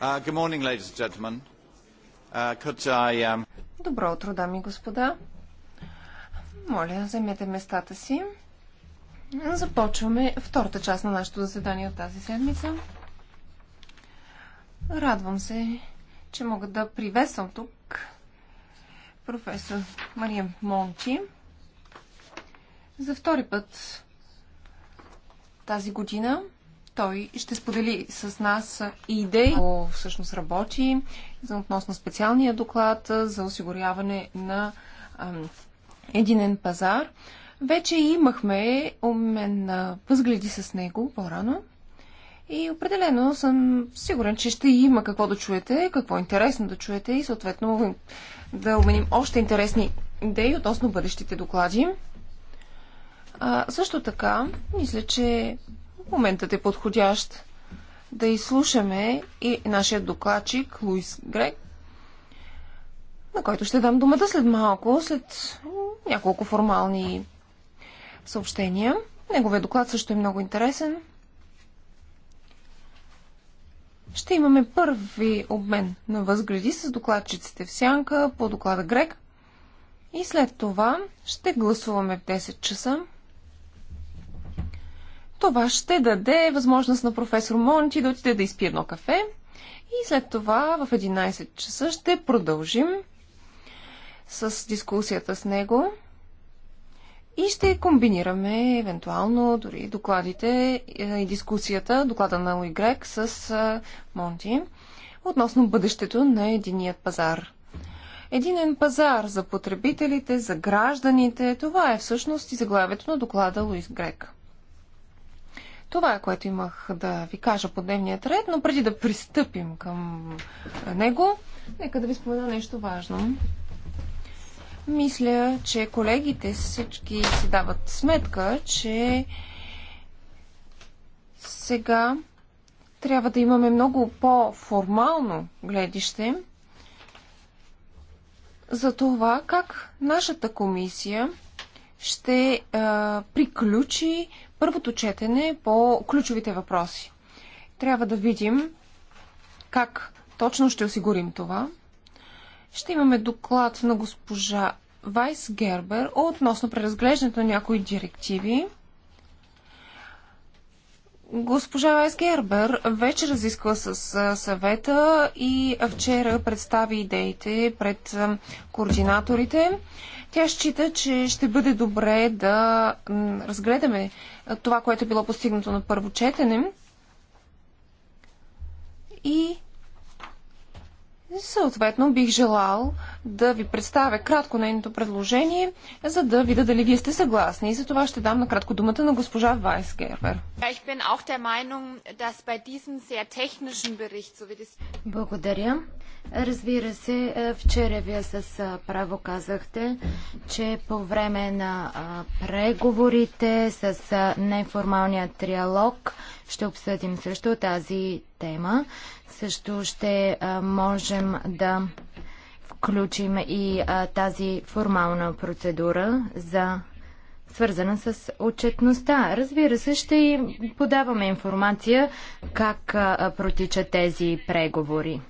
Uh, uh, um, Добро утро, дами и господа. Моля, вземете местата си. Започваме втората част на нашето заседание от тази седмица. Радвам се, че мога да приветствам тук професор Мария Мончи. За втори път тази година той ще сподели с нас идеи, какво всъщност работи относно специалния доклад за осигуряване на ам, единен пазар. Вече имахме обмен на възгледи с него по-рано. И определено съм сигурен, че ще има какво да чуете, какво е интересно да чуете и съответно да обменим още интересни идеи относно бъдещите доклади. А, също така, мисля, че Моментът е подходящ да изслушаме и нашия докладчик Луис Грек, на който ще дам думата след малко, след няколко формални съобщения. Неговия доклад също е много интересен. Ще имаме първи обмен на възгледи с докладчиците в сянка по доклада Грек. И след това ще гласуваме в 10 часа. Това ще даде възможност на професор Монти да отиде да изпие едно кафе и след това в 11 часа ще продължим с дискусията с него и ще комбинираме евентуално дори докладите е, и дискусията, доклада на Луи Грек с е, Монти относно бъдещето на единият пазар. Единен пазар за потребителите, за гражданите, това е всъщност и заглавието на доклада Луис Грек. Това е което имах да ви кажа по дневният ред, но преди да пристъпим към него, нека да ви спомена нещо важно. Мисля, че колегите всички си дават сметка, че сега трябва да имаме много по-формално гледище за това как нашата комисия ще а, приключи първото четене по ключовите въпроси. Трябва да видим как точно ще осигурим това. Ще имаме доклад на госпожа Вайс Гербер относно преразглеждането на някои директиви. Госпожа Вайс Гербер вече разисква с съвета и вчера представи идеите пред координаторите. Тя счита, че ще бъде добре да разгледаме това, което е било постигнато на първо четене и съответно бих желал да ви представя кратко нейното предложение, за да видя дали вие сте съгласни. И за това ще дам накратко думата на госпожа Вайс Гербер. Благодаря. Разбира се, е, вчера вие с е, право казахте, че по време на е, преговорите с неформалния триалог ще обсъдим също тази тема. Също ще можем да включим и а, тази формална процедура за свързана с отчетността. Разбира се, ще подаваме информация как а, протичат тези преговори.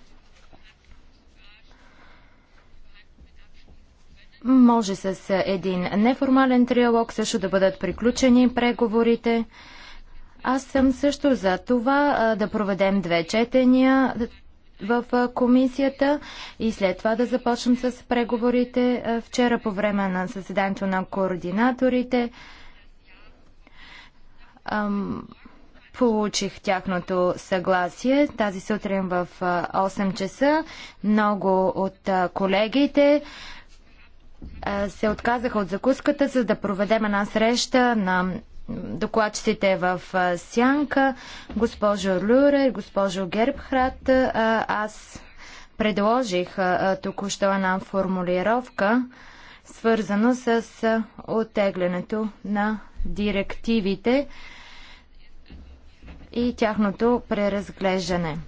Може с един неформален триалог също да бъдат приключени преговорите. Аз съм също за това да проведем две четения, в комисията и след това да започнем с преговорите. Вчера по време на съседанието на координаторите получих тяхното съгласие тази сутрин в 8 часа. Много от колегите се отказаха от закуската, за да проведем една среща на докладчиците в Сянка, госпожо Люре, госпожо Гербхрат. Аз предложих току-що една формулировка, свързано с оттеглянето на директивите и тяхното преразглеждане.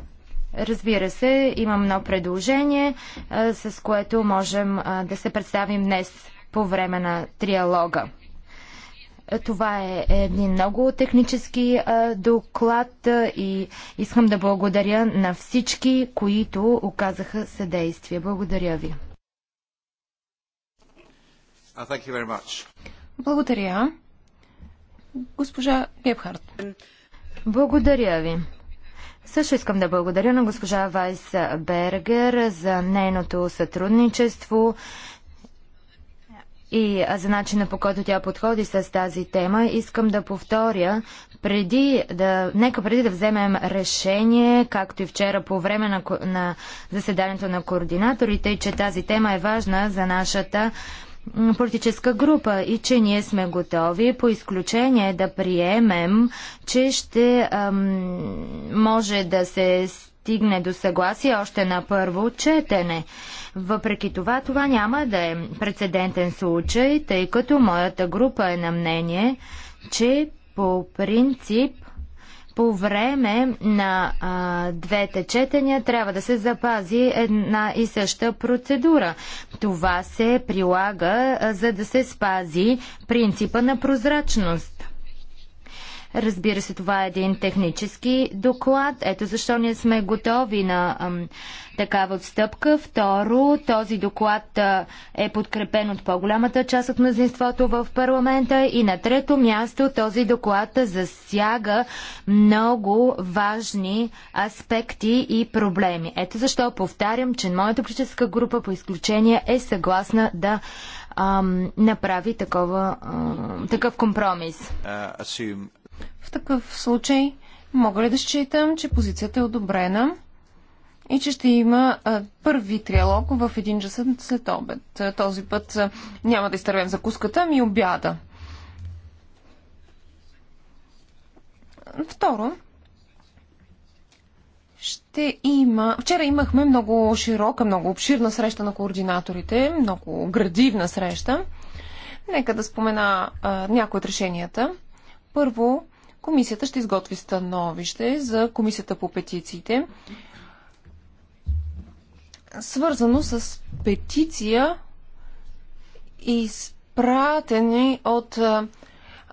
Разбира се, имам едно предложение, с което можем да се представим днес по време на триалога. Това е един много технически доклад и искам да благодаря на всички, които оказаха съдействие. Благодаря ви. Uh, благодаря. Госпожа Гебхарт. Благодаря ви. Също искам да благодаря на госпожа Вайс Бергер за нейното сътрудничество и за начина по който тя подходи с тази тема, искам да повторя, преди да, нека преди да вземем решение, както и вчера по време на, на заседанието на координаторите, че тази тема е важна за нашата политическа група и че ние сме готови по изключение да приемем, че ще ам, може да се стигне до съгласие още на първо четене. Въпреки това, това няма да е прецедентен случай, тъй като моята група е на мнение, че по принцип по време на а, двете четения трябва да се запази една и съща процедура. Това се прилага, а, за да се спази принципа на прозрачност. Разбира се, това е един технически доклад. Ето защо ние сме готови на ам, такава отстъпка. Второ, този доклад а, е подкрепен от по-голямата част от мнозинството в парламента. И на трето място, този доклад засяга много важни аспекти и проблеми. Ето защо повтарям, че моята политическа група по изключение е съгласна да ам, направи такова, ам, такъв компромис. Uh, assume... В такъв случай мога ли да считам, че позицията е одобрена и че ще има а, първи триалог в един час след обед? Този път а, няма да изтървем закуската, ми обяда. Второ, ще има. Вчера имахме много широка, много обширна среща на координаторите, много градивна среща. Нека да спомена а, някои от решенията. Първо, комисията ще изготви становище за комисията по петициите, свързано с петиция, изпратени от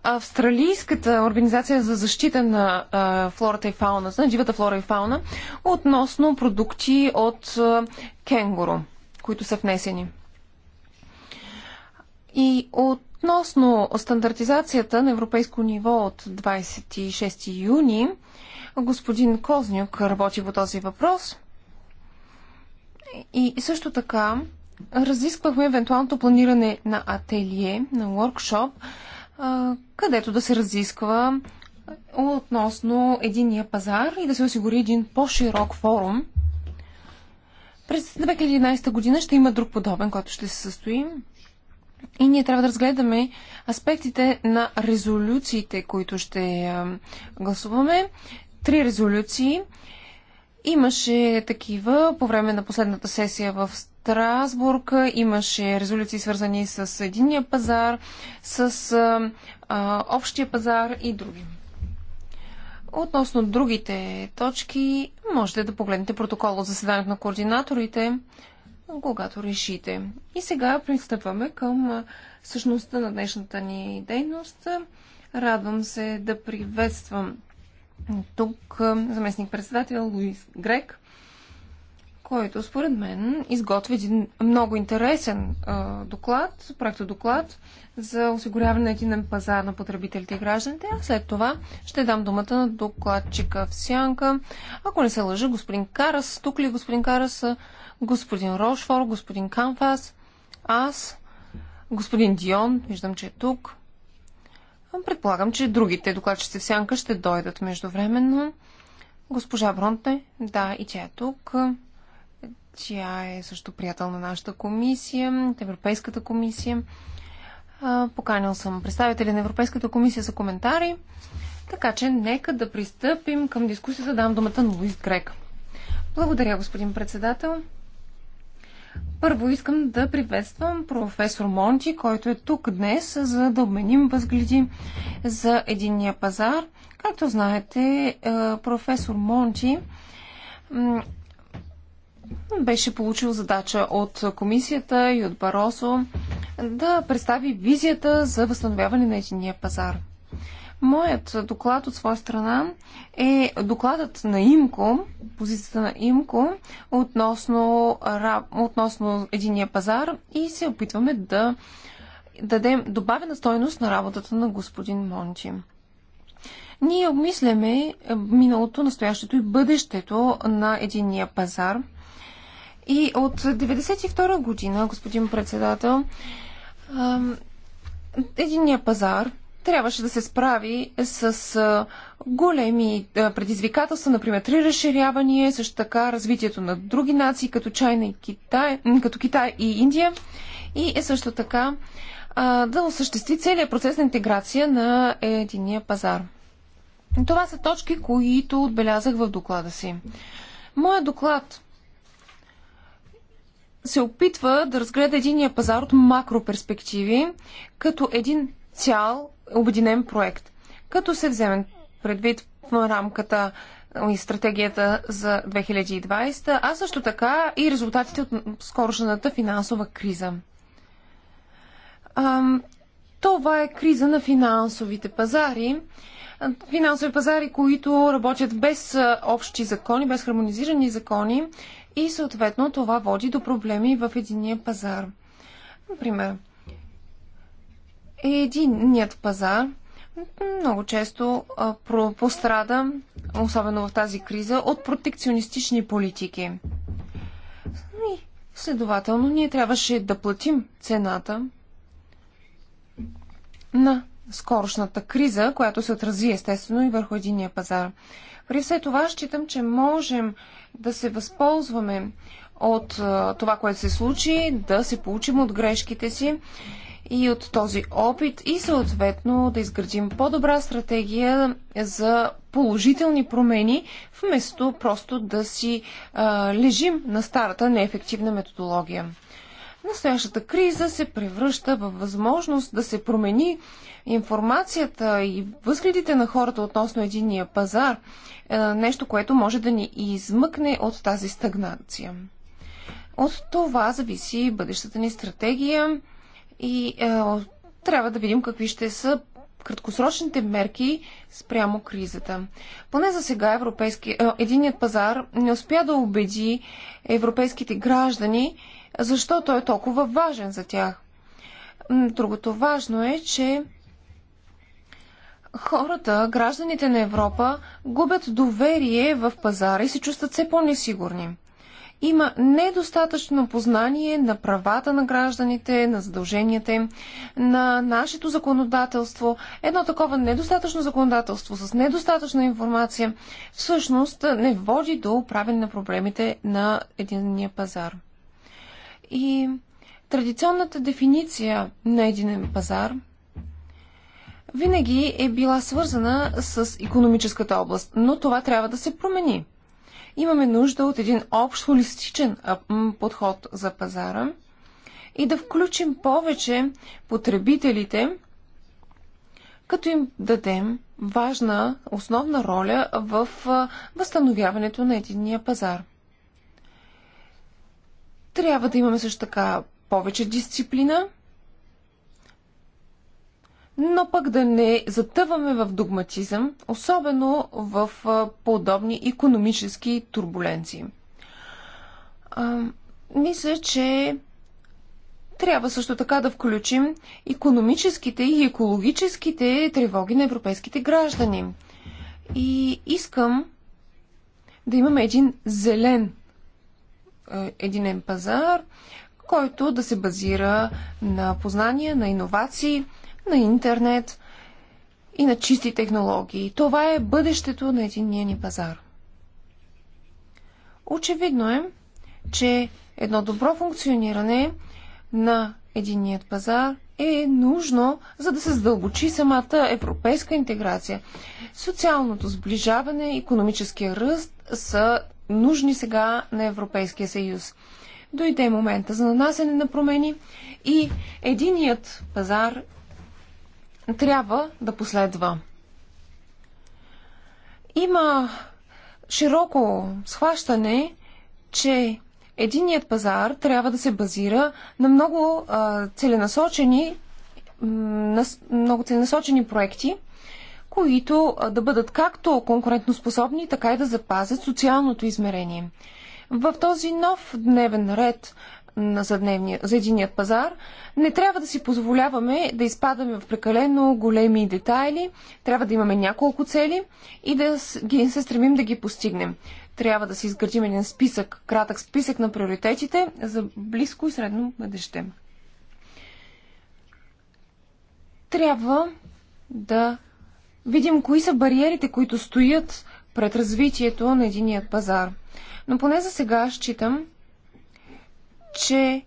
Австралийската организация за защита на а, флората и фауна, на дивата флора и фауна, относно продукти от а, кенгуру, които са внесени. И от Относно стандартизацията на европейско ниво от 26 юни, господин Кознюк работи по този въпрос. И също така разисквахме евентуалното планиране на ателие, на workshop, където да се разисква относно единния пазар и да се осигури един по-широк форум. През 2011 година ще има друг подобен, който ще се състои. И ние трябва да разгледаме аспектите на резолюциите, които ще гласуваме. Три резолюции. Имаше такива по време на последната сесия в Страсбург. Имаше резолюции свързани с единния пазар, с а, общия пазар и други. Относно другите точки, можете да погледнете протокол от заседанието на координаторите когато решите. И сега пристъпваме към същността на днешната ни дейност. Радвам се да приветствам тук заместник-председател Луис Грек, който според мен изготви един много интересен а, доклад, проектодоклад за осигуряване на един пазар на потребителите и гражданите. А след това ще дам думата на докладчика в сянка. Ако не се лъжа, господин Карас, тук ли е господин Карас, господин Рошфор, господин Канфас, аз, господин Дион, виждам, че е тук. Предполагам, че другите докладчици в сянка ще дойдат междувременно. Госпожа Бронте, да, и тя е тук. Тя е също приятел на нашата комисия, Европейската комисия. Поканил съм представители на Европейската комисия за коментари. Така че нека да пристъпим към дискусията. Дам думата на Луис Грек. Благодаря, господин председател. Първо искам да приветствам професор Монти, който е тук днес, за да обменим възгледи за единния пазар. Както знаете, е, професор Монти беше получил задача от комисията и от Баросо да представи визията за възстановяване на единния пазар. Моят доклад от своя страна е докладът на ИМКО, позицията на ИМКО относно, относно единия пазар и се опитваме да дадем добавена стойност на работата на господин Монти. Ние обмисляме миналото, настоящето и бъдещето на единия пазар. И от 1992 година, господин председател, единия пазар трябваше да се справи с големи предизвикателства, например три разширявания, също така развитието на други нации, като Чайна и Китай, като Китай и Индия и е също така да осъществи целият процес на интеграция на единия пазар. Това са точки, които отбелязах в доклада си. Моят доклад се опитва да разгледа единия пазар от макроперспективи, като един цял обединен проект. Като се вземе предвид в рамката и стратегията за 2020, а също така и резултатите от скорошната финансова криза. Това е криза на финансовите пазари. Финансови пазари, които работят без общи закони, без хармонизирани закони и съответно това води до проблеми в единия пазар. Например, е единният пазар много често пострада, особено в тази криза, от протекционистични политики. И, следователно, ние трябваше да платим цената на скорошната криза, която се отрази естествено и върху единия пазар. При все това считам, че можем да се възползваме от това, което се случи, да се получим от грешките си и от този опит и съответно да изградим по-добра стратегия за положителни промени, вместо просто да си а, лежим на старата неефективна методология. Настоящата криза се превръща във възможност да се промени информацията и възгледите на хората относно единния пазар, е, нещо, което може да ни измъкне от тази стагнация. От това зависи бъдещата ни стратегия и е, трябва да видим какви ще са краткосрочните мерки спрямо кризата. Поне за сега европейски, е, единият пазар не успя да убеди европейските граждани, защо той е толкова важен за тях. Другото важно е, че хората, гражданите на Европа губят доверие в пазара и се чувстват все по-несигурни има недостатъчно познание на правата на гражданите, на задълженията им, на нашето законодателство. Едно такова недостатъчно законодателство с недостатъчна информация всъщност не води до управене на проблемите на единния пазар. И традиционната дефиниция на единен пазар – винаги е била свързана с економическата област, но това трябва да се промени. Имаме нужда от един общ холистичен подход за пазара и да включим повече потребителите, като им дадем важна основна роля в възстановяването на единния пазар. Трябва да имаме също така повече дисциплина – но пък да не затъваме в догматизъм, особено в подобни економически турбуленции. А, мисля, че трябва също така да включим економическите и екологическите тревоги на европейските граждани. И искам да имаме един зелен единен пазар, който да се базира на познания, на иновации, на интернет и на чисти технологии. Това е бъдещето на единния ни пазар. Очевидно е, че едно добро функциониране на единният пазар е нужно, за да се задълбочи самата европейска интеграция. Социалното сближаване, економическия ръст са нужни сега на Европейския съюз. Дойде момента за нанасене на промени и единият пазар трябва да последва. Има широко схващане, че единият пазар трябва да се базира на много а, целенасочени на много целенасочени проекти, които да бъдат както конкурентноспособни, така и да запазят социалното измерение. В този нов дневен ред за, дневния, за единият пазар, не трябва да си позволяваме да изпадаме в прекалено големи детайли. Трябва да имаме няколко цели и да ги се стремим да ги постигнем. Трябва да си изградим един списък, кратък списък на приоритетите за близко и средно бъдеще. Трябва да видим кои са бариерите, които стоят пред развитието на единият пазар. Но поне за сега считам, че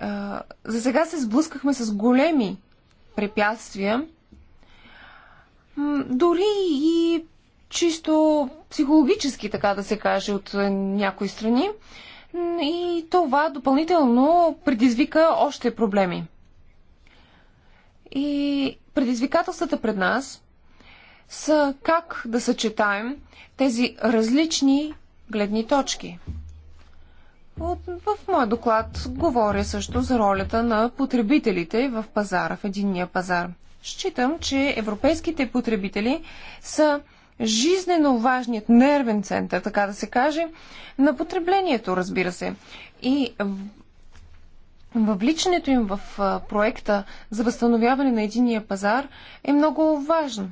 а, за сега се сблъскахме с големи препятствия, дори и чисто психологически, така да се каже, от е, някои страни. И това допълнително предизвика още проблеми. И предизвикателствата пред нас са как да съчетаем тези различни гледни точки в моя доклад говоря също за ролята на потребителите в пазара, в единния пазар. Считам, че европейските потребители са жизнено важният нервен център, така да се каже, на потреблението, разбира се. И въвличането им в проекта за възстановяване на единия пазар е много важно.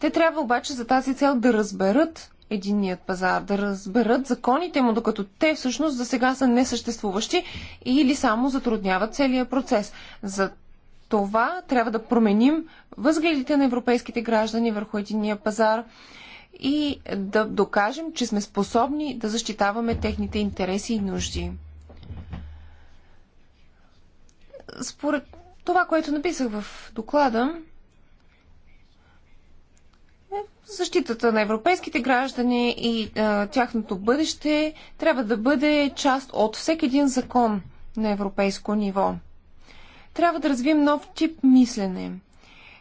Те трябва обаче за тази цел да разберат единният пазар, да разберат законите му, докато те всъщност за сега са несъществуващи или само затрудняват целият процес. За това трябва да променим възгледите на европейските граждани върху единния пазар и да докажем, че сме способни да защитаваме техните интереси и нужди. Според това, което написах в доклада, защитата на европейските граждани и а, тяхното бъдеще трябва да бъде част от всеки един закон на европейско ниво. Трябва да развием нов тип мислене.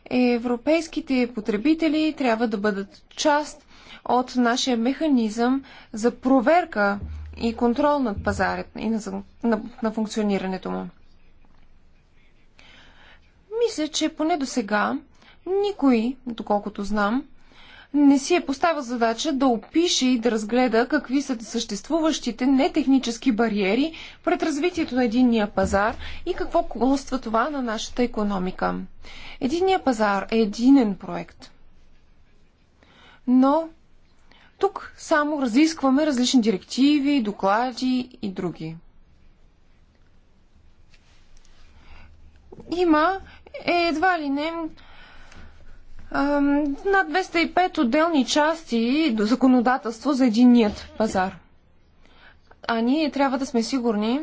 Европейските потребители трябва да бъдат част от нашия механизъм за проверка и контрол над пазарът и на, на, на функционирането му. Мисля, че поне до сега никой, доколкото знам, не си е поставил задача да опише и да разгледа какви са съществуващите нетехнически бариери пред развитието на единния пазар и какво коства това на нашата економика. Единния пазар е единен проект. Но тук само разискваме различни директиви, доклади и други. Има е едва ли не над 205 отделни части до законодателство за единият пазар. А ние трябва да сме сигурни,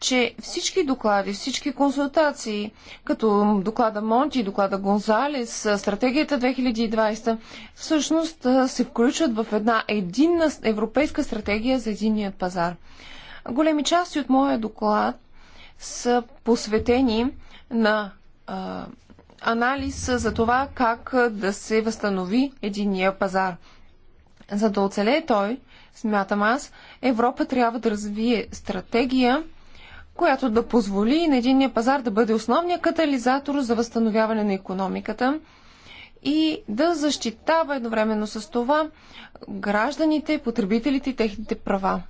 че всички доклади, всички консултации, като доклада Монти, доклада Гонзалес, стратегията 2020, всъщност се включват в една единна европейска стратегия за единният пазар. Големи части от моя доклад са посветени на анализ за това как да се възстанови единия пазар. За да оцелее той, смятам аз, Европа трябва да развие стратегия, която да позволи на единния пазар да бъде основния катализатор за възстановяване на економиката и да защитава едновременно с това гражданите, потребителите и техните права.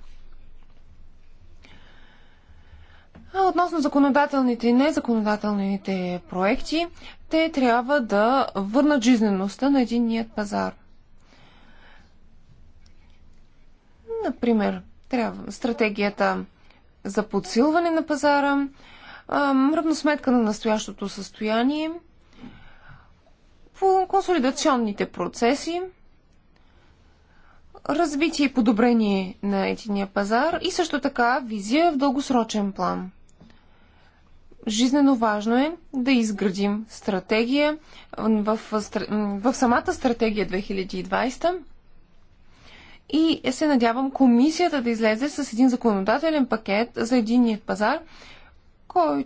Относно законодателните и незаконодателните проекти, те трябва да върнат жизнеността на единният пазар. Например, трябва стратегията за подсилване на пазара, равносметка на настоящото състояние, по консолидационните процеси, развитие и подобрение на единия пазар и също така визия в дългосрочен план жизнено важно е да изградим стратегия в, в самата стратегия 2020 и се надявам комисията да излезе с един законодателен пакет за единният пазар, кой,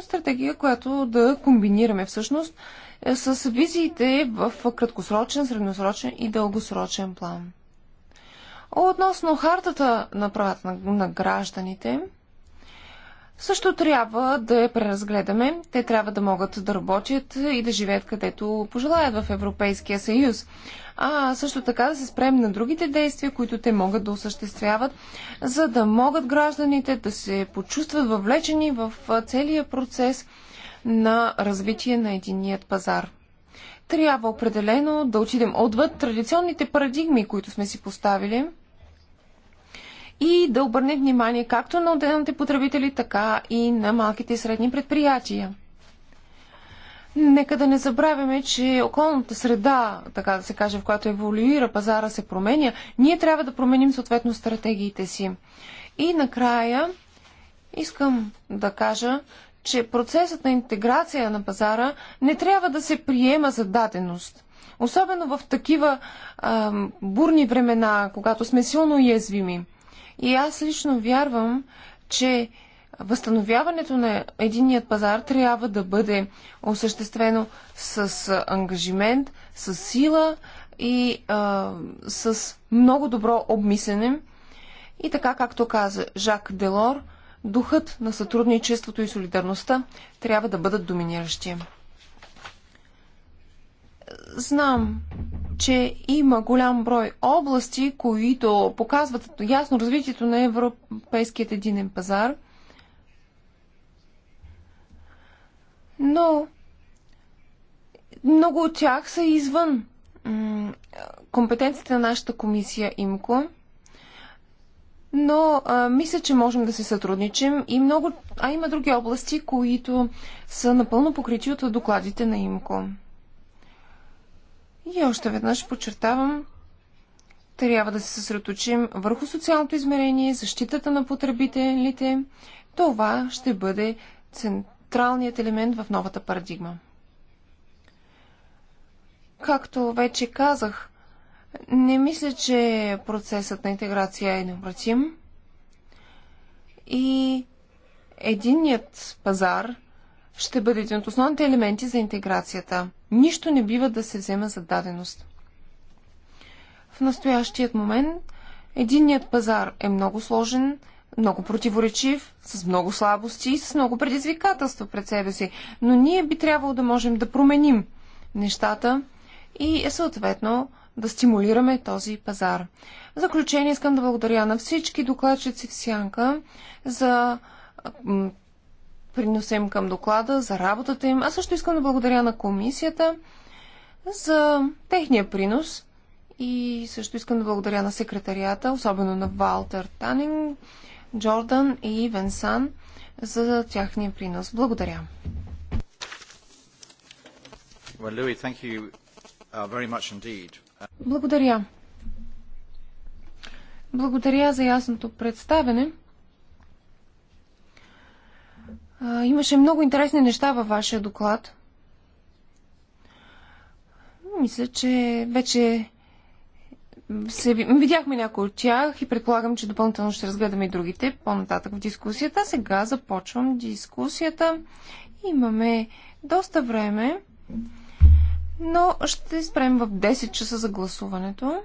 стратегия, която да комбинираме всъщност е, с визиите в краткосрочен, средносрочен и дългосрочен план. Относно хартата на правата на, на гражданите, също трябва да я преразгледаме. Те трябва да могат да работят и да живеят където пожелаят в Европейския съюз. А също така да се спрем на другите действия, които те могат да осъществяват, за да могат гражданите да се почувстват въвлечени в целия процес на развитие на единият пазар. Трябва определено да отидем отвъд традиционните парадигми, които сме си поставили – и да обърне внимание както на отделните потребители, така и на малките и средни предприятия. Нека да не забравяме, че околната среда, така да се каже, в която еволюира пазара, се променя. Ние трябва да променим съответно стратегиите си. И накрая искам да кажа, че процесът на интеграция на пазара не трябва да се приема за даденост. Особено в такива а, бурни времена, когато сме силно уязвими. И аз лично вярвам, че възстановяването на единият пазар трябва да бъде осъществено с ангажимент, с сила и а, с много добро обмислене. И така, както каза Жак Делор, духът на сътрудничеството и солидарността трябва да бъдат доминиращи. Знам, че има голям брой области, които показват ясно развитието на европейският единен пазар. Но много от тях са извън компетенцията на нашата комисия ИМКО. Но а, мисля, че можем да се сътрудничим и много. А има други области, които са напълно покрити от докладите на ИМКО. И още веднъж подчертавам, трябва да се съсредоточим върху социалното измерение, защитата на потребителите. Това ще бъде централният елемент в новата парадигма. Както вече казах, не мисля, че процесът на интеграция е необратим и единният пазар – ще бъде един от основните елементи за интеграцията. Нищо не бива да се взема за даденост. В настоящият момент единният пазар е много сложен, много противоречив, с много слабости и с много предизвикателства пред себе си. Но ние би трябвало да можем да променим нещата и е съответно да стимулираме този пазар. В заключение искам да благодаря на всички докладчици в Сянка за приносим към доклада, за работата им. Аз също искам да благодаря на комисията за техния принос и също искам да благодаря на секретарията, особено на Валтер Танинг, Джордан и Венсан за тяхния принос. Благодаря. Uh, благодаря. Благодаря за ясното представене. А, имаше много интересни неща във вашия доклад. Мисля, че вече се... видяхме някои от тях и предполагам, че допълнително ще разгледаме и другите по-нататък в дискусията. Сега започвам дискусията. Имаме доста време, но ще спрем в 10 часа за гласуването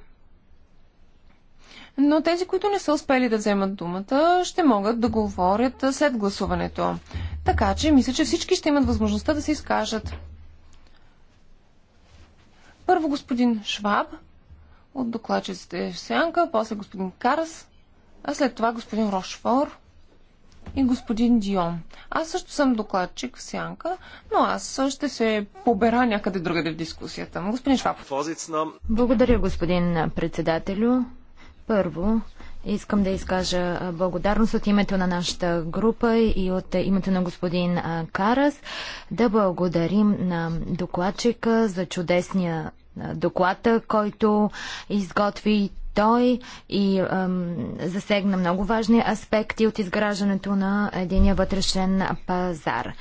но тези, които не са успели да вземат думата, ще могат да говорят след гласуването. Така че, мисля, че всички ще имат възможността да се изкажат. Първо господин Шваб от докладчиците в Сянка, после господин Карас, а след това господин Рошфор и господин Дион. Аз също съм докладчик в Сянка, но аз ще се побера някъде другаде в дискусията. Господин Шваб. Благодаря, господин председателю. Първо, искам да изкажа благодарност от името на нашата група и от името на господин Карас. Да благодарим на докладчика за чудесния доклад, който изготви той и ам, засегна много важни аспекти от изграждането на единия вътрешен пазар.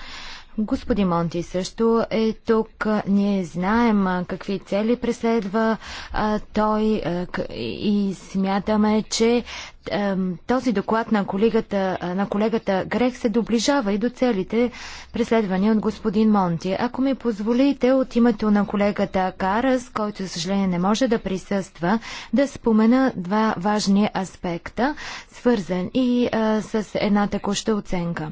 Господин Монти също е тук. Ние знаем какви цели преследва а, той а, и смятаме, че а, този доклад на колегата, на колегата Грех се доближава и до целите преследвани от господин Монти. Ако ми позволите от името на колегата Карас, който за съжаление не може да присъства, да спомена два важни аспекта, свързан и с една текуща оценка.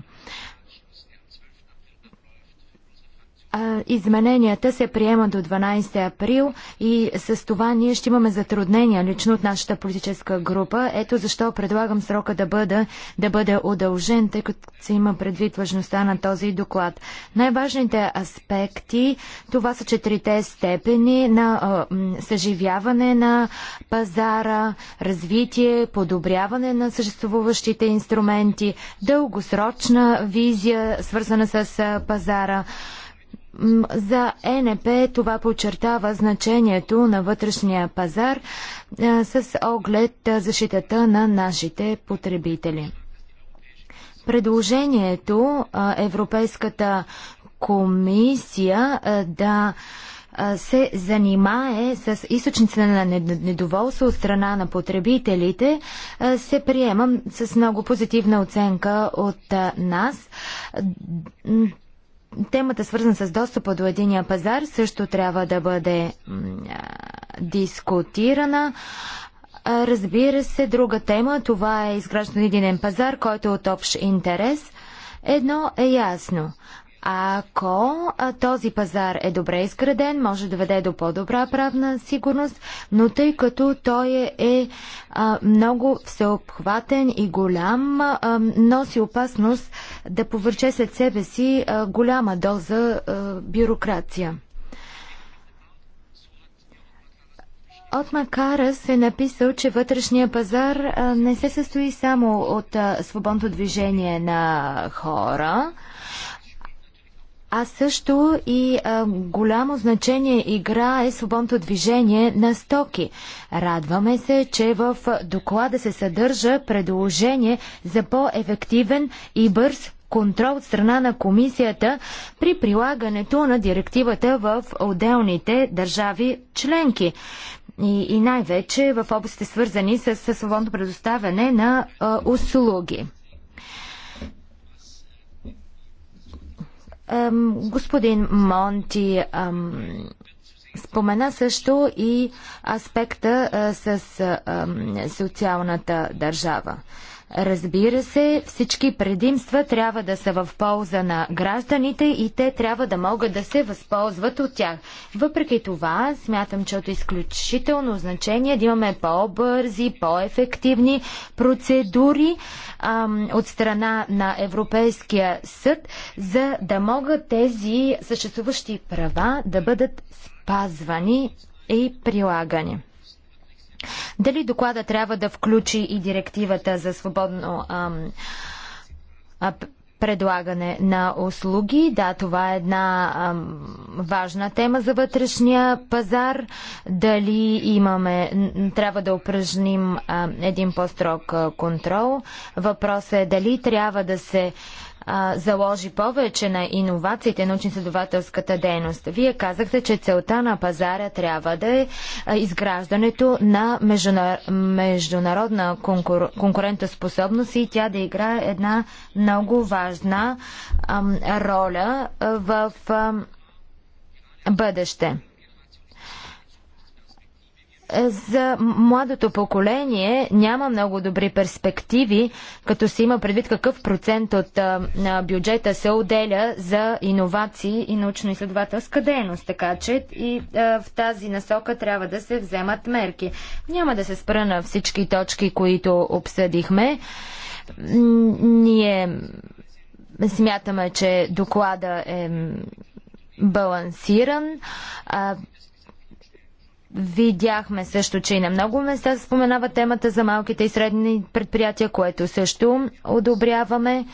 Измененията се приемат до 12 април и с това ние ще имаме затруднения лично от нашата политическа група. Ето защо предлагам срока да бъде, да бъде удължен, тъй като се има предвид важността на този доклад. Най-важните аспекти, това са четирите степени на а, съживяване на пазара, развитие, подобряване на съществуващите инструменти, дългосрочна визия, свързана с пазара, за ЕНП това подчертава значението на вътрешния пазар е, с оглед е, защитата на нашите потребители. Предложението е, Европейската комисия да се занимае с източниците на недоволство от страна на потребителите, се приема с много позитивна оценка от нас. Темата, е свързана с достъпа до единия пазар, също трябва да бъде дискутирана. Разбира се, друга тема, това е изграждането на единен пазар, който е от общ интерес. Едно е ясно. Ако този пазар е добре изграден, може да веде до по-добра правна сигурност, но тъй като той е, е а, много всеобхватен и голям, а, носи опасност да повърче след себе си а, голяма доза а, бюрокрация. От Макарас е написал, че вътрешния пазар а, не се състои само от а, свободното движение на хора, а също и а, голямо значение играе свободното движение на стоки. Радваме се, че в доклада се съдържа предложение за по-ефективен и бърз контрол от страна на комисията при прилагането на директивата в отделните държави членки. И, и най-вече в областите свързани с, с свободното предоставяне на а, услуги. Господин Монти спомена също и аспекта с социалната държава. Разбира се, всички предимства трябва да са в полза на гражданите и те трябва да могат да се възползват от тях. Въпреки това, смятам, че от изключително значение да имаме по-бързи, по-ефективни процедури ам, от страна на Европейския съд, за да могат тези съществуващи права да бъдат спазвани и прилагани. Дали доклада трябва да включи и директивата за свободно ам, предлагане на услуги. Да, това е една ам, важна тема за вътрешния пазар. Дали имаме, трябва да упражним ам, един по-строг контрол. Въпросът е дали трябва да се а, заложи повече на иновациите, научно-изследователската дейност. Вие казахте, че целта на пазара трябва да е изграждането на международна конкур... конкурентоспособност и тя да играе една много важна роля в бъдеще за младото поколение няма много добри перспективи, като се има предвид какъв процент от а, бюджета се отделя за иновации и научно-изследователска дейност. Така че и а, в тази насока трябва да се вземат мерки. Няма да се спра на всички точки, които обсъдихме. Ние смятаме, че доклада е балансиран. А, Видяхме също, че и на много места споменава темата за малките и средни предприятия, което също одобряваме.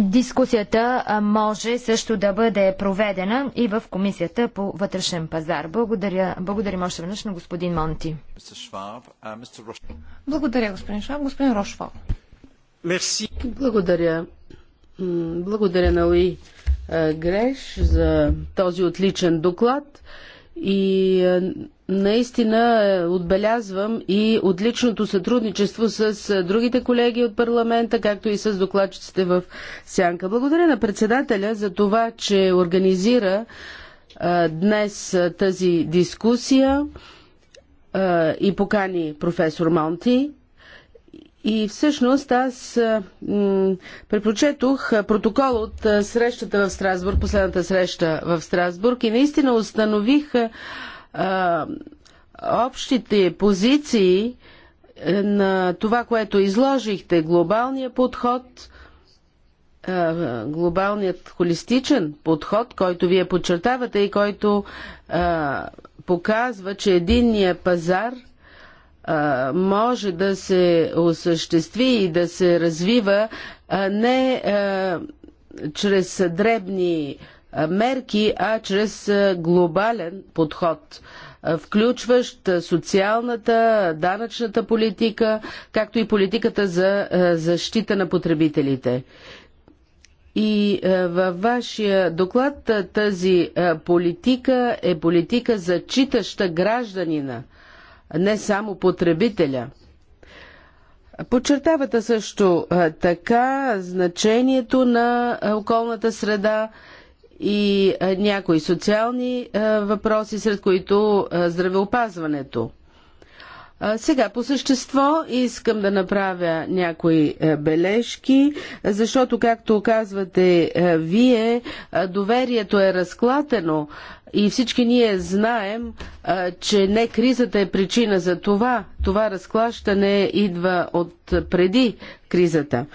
Дискусията може също да бъде проведена и в Комисията по вътрешен пазар. Благодаря, благодарим още веднъж на господин Монти. Благодаря, господин Шваб. Господин Рошфор. Благодаря. Благодаря на Луи е, греш за този отличен доклад и е, наистина е, отбелязвам и отличното сътрудничество с другите колеги от парламента, както и с докладчиците в Сянка. Благодаря на председателя за това, че организира днес тази дискусия и покани професор Монти. И всъщност аз предпочетох протокол от срещата в Страсбург, последната среща в Страсбург и наистина установих а, общите позиции на това, което изложихте, глобалния подход, глобалният холистичен подход, който вие подчертавате и който а, показва, че единния пазар – може да се осъществи и да се развива не чрез дребни мерки, а чрез глобален подход, включващ социалната, данъчната политика, както и политиката за защита на потребителите. И във вашия доклад тази политика е политика за читаща гражданина – не само потребителя. Подчертавате също така значението на околната среда и някои социални въпроси, сред които здравеопазването. Сега по същество искам да направя някои бележки, защото, както казвате вие, доверието е разклатено и всички ние знаем, че не кризата е причина за това. Това разклащане идва от преди кризата.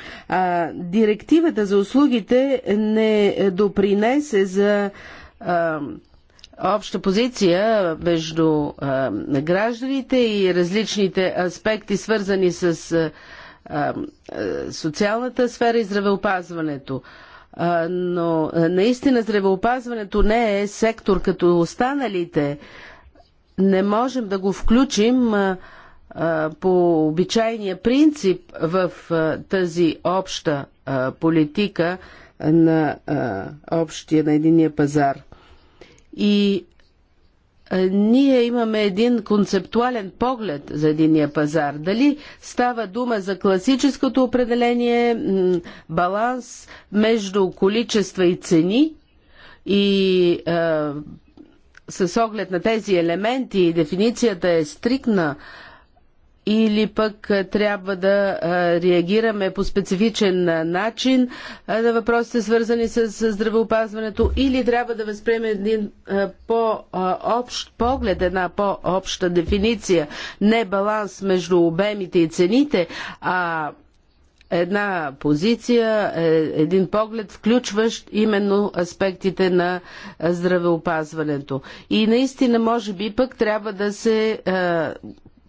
Директивата за услугите не допринесе за обща позиция между гражданите и различните аспекти, свързани с социалната сфера и здравеопазването но наистина здравеопазването не е сектор като останалите. Не можем да го включим по обичайния принцип в тази обща политика на общия, на единия пазар. И е, ние имаме един концептуален поглед за единия пазар. Дали става дума за класическото определение, баланс между количества и цени и е, с оглед на тези елементи дефиницията е стрикна, или пък трябва да реагираме по специфичен начин на въпросите свързани с здравеопазването или трябва да възприеме един по-общ поглед, една по-обща дефиниция, не баланс между обемите и цените, а една позиция, е, един поглед, включващ именно аспектите на здравеопазването. И наистина, може би, пък трябва да се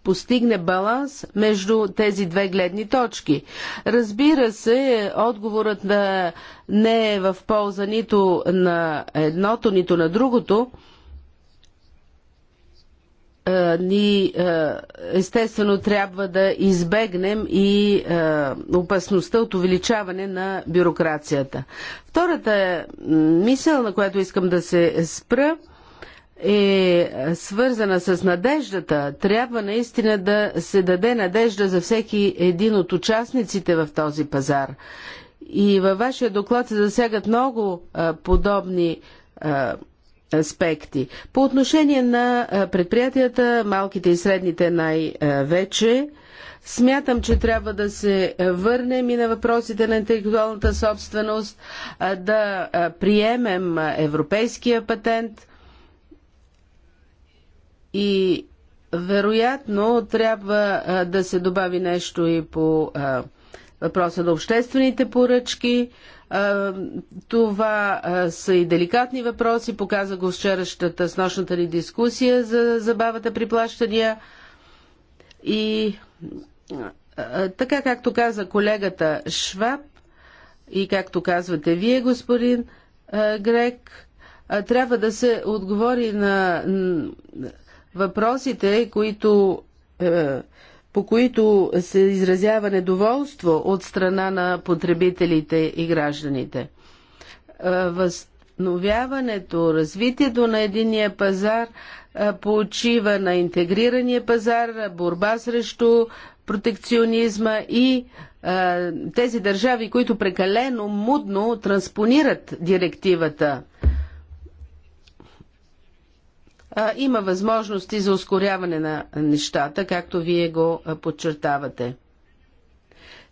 постигне баланс между тези две гледни точки. Разбира се, отговорът на не е в полза нито на едното, нито на другото. Е, ни е, естествено трябва да избегнем и е, опасността от увеличаване на бюрокрацията. Втората мисъл, на която искам да се спра – е свързана с надеждата. Трябва наистина да се даде надежда за всеки един от участниците в този пазар. И във вашия доклад се засягат много а, подобни а, аспекти. По отношение на предприятията, малките и средните най-вече, Смятам, че трябва да се върнем и на въпросите на интелектуалната собственост, да приемем европейския патент, и вероятно трябва да се добави нещо и по въпроса на обществените поръчки. това са и деликатни въпроси. Показа го вчерашната, с нощната ни дискусия за забавата при плащания. И така както каза колегата Шваб и както казвате вие, господин Грек, трябва да се отговори на Въпросите, които, е, по които се изразява недоволство от страна на потребителите и гражданите. Е, възстановяването, развитието на единия пазар е, почива на интегрирания пазар, борба срещу протекционизма и е, тези държави, които прекалено мудно транспонират директивата а, има възможности за ускоряване на нещата, както вие го подчертавате.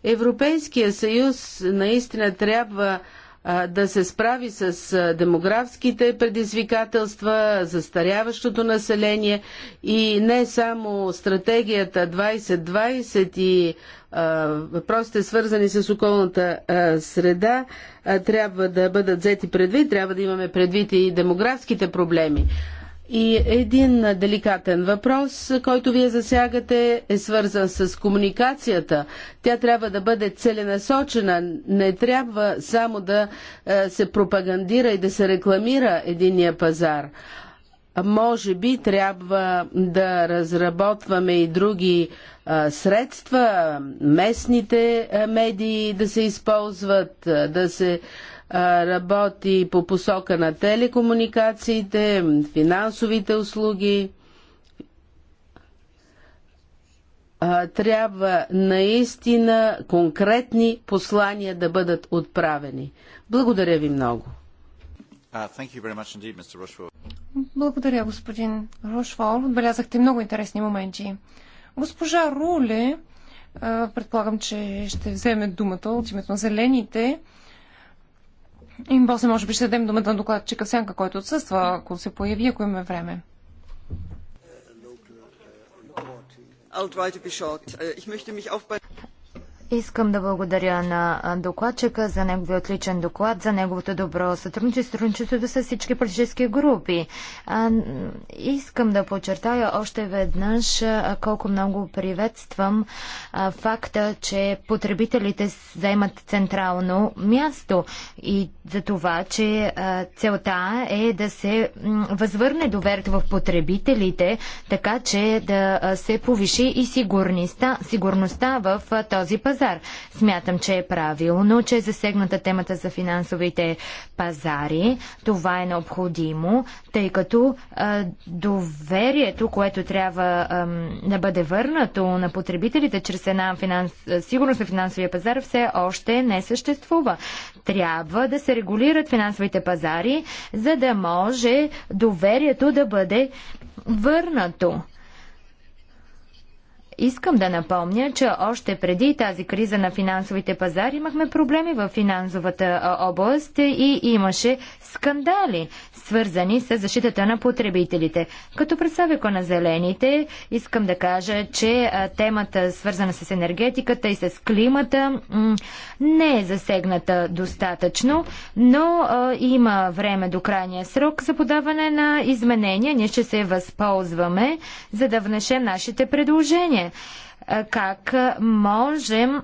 Европейския съюз наистина трябва а, да се справи с а, демографските предизвикателства, застаряващото население и не само стратегията 2020 и въпросите свързани с околната среда трябва да бъдат взети предвид, трябва да имаме предвид и демографските проблеми. И един деликатен въпрос, който вие засягате, е свързан с комуникацията. Тя трябва да бъде целенасочена. Не трябва само да е, се пропагандира и да се рекламира единия пазар. Може би трябва да разработваме и други е, средства, местните е, медии да се използват, да се работи по посока на телекомуникациите, финансовите услуги. Трябва наистина конкретни послания да бъдат отправени. Благодаря ви много. Uh, Благодаря, господин Рушвол. Отбелязахте много интересни моменти. Госпожа Руле, предполагам, че ще вземе думата от името на зелените. И после може би ще дадем думата на докладчика Сянка, който отсъства, ако се появи, ако имаме време. Uh, Искам да благодаря на докладчика за неговия отличен доклад, за неговото добро сътрудничество, сътрудничеството с всички политически групи. искам да подчертая още веднъж колко много приветствам факта, че потребителите заемат централно място и за това, че целта е да се възвърне доверието в потребителите, така че да се повиши и сигурността, сигурността в този пазар пазар. Смятам, че е правилно, че е засегната темата за финансовите пазари. Това е необходимо, тъй като а, доверието, което трябва а, да бъде върнато на потребителите чрез една финанс... сигурност на финансовия пазар, все още не съществува. Трябва да се регулират финансовите пазари, за да може доверието да бъде върнато. Искам да напомня, че още преди тази криза на финансовите пазари имахме проблеми в финансовата област и имаше скандали свързани с защитата на потребителите. Като представяко на зелените, искам да кажа, че темата свързана с енергетиката и с климата не е засегната достатъчно, но има време до крайния срок за подаване на изменения. Ние ще се възползваме, за да внесем нашите предложения. Как можем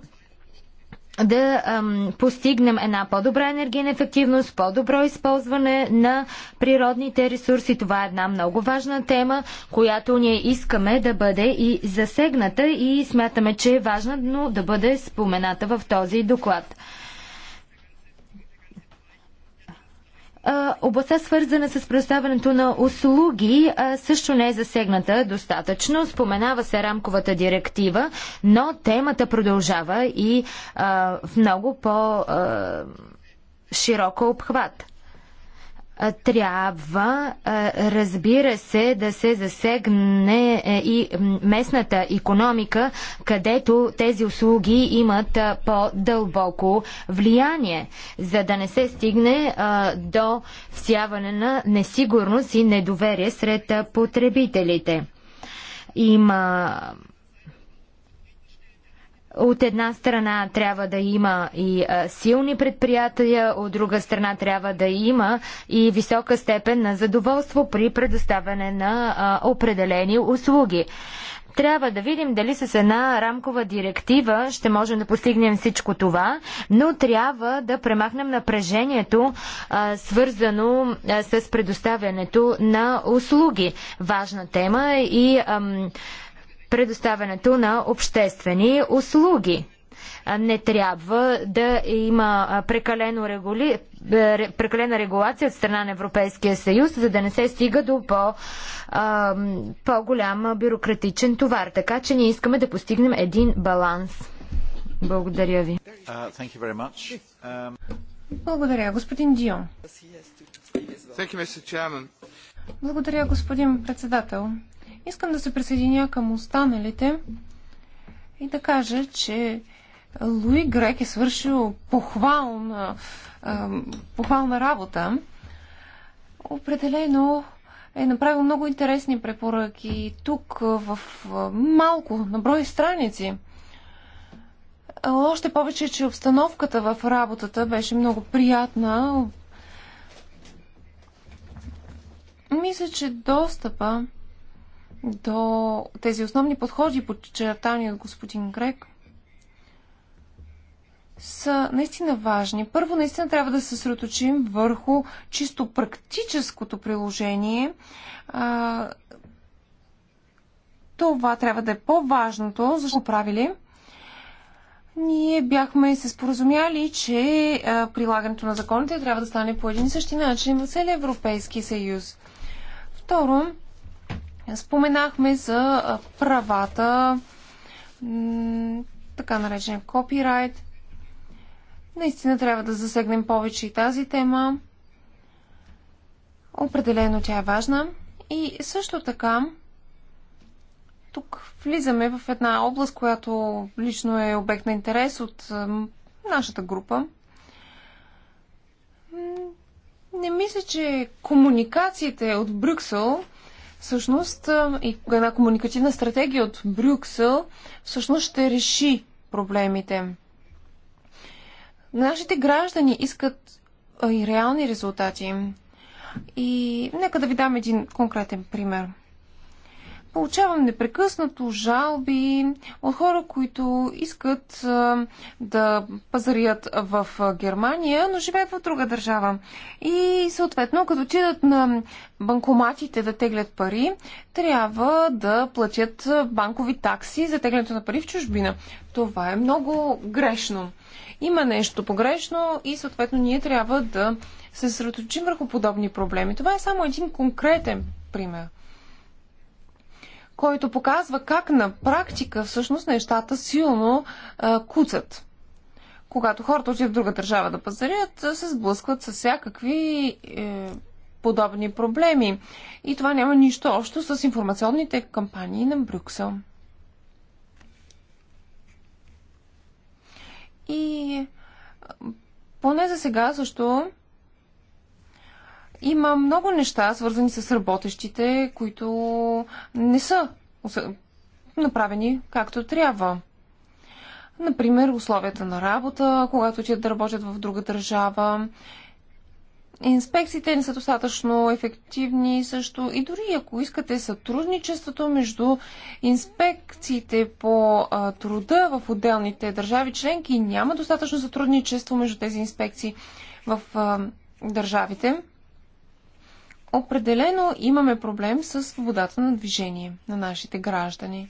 да ам, постигнем една по-добра енергийна ефективност, по-добро използване на природните ресурси. Това е една много важна тема, която ние искаме да бъде и засегната и смятаме, че е важно да бъде спомената в този доклад. областта свързана с предоставянето на услуги също не е засегната достатъчно. Споменава се рамковата директива, но темата продължава и в много по-широко обхват трябва, разбира се, да се засегне е, и местната економика, където тези услуги имат по-дълбоко влияние, за да не се стигне до всяване на несигурност и недоверие сред потребителите. Има от една страна трябва да има и силни предприятия, от друга страна трябва да има и висока степен на задоволство при предоставяне на определени услуги. Трябва да видим дали с една рамкова директива ще можем да постигнем всичко това, но трябва да премахнем напрежението, а, свързано а, с предоставянето на услуги. Важна тема е и. Ам, предоставянето на обществени услуги. Не трябва да има прекалено регули... прекалена регулация от страна на Европейския съюз, за да не се стига до по, по-голям бюрократичен товар. Така че ние искаме да постигнем един баланс. Благодаря ви. Uh, um, Благодаря, господин Дион. Благодаря, господин председател. Искам да се присъединя към останалите и да кажа, че Луи Грек е свършил похвална, похвална работа. Определено е направил много интересни препоръки тук в малко на брой страници. Още повече, че обстановката в работата беше много приятна. Мисля, че достъпа до тези основни подходи, подчертани от господин Грек, са наистина важни. Първо, наистина трябва да се съсредоточим върху чисто практическото приложение. Това трябва да е по-важното, защото правили. Ние бяхме се споразумяли, че прилагането на законите трябва да стане по един и същи начин в целия Европейски съюз. Второ, Споменахме за правата, така наречен копирайт. Наистина трябва да засегнем повече и тази тема. Определено тя е важна. И също така, тук влизаме в една област, която лично е обект на интерес от нашата група. Не мисля, че комуникациите от Брюксел Всъщност, и една комуникативна стратегия от Брюксел всъщност ще реши проблемите. Нашите граждани искат и реални резултати. И нека да ви дам един конкретен пример – Получавам непрекъснато жалби от хора, които искат да пазарят в Германия, но живеят в друга държава. И съответно, като отидат на банкоматите да теглят пари, трябва да платят банкови такси за теглянето на пари в чужбина. Това е много грешно. Има нещо погрешно и съответно ние трябва да се съсредоточим върху подобни проблеми. Това е само един конкретен пример който показва как на практика всъщност нещата силно а, куцат. Когато хората отиват в друга държава да пазарят, се сблъскват с всякакви е, подобни проблеми. И това няма нищо общо с информационните кампании на Брюксел. И поне за сега също има много неща, свързани с работещите, които не са направени както трябва. Например, условията на работа, когато отидат да работят в друга държава. Инспекциите не са достатъчно ефективни също и дори ако искате сътрудничеството между инспекциите по а, труда в отделните държави членки, няма достатъчно сътрудничество между тези инспекции в а, държавите определено имаме проблем с свободата на движение на нашите граждани.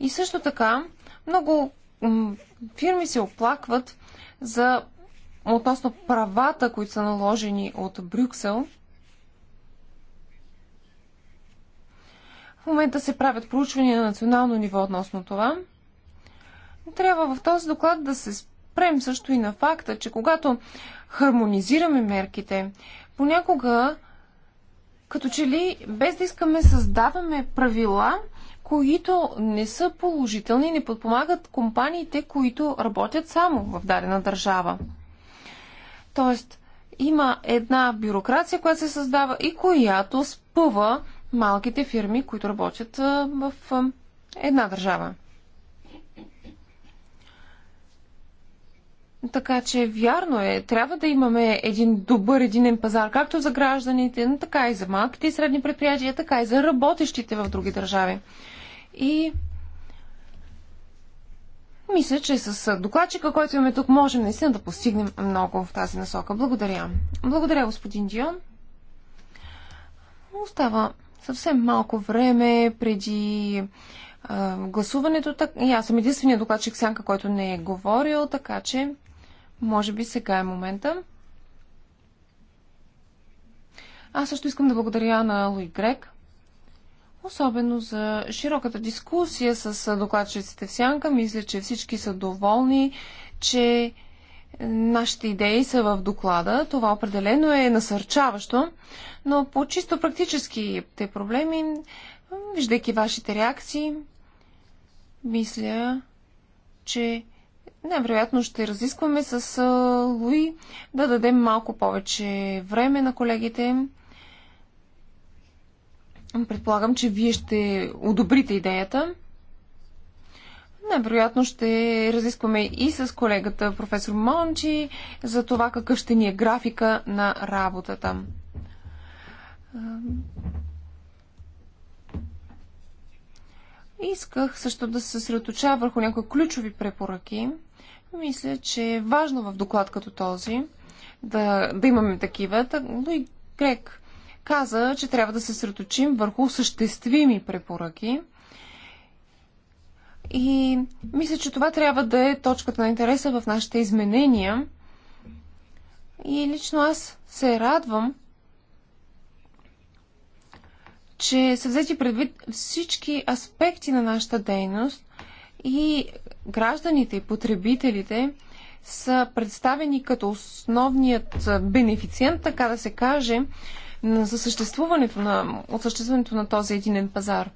И също така, много фирми се оплакват за относно правата, които са наложени от Брюксел. В момента се правят проучвания на национално ниво относно това. Трябва в този доклад да се спрем също и на факта, че когато хармонизираме мерките, понякога като че ли без да искаме създаваме правила, които не са положителни, и не подпомагат компаниите, които работят само в дадена държава. Тоест, има една бюрокрация, която се създава и която спъва малките фирми, които работят в една държава. Така че вярно е, трябва да имаме един добър единен пазар, както за гражданите, така и за малките и средни предприятия, така и за работещите в други държави. И мисля, че с докладчика, който имаме тук, можем наистина да постигнем много в тази насока. Благодаря. Благодаря, господин Дион. Остава съвсем малко време преди а, гласуването. Так... И аз съм единствения докладчик Сянка, който не е говорил, така че може би сега е момента. Аз също искам да благодаря на Луи Грек, особено за широката дискусия с докладчиците в Сянка. Мисля, че всички са доволни, че нашите идеи са в доклада. Това определено е насърчаващо, но по чисто практически те проблеми, виждайки вашите реакции, мисля, че Невероятно ще разискваме с Луи да дадем малко повече време на колегите. Предполагам, че вие ще одобрите идеята. Най-вероятно ще разискваме и с колегата професор Мончи за това какъв ще ни е графика на работата. Исках също да се съсредоточа върху някои ключови препоръки – мисля, че е важно в доклад като този да, да имаме такива, но и Грек каза, че трябва да се средоточим върху съществими препоръки. И мисля, че това трябва да е точката на интереса в нашите изменения. И лично аз се радвам, че са взети предвид всички аспекти на нашата дейност и гражданите и потребителите са представени като основният бенефициент, така да се каже, за съществуването на, от съществуването на този единен пазар.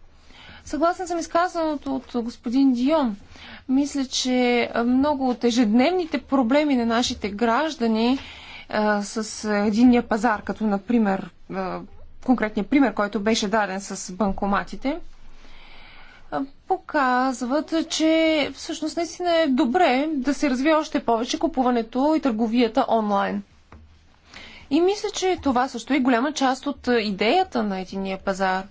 Съгласен съм изказаното от господин Дион. Мисля, че много от ежедневните проблеми на нашите граждани а, с единния пазар, като например а, конкретния пример, който беше даден с банкоматите, показват, че всъщност наистина е добре да се развие още повече купуването и търговията онлайн. И мисля, че това също е голяма част от идеята на единия пазар.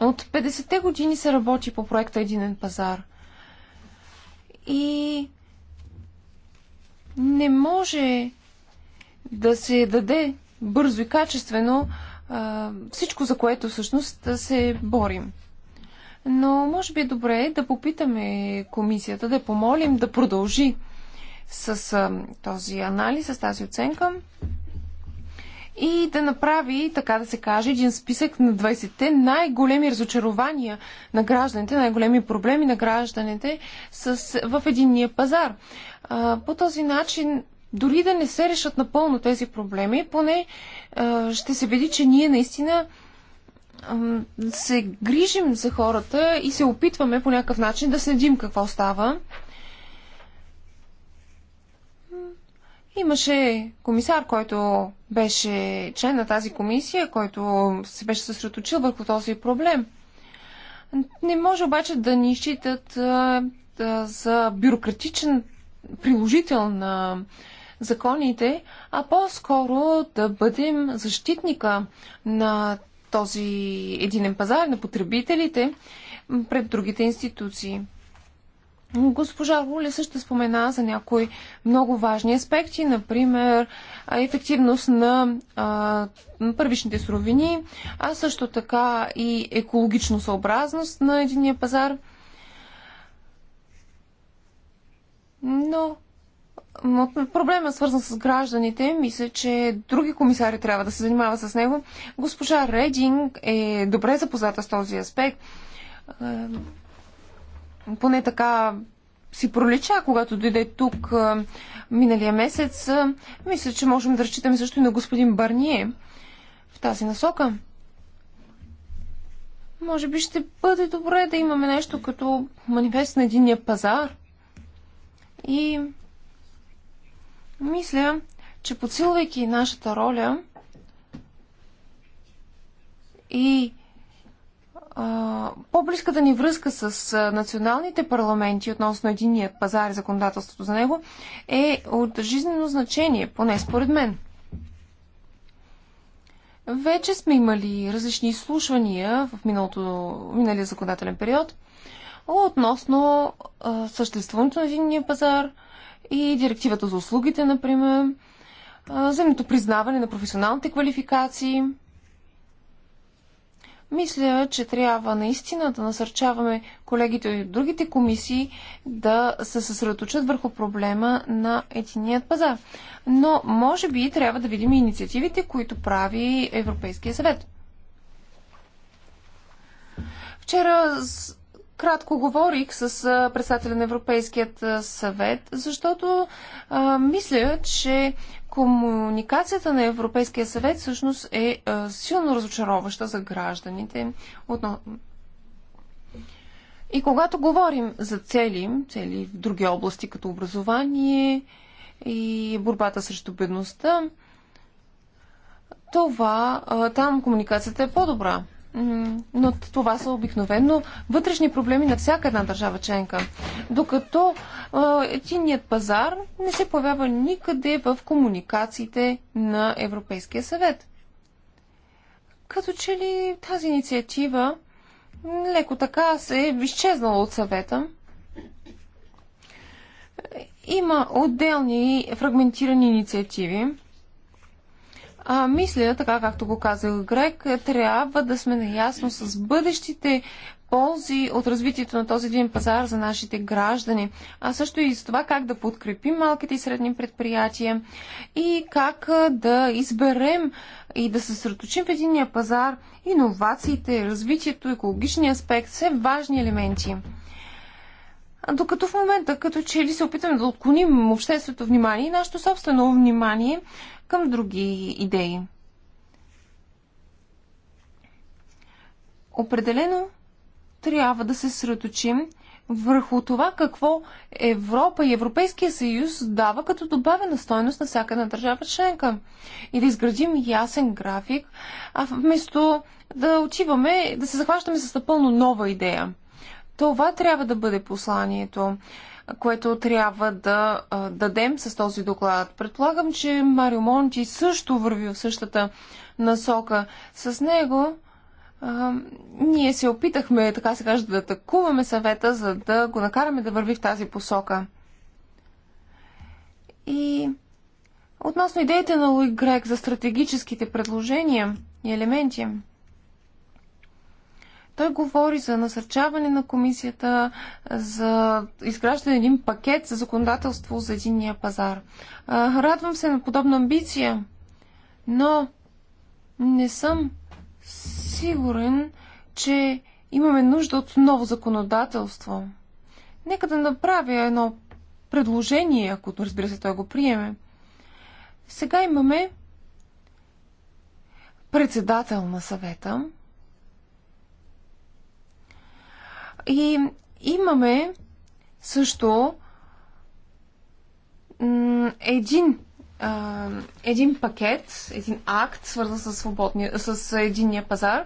От 50-те години се работи по проекта Единен пазар. И не може да се даде бързо и качествено а, всичко, за което всъщност да се борим но може би е добре да попитаме комисията, да помолим да продължи с този анализ, с тази оценка и да направи, така да се каже, един списък на 20-те най-големи разочарования на гражданите, най-големи проблеми на гражданите с, в единния пазар. А, по този начин, дори да не се решат напълно тези проблеми, поне а, ще се види, че ние наистина се грижим за хората и се опитваме по някакъв начин да следим какво става. Имаше комисар, който беше член на тази комисия, който се беше съсредоточил върху този проблем. Не може обаче да ни считат за бюрократичен приложител на законите, а по-скоро да бъдем защитника на този единен пазар на потребителите пред другите институции. Госпожа Руле също спомена за някои много важни аспекти, например ефективност на а, първичните суровини, а също така и екологично съобразност на единия пазар. Но Проблема е свързан с гражданите. Мисля, че други комисари трябва да се занимават с него. Госпожа Рединг е добре запозната с този аспект. Е, поне така си пролича, когато дойде тук е, миналия месец. Е, мисля, че можем да разчитаме също и на господин Барние в тази насока. Може би ще бъде добре да имаме нещо като манифест на единния пазар. И мисля, че подсилвайки нашата роля и по-близката ни връзка с националните парламенти относно единия пазар и законодателството за него е от жизнено значение, поне според мен. Вече сме имали различни изслушвания в миналото, миналия законодателен период относно а, съществуването на единния пазар – и директивата за услугите, например, взаимното признаване на професионалните квалификации. Мисля, че трябва наистина да насърчаваме колегите и другите комисии да се съсредоточат върху проблема на единият пазар. Но, може би, трябва да видим и инициативите, които прави Европейския съвет. Вчера кратко говорих с председателя на Европейският съвет, защото а, мисля, че комуникацията на Европейския съвет всъщност е а, силно разочароваща за гражданите. Отно... И когато говорим за цели, цели в други области като образование и борбата срещу бедността, това а, там комуникацията е по-добра но това са обикновено вътрешни проблеми на всяка една държава членка. Докато единният пазар не се появява никъде в комуникациите на Европейския съвет. Като че ли тази инициатива леко така се е изчезнала от съвета. Има отделни фрагментирани инициативи, а, мисля, така както го казах Грек, трябва да сме наясно с бъдещите ползи от развитието на този един пазар за нашите граждани, а също и с това как да подкрепим малките и средни предприятия и как да изберем и да се съсредоточим в единния пазар иновациите, развитието, екологичния аспект, все важни елементи. Докато в момента, като че ли се опитаме да отклоним общественото внимание и нашето собствено внимание към други идеи. Определено трябва да се средочим върху това какво Европа и Европейския съюз дава като добавена стойност на всяка една държава членка. И да изградим ясен график, а вместо да отиваме, да се захващаме с напълно нова идея. Това трябва да бъде посланието което трябва да дадем с този доклад. Предполагам, че Марио Монти също върви в същата насока. С него а, ние се опитахме, така се каже, да атакуваме съвета, за да го накараме да върви в тази посока. И относно идеите на Луи Грек за стратегическите предложения и елементи – той говори за насърчаване на комисията, за изграждане един пакет за законодателство за единния пазар. Радвам се на подобна амбиция, но не съм сигурен, че имаме нужда от ново законодателство. Нека да направя едно предложение, ако разбира се той го приеме. Сега имаме председател на съвета, И имаме също един, един пакет, един акт, свързан с, свободния, с единния пазар.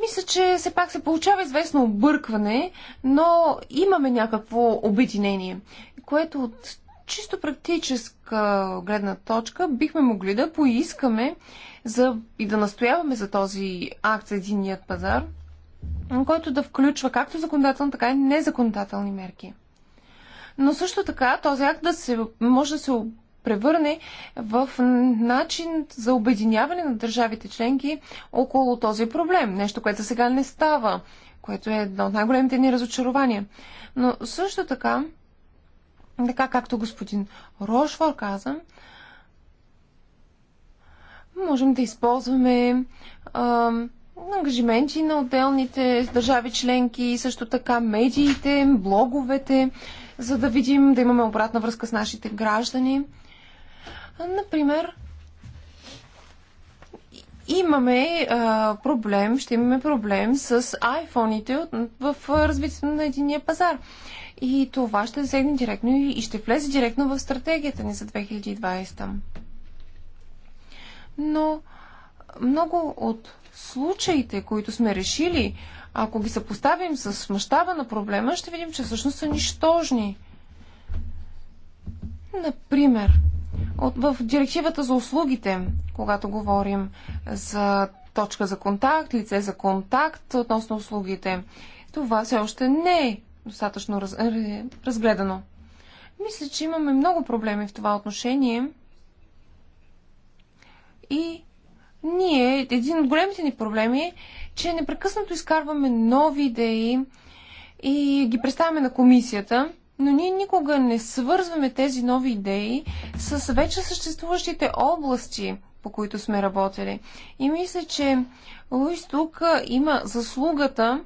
Мисля, че все пак се получава известно объркване, но имаме някакво обединение, което от чисто практическа гледна точка бихме могли да поискаме за, и да настояваме за този акт за единният пазар – който да включва както законодателни, така и незаконодателни мерки. Но също така този акт да се, може да се превърне в начин за обединяване на държавите членки около този проблем. Нещо, което сега не става, което е едно от най-големите ни разочарования. Но също така, така както господин Рошвор каза, можем да използваме ангажименти на отделните държави членки, също така медиите, блоговете, за да видим, да имаме обратна връзка с нашите граждани. Например, имаме а, проблем, ще имаме проблем с айфоните в развитието на единия пазар. И това ще засегне директно и ще влезе директно в стратегията ни за 2020. Но много от случаите, които сме решили, ако ги съпоставим с мащаба на проблема, ще видим, че всъщност са нищожни. Например, от, в директивата за услугите, когато говорим за точка за контакт, лице за контакт относно услугите, това все още не е достатъчно раз, разгледано. Мисля, че имаме много проблеми в това отношение и ние, един от големите ни проблеми е, че непрекъснато изкарваме нови идеи и ги представяме на комисията, но ние никога не свързваме тези нови идеи с вече съществуващите области, по които сме работили. И мисля, че Луис тук има заслугата,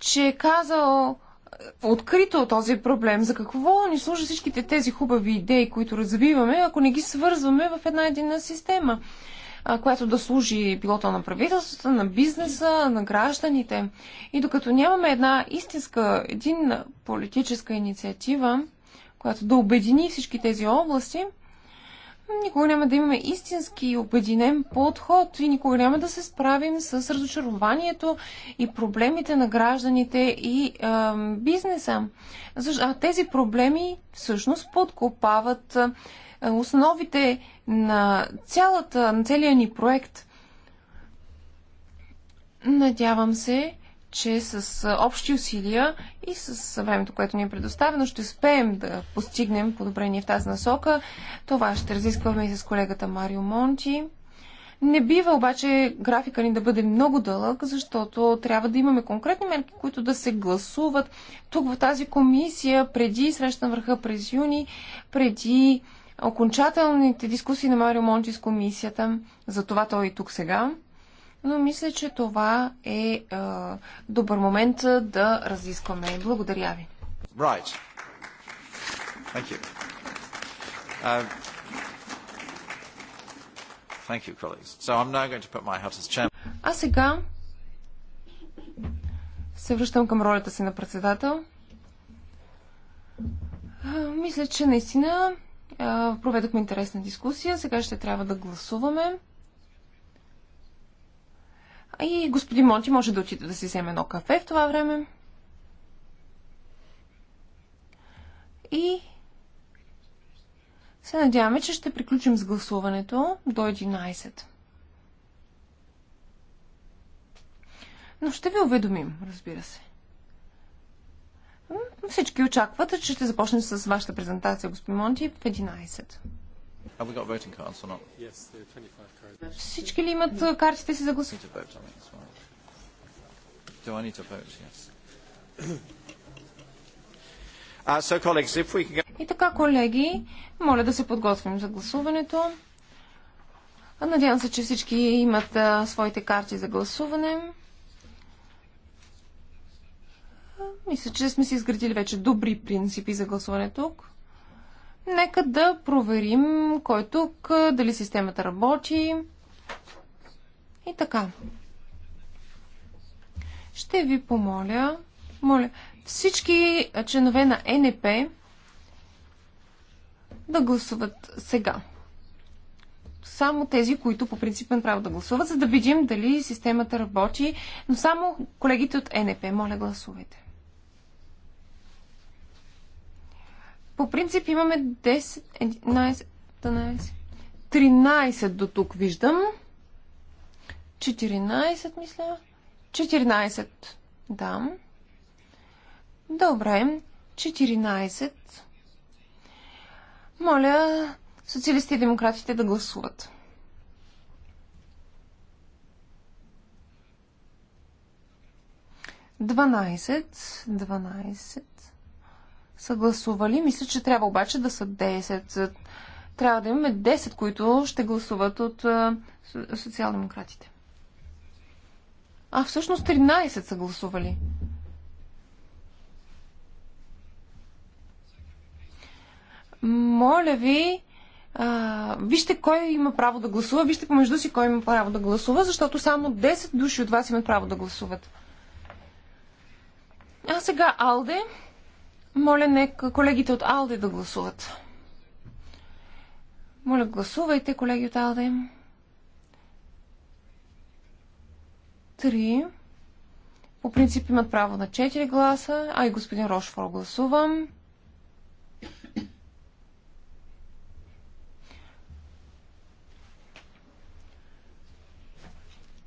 че е казал открито този проблем. За какво ни служат всичките тези хубави идеи, които развиваме, ако не ги свързваме в една единна система, която да служи пилота на правителството, на бизнеса, на гражданите. И докато нямаме една истинска, един политическа инициатива, която да обедини всички тези области, никога няма да имаме истински обединен подход и никога няма да се справим с разочарованието и проблемите на гражданите и а, бизнеса. А тези проблеми всъщност подкопават основите на, цялата, на целия ни проект. Надявам се, че с общи усилия и с времето, което ни е предоставено, ще успеем да постигнем подобрение в тази насока. Това ще разискваме и с колегата Марио Монти. Не бива обаче графика ни да бъде много дълъг, защото трябва да имаме конкретни мерки, които да се гласуват тук в тази комисия преди среща на върха през юни, преди окончателните дискусии на Марио Монти с комисията. Затова той и е тук сега но мисля, че това е а, е, добър момент е, да разискваме. Благодаря ви. Right. Thank you. Uh, thank you, colleagues. So I'm now going to put my hat as chairman. А сега се връщам към ролята си на председател. Мисля, че наистина проведохме интересна дискусия. Сега ще трябва да гласуваме. И господин Монти може да отиде да си вземе едно кафе в това време. И се надяваме, че ще приключим с гласуването до 11. Но ще ви уведомим, разбира се. Всички очакват, че ще започнем с вашата презентация, господин Монти, в 11. Have we got voting cards or not? Yes, there are 25 cards. Всички ли имат картите си за гласуване? Do I need to vote? Yes. Uh, so, colleagues, if we can get... И така, колеги, моля да се подготвим за гласуването. Надявам се, че всички имат а, своите карти за гласуване. Мисля, че сме си изградили вече добри принципи за гласуване тук. Нека да проверим кой е тук, дали системата работи. И така. Ще ви помоля, моля, всички членове на НП да гласуват сега. Само тези, които по принцип не право да гласуват, за да видим дали системата работи. Но само колегите от НП, моля, гласувайте. По принцип имаме 10, 11, 12, 13 до тук виждам. 14, мисля. 14, да. Добре, 14. Моля социалисти и демократите да гласуват. Дванайсет, дванайсет са гласували. Мисля, че трябва обаче да са 10. Трябва да имаме 10, които ще гласуват от социал-демократите. А, всъщност 13 са гласували. Моля ви, а, вижте кой има право да гласува, вижте помежду си кой има право да гласува, защото само 10 души от вас имат право да гласуват. А сега Алде. Моля, нека колегите от Алде да гласуват. Моля, гласувайте, колеги от Алде. Три. По принцип имат право на 4 гласа, а и господин Рошфор гласувам.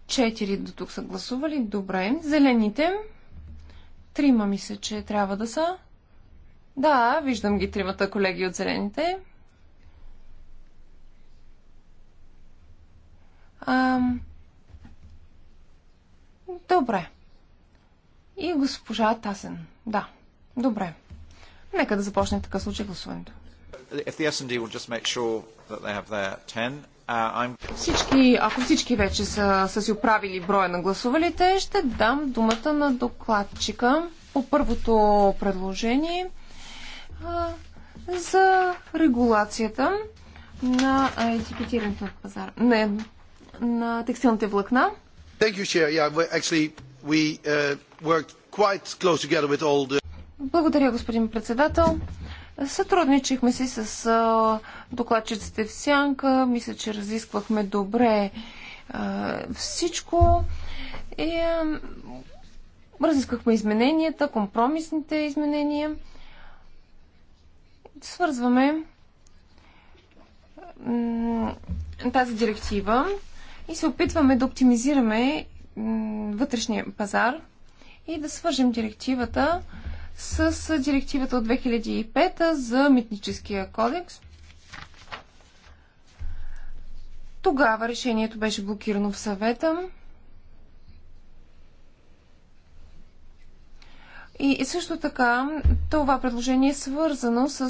Четири до тук са гласували. Добре. Зелените. Трима мисля, че трябва да са. Да, виждам ги тримата колеги от зелените. Ам... добре. И госпожа Тасен. Да, добре. Нека да започне така случай гласуването. Uh, всички, ако всички вече са, са си оправили броя на гласувалите, ще дам думата на докладчика по първото предложение – за регулацията на етикетирането на пазара. Не, на текстилните влакна. Thank you, Chair. Yeah, we actually we uh, worked quite close together with all the... Благодаря, господин председател. Сътрудничихме си с а, докладчиците в Сянка. Мисля, че разисквахме добре а, всичко. И, а, разисквахме измененията, компромисните изменения свързваме тази директива и се опитваме да оптимизираме вътрешния пазар и да свържем директивата с директивата от 2005 за митническия кодекс. Тогава решението беше блокирано в съвета. И също така, това предложение е свързано с,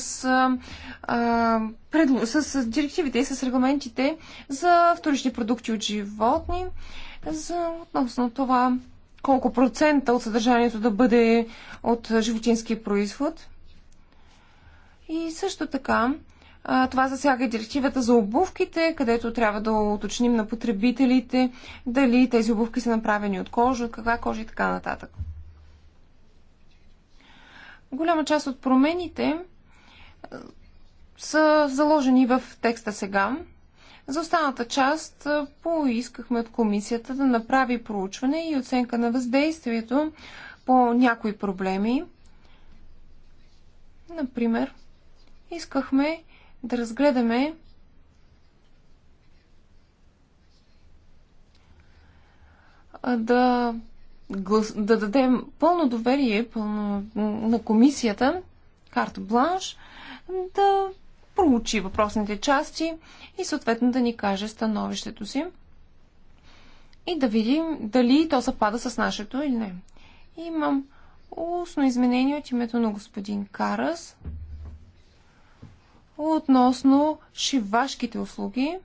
а, предл... с, с директивите и с регламентите за вторични продукти от животни, за относно това колко процента от съдържанието да бъде от животински происход. И също така, а, това засяга и директивата за обувките, където трябва да уточним на потребителите дали тези обувки са направени от кожа, от каква кожа и така нататък. Голяма част от промените са заложени в текста сега. За останата част поискахме от комисията да направи проучване и оценка на въздействието по някои проблеми. Например, искахме да разгледаме да да дадем пълно доверие пълно, на комисията, карта бланш, да проучи въпросните части и съответно да ни каже становището си и да видим дали то съпада с нашето или не. Имам устно изменение от името на господин Карас относно шивашките услуги.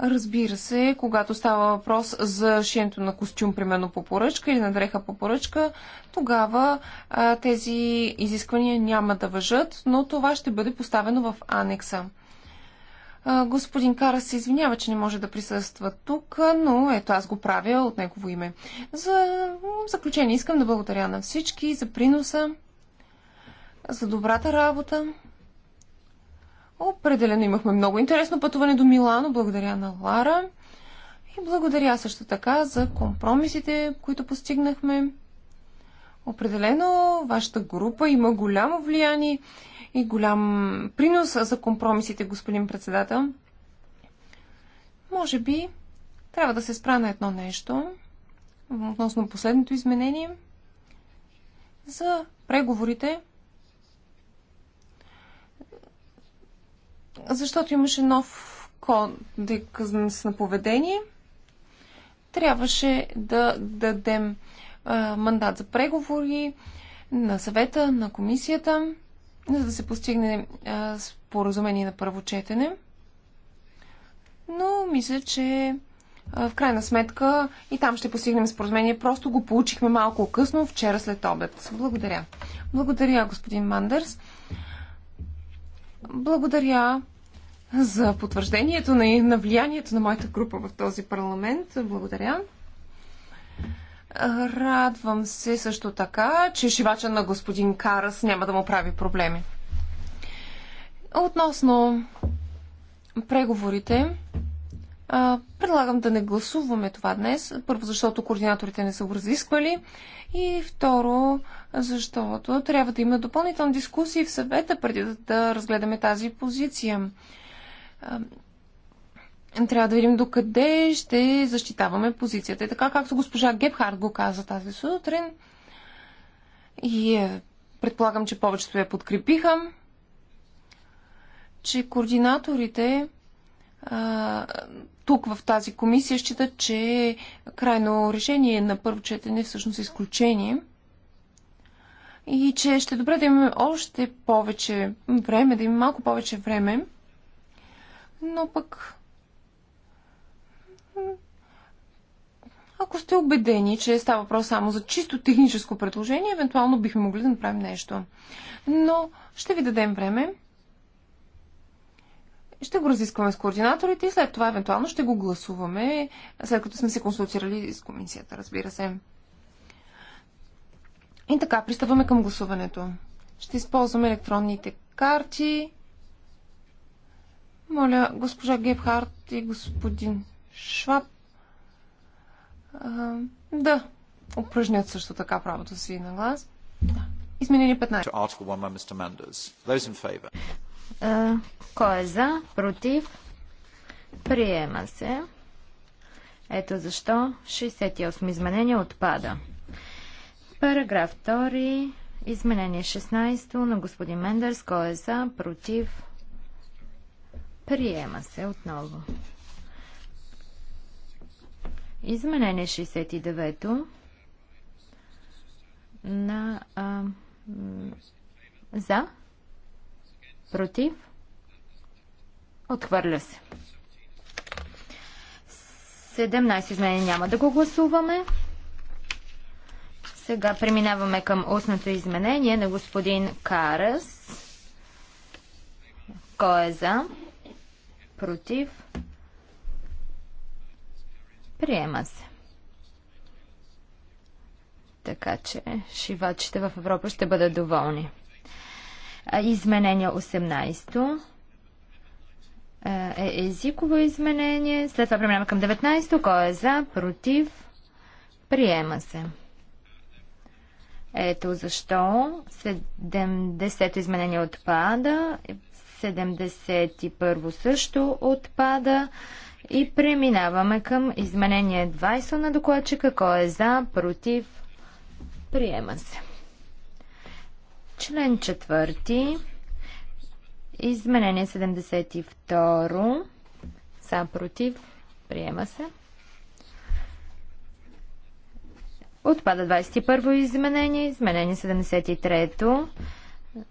Разбира се, когато става въпрос за шиенето на костюм, примерно по поръчка или на дреха по поръчка, тогава а, тези изисквания няма да въжат, но това ще бъде поставено в анекса. А, господин Кара се извинява, че не може да присъства тук, но ето аз го правя от негово име. За заключение искам да благодаря на всички за приноса, за добрата работа. Определено имахме много интересно пътуване до Милано. Благодаря на Лара. И благодаря също така за компромисите, които постигнахме. Определено вашата група има голямо влияние и голям принос за компромисите, господин председател. Може би трябва да се спра на едно нещо относно последното изменение за преговорите защото имаше нов кодекс на поведение. Трябваше да дадем а, мандат за преговори на съвета, на комисията, за да се постигне а, споразумение на първо четене. Но мисля, че а, в крайна сметка и там ще постигнем споразумение. Просто го получихме малко късно, вчера след обед. Благодаря. Благодаря, господин Мандърс. Благодаря за потвърждението на, на влиянието на моята група в този парламент. Благодаря. Радвам се също така, че шивача на господин Карас няма да му прави проблеми. Относно преговорите, а, предлагам да не гласуваме това днес. Първо, защото координаторите не са го разисквали. И второ, защото трябва да има допълнителни дискусии в съвета, преди да, да разгледаме тази позиция. А, трябва да видим докъде ще защитаваме позицията. И така, както госпожа Гебхард го каза тази сутрин, и е, предполагам, че повечето я подкрепиха, че координаторите тук в тази комисия считат, че крайно решение на първо четене е всъщност е изключение и че ще е добре да имаме още повече време, да имаме малко повече време, но пък ако сте убедени, че става въпрос само за чисто техническо предложение, евентуално бихме могли да направим нещо. Но ще ви дадем време ще го разискваме с координаторите и след това евентуално ще го гласуваме, след като сме се консултирали с комисията, разбира се. И така, пристъпваме към гласуването. Ще използваме електронните карти. Моля, госпожа Гебхарт и господин Шваб да упражнят също така правото си на глас. Изменили 15. Кой е за? Против? Приема се. Ето защо 68 изменение отпада. Параграф 2. Изменение 16 на господин Мендерс. Кой е за? Против? Приема се отново. Изменение 69 на а, за Против? Отхвърля се. 17 изменение няма да го гласуваме. Сега преминаваме към устното изменение на господин Карас. Кой е за? Против? Приема се. Така че шивачите в Европа ще бъдат доволни. Изменение 18 е езиково изменение. След това преминаваме към 19-то. Кой е за, против, приема се. Ето защо 70-то изменение отпада, 71-во също отпада и преминаваме към изменение 20 на докладчика. Кой е за, против, приема се. Член четвърти. Изменение 72. За, против. Приема се. Отпада 21-во изменение. Изменение 73-то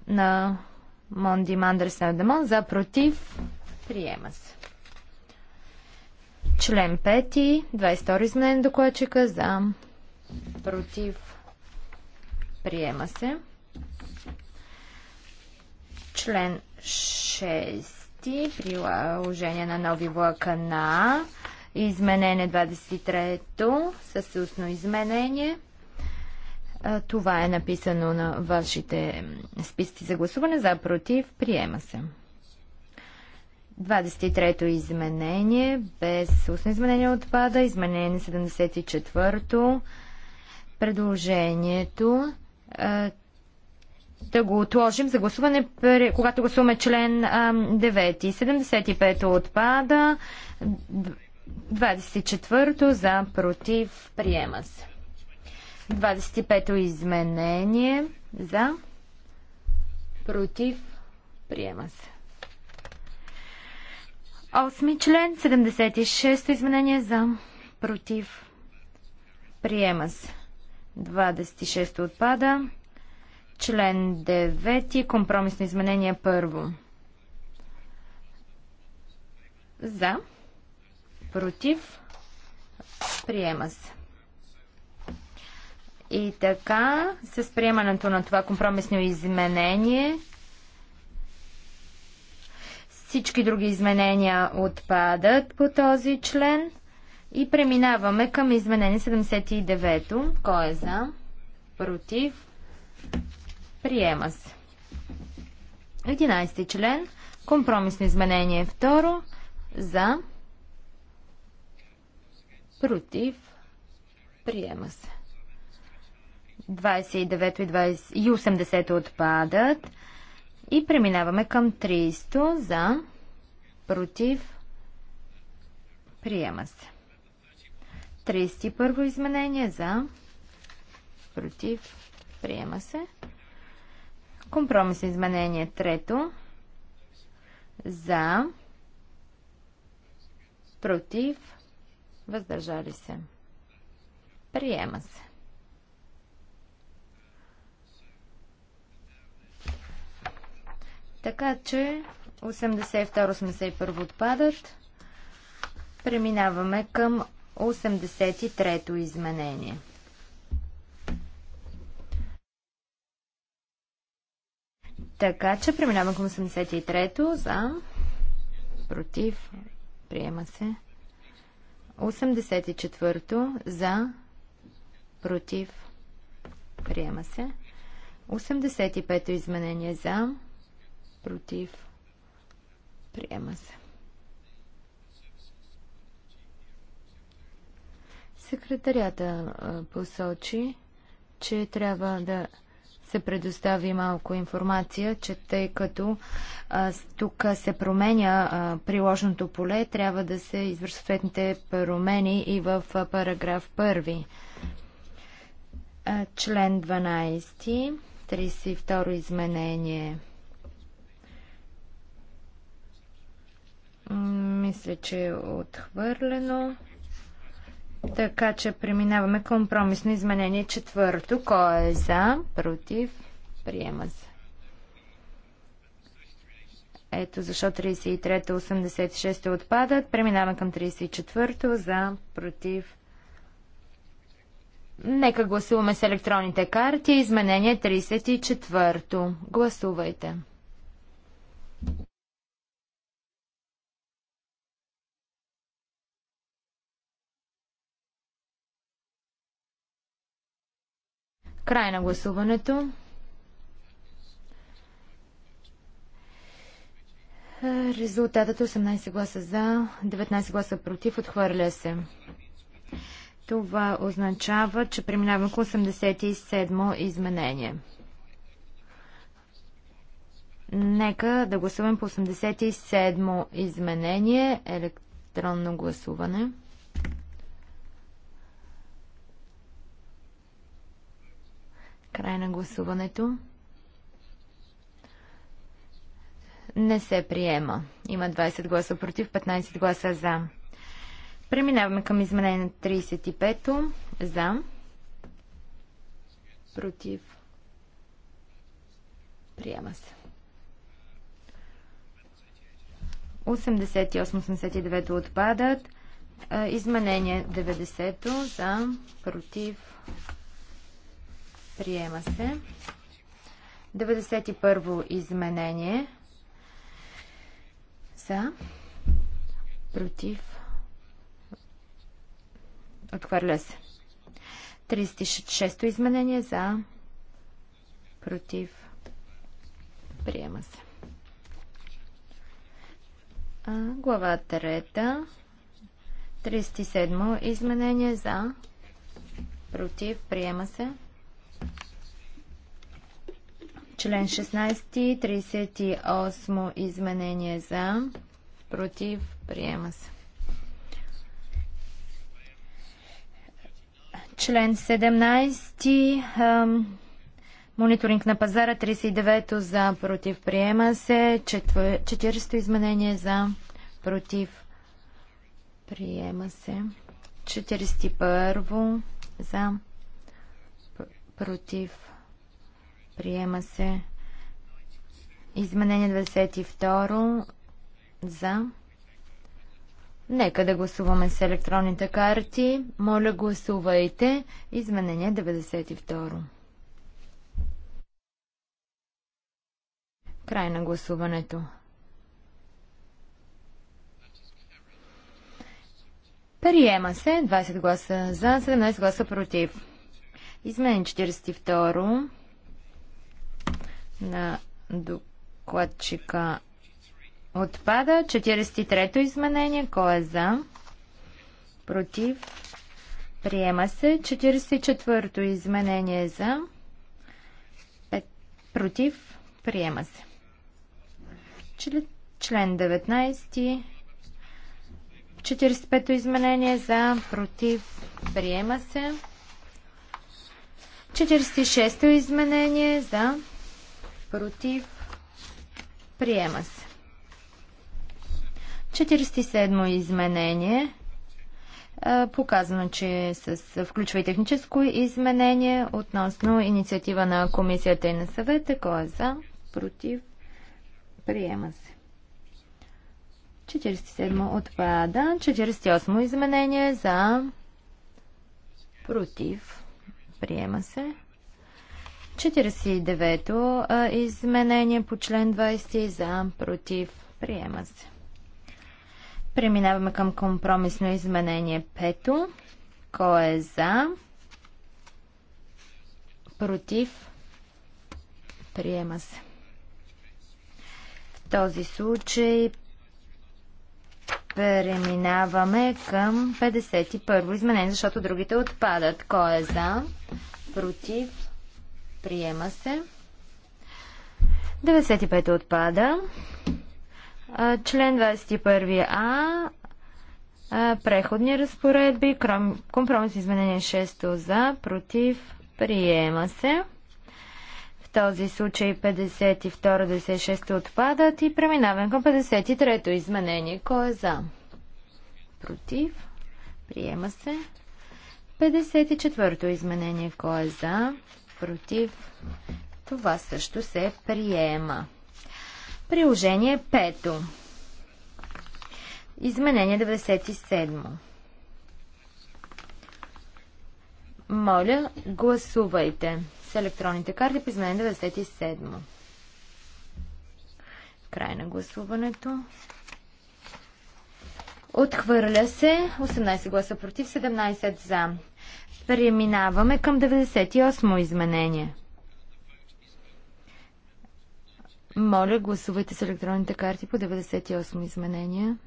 на Монди Мандрес Демон. За, против. Приема се. Член 5. 22 изменение докладчика. За, против. Приема се. Член 6. Приложение на нови влакана. Изменение 23-то с устно изменение. Това е написано на вашите списъци за гласуване. За, против, приема се. 23-то изменение, без устно изменение отпада. Изменение 74-то. Предложението да го отложим за гласуване, когато гласуваме член 9. 75 отпада, 24 то за против, приема се. 25 изменение за против, приема се. Осми член, 76 изменение за против, приема се. 26 отпада. Член 9. Компромисно изменение първо. За. Против. Приема се. И така, с приемането на това компромисно изменение, всички други изменения отпадат по този член и преминаваме към изменение 79. Кой е за? Против? Приема се. 11 член. Компромисно изменение е второ. За. Против. Приема се. 29 и, и 80 отпадат. И преминаваме към 300 за против. Приема се. 31 изменение за против. Приема се. Компромисно изменение трето. За. Против. Въздържали се. Приема се. Така че 82-81 отпадат. Преминаваме към 83-то изменение. Така че преминаваме към 83-то за против. Приема се. 84-то за против. Приема се. 85-то изменение за против. Приема се. Секретарията посочи, че трябва да се предостави малко информация, че тъй като а, тук се променя а, приложното поле, трябва да се извършат съответните промени и в а, параграф 1. А, член 12, 32 изменение. Мисля, че е отхвърлено. Така че преминаваме компромисно изменение четвърто. Кой е за? Против? Приема се. Ето защо 33-та, 86-та отпадат. Преминаваме към 34-то. За? Против? Нека гласуваме с електронните карти. Изменение 34-то. Гласувайте. Край на гласуването. Резултатът е 18 гласа за, 19 гласа против, отхвърля се. Това означава, че преминаваме към 87 изменение. Нека да гласуваме по 87 изменение, електронно гласуване. Край на гласуването. Не се приема. Има 20 гласа против, 15 гласа за. Преминаваме към изменение на 35-то. За. Против. Приема се. 88-89 отпадат. Изменение 90-то за, против, Приема се. 91 во изменение. За. Против. Отхвърля се. 36-то изменение за. Против. Приема се. глава 3. 37 изменение за. Против. Приема се. Член 16, 38 изменение за, против, приема се. Член 17, мониторинг на пазара, 39 за, против, приема се. 40 изменение за, против, приема се. 41 за, против, приема се. Приема се. Изменение 22 за. Нека да гласуваме с електронните карти. Моля, гласувайте. Изменение 92. Край на гласуването. Приема се 20 гласа за, 17 гласа против. Изменение 42 на докладчика отпада. 43-то изменение. Кой е за? Против. Приема се. 44-то изменение е е за. Против. Приема се. Член 19. 45-то изменение е за. Против. Приема се. 46-то изменение за против, приема се. 47 изменение. Показано, че е с, включва и техническо изменение относно инициатива на комисията и на съвета. Кой е за? Против? Приема се. 47 отпада. 48 изменение за? Против? Приема се. 49-то изменение по член 20 за против. Приема се. Преминаваме към компромисно изменение 5. Кой е за? Против. Приема се. В този случай преминаваме към 51 изменение, защото другите отпадат. Кой е за? Против. Приема се. 95 отпада. Член 21а. Преходни разпоредби. Компромис изменение 6 за. Против. Приема се. В този случай 52-96 отпадат и преминавам към 53-то изменение. Кой е за? Против. Приема се. 54-то изменение. Кой е за? против. Това също се приема. Приложение 5. Изменение 97. Моля, гласувайте с електронните карти по изменение 97. Край на гласуването. Отхвърля се 18 гласа против, 17 за. Преминаваме към 98 изменение. Моля, гласувайте с електронните карти по 98 изменения.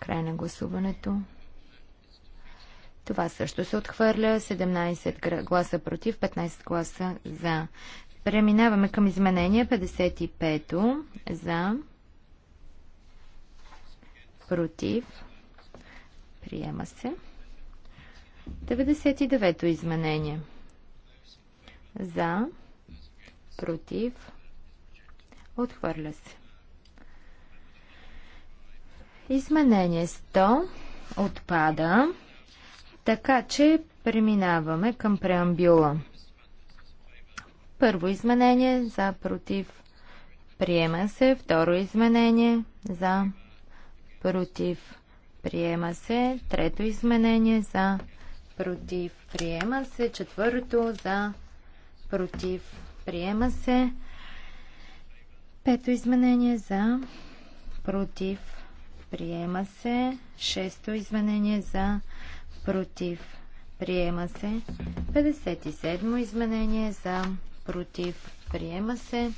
Край на гласуването. Това също се отхвърля. 17 гласа против, 15 гласа за. Преминаваме към изменение 55 за. Против. Приема се. 99-то изменение. За. Против. Отхвърля се. Изменение 100 отпада, така че преминаваме към преамбюла. Първо изменение за против приема се, второ изменение за против, приема се. Трето изменение за, против, приема се. Четвърто за, против, приема се. Пето изменение за, против, приема се. Шесто изменение за, против, приема се. 57 изменение за, против, приема се.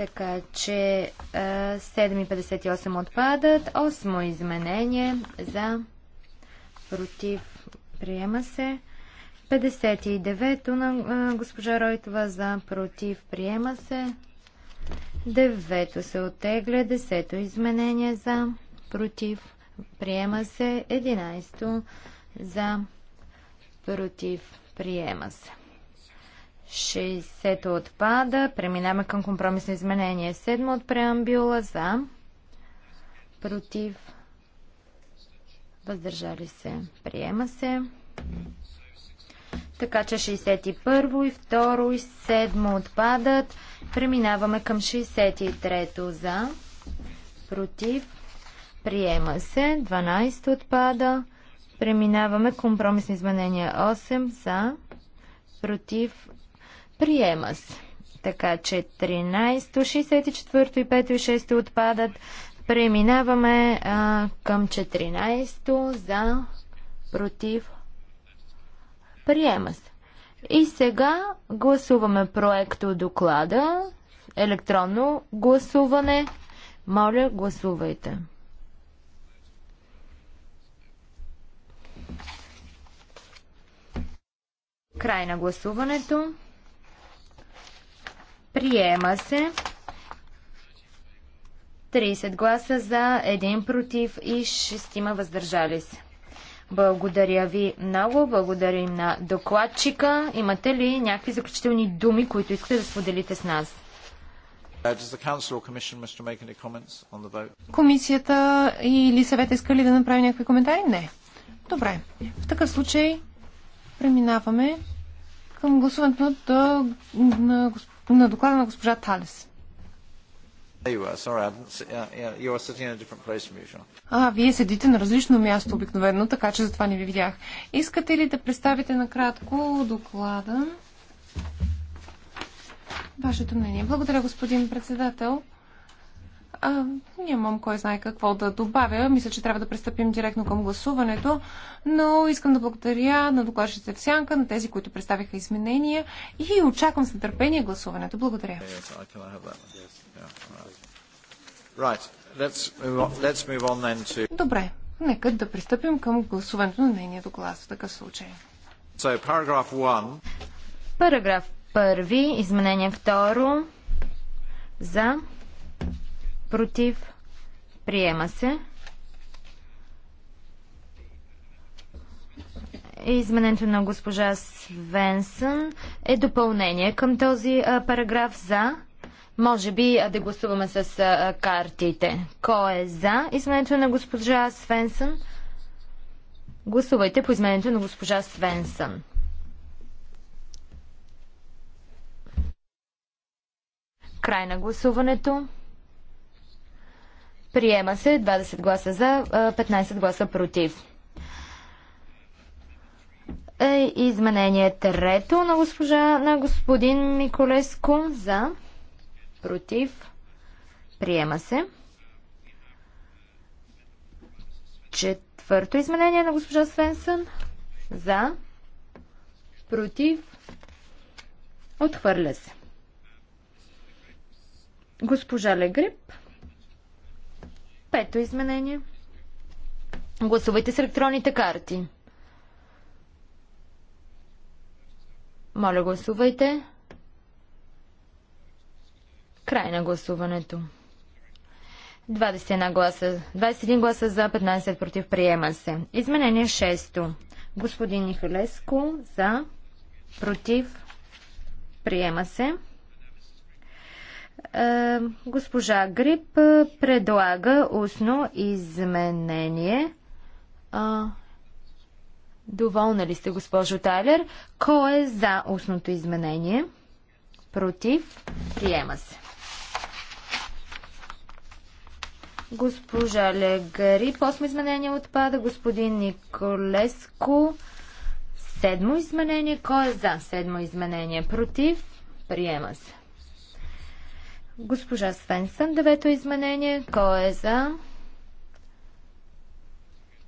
Така че 7,58 отпадат. осмо изменение за против приема се. 59-то на госпожа Ройтова за против приема се. 9 се оттегля. 10 изменение за против приема се. 11 за против приема се. 60 отпада. Преминаваме към компромисно изменение. 7 от преамбюла за. Против. Въздържали се. Приема се. Така че 61 и 2 и 7 отпадат. Преминаваме към 63 за. Против. Приема се. 12 отпада. Преминаваме компромисно изменение 8 за. Против Приема се. Така че 13, 64 и 5 и 6 отпадат. Преминаваме а, към 14 за против. Приема се. И сега гласуваме проекто доклада. Електронно гласуване. Моля, гласувайте. Край на гласуването. Приема се 30 гласа за, 1 против и 6 въздържали се. Благодаря ви много, благодарим на докладчика. Имате ли някакви заключителни думи, които искате да споделите с нас? Uh, Комисията или съвет иска ли да направи някакви коментари? Не. Добре. В такъв случай преминаваме към гласуването на, на, на доклада на госпожа Талес. А, вие седите на различно място обикновено, така че затова не ви видях. Искате ли да представите накратко доклада? Вашето мнение. Благодаря, господин председател. А, нямам кой знае какво да добавя. Мисля, че трябва да пристъпим директно към гласуването, но искам да благодаря на докладчите в сянка, на тези, които представиха изменения и очаквам с нетърпение гласуването. Благодаря. Добре, нека да пристъпим към гласуването на нейния доклад в такъв случай. Параграф първи, изменение второ. За. Против. Приема се. Изменението на госпожа Свенсън е допълнение към този а, параграф за. Може би а, да гласуваме с а, картите. Кой е за изменението на госпожа Свенсън? Гласувайте по изменението на госпожа Свенсън. Край на гласуването. Приема се 20 гласа за, 15 гласа против. Е, изменение трето на госпожа, на господин Миколеско за, против, приема се. Четвърто изменение на госпожа Свенсън за, против, отхвърля се. Госпожа Легрип Пето изменение. Гласувайте с електронните карти. Моля, гласувайте. Край на гласуването. 21 гласа, 21 гласа за, 15 против. Приема се. Изменение 6. Господин Михалеско за, против. Приема се. Е, госпожа Грип е, предлага устно изменение. Доволна ли сте, госпожо Тайлер? Кой е за устното изменение? Против? Приема се. Госпожа Легари, осмо изменение отпада. Господин Николеско, седмо изменение. Кой е за седмо изменение? Против? Приема се. Госпожа Свенсън, девето изменение. Кой е за?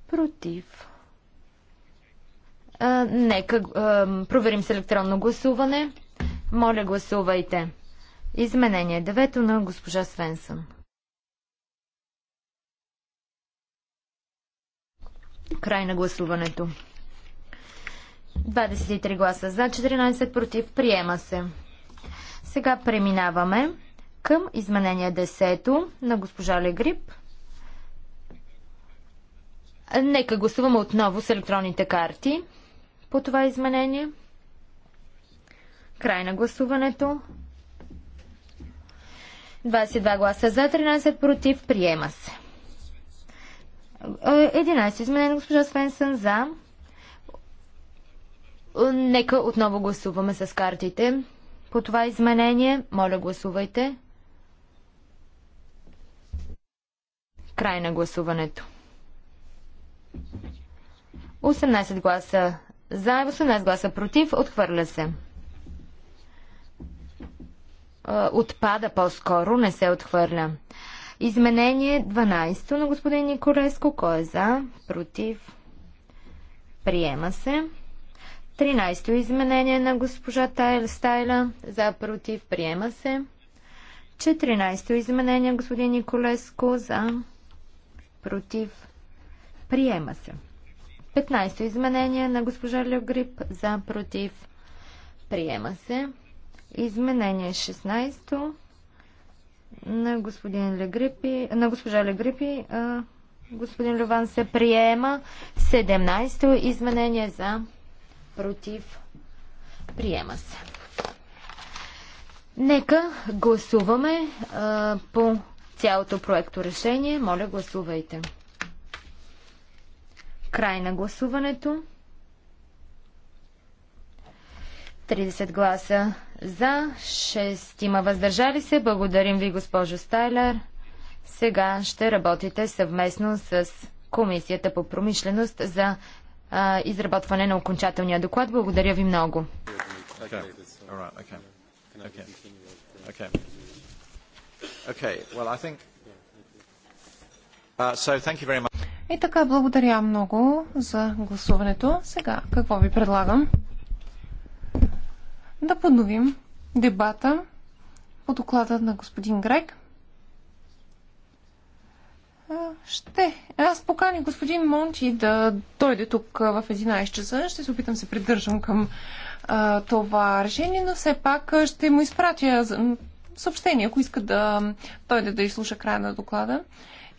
Против. А, нека а, проверим с електронно гласуване. Моля, гласувайте. Изменение девето на госпожа Свенсън. Край на гласуването. 23 гласа за, 14 против. Приема се. Сега преминаваме към изменение 10 на госпожа Легрип. Нека гласуваме отново с електронните карти по това изменение. Край на гласуването. 22 гласа за, 13 против. Приема се. 11 е, изменение госпожа Свенсън за. Нека отново гласуваме с картите. По това изменение, моля гласувайте. Край на гласуването. 18 гласа за, 18 гласа против, отхвърля се. Отпада по-скоро, не се отхвърля. Изменение 12 на господин Николеско. Кой е за? Против? Приема се. 13-то изменение на госпожа Тайл Стайла. За? Против? Приема се. 14-то изменение господин Николеско. За? против, приема се. 15-то изменение на госпожа Леогрип за против, приема се. Изменение 16-то на, господин Легрипи, на госпожа Легрипи, а, господин Леван се приема. 17-то изменение за против, приема се. Нека гласуваме а, по цялото проекто решение. Моля, гласувайте. Край на гласуването. 30 гласа за, 6 има въздържали се. Благодарим ви, госпожо Стайлер. Сега ще работите съвместно с Комисията по промишленост за а, изработване на окончателния доклад. Благодаря ви много. Okay. Okay, well, I think... uh, so thank you very much. И така, благодаря много за гласуването. Сега, какво ви предлагам? Да подновим дебата по доклада на господин Грек. Ще. Аз покани господин Монти да дойде тук в 11 часа. Ще се опитам се придържам към а, това решение, но все пак ще му изпратя съобщение, ако иска да дойде да изслуша края на доклада.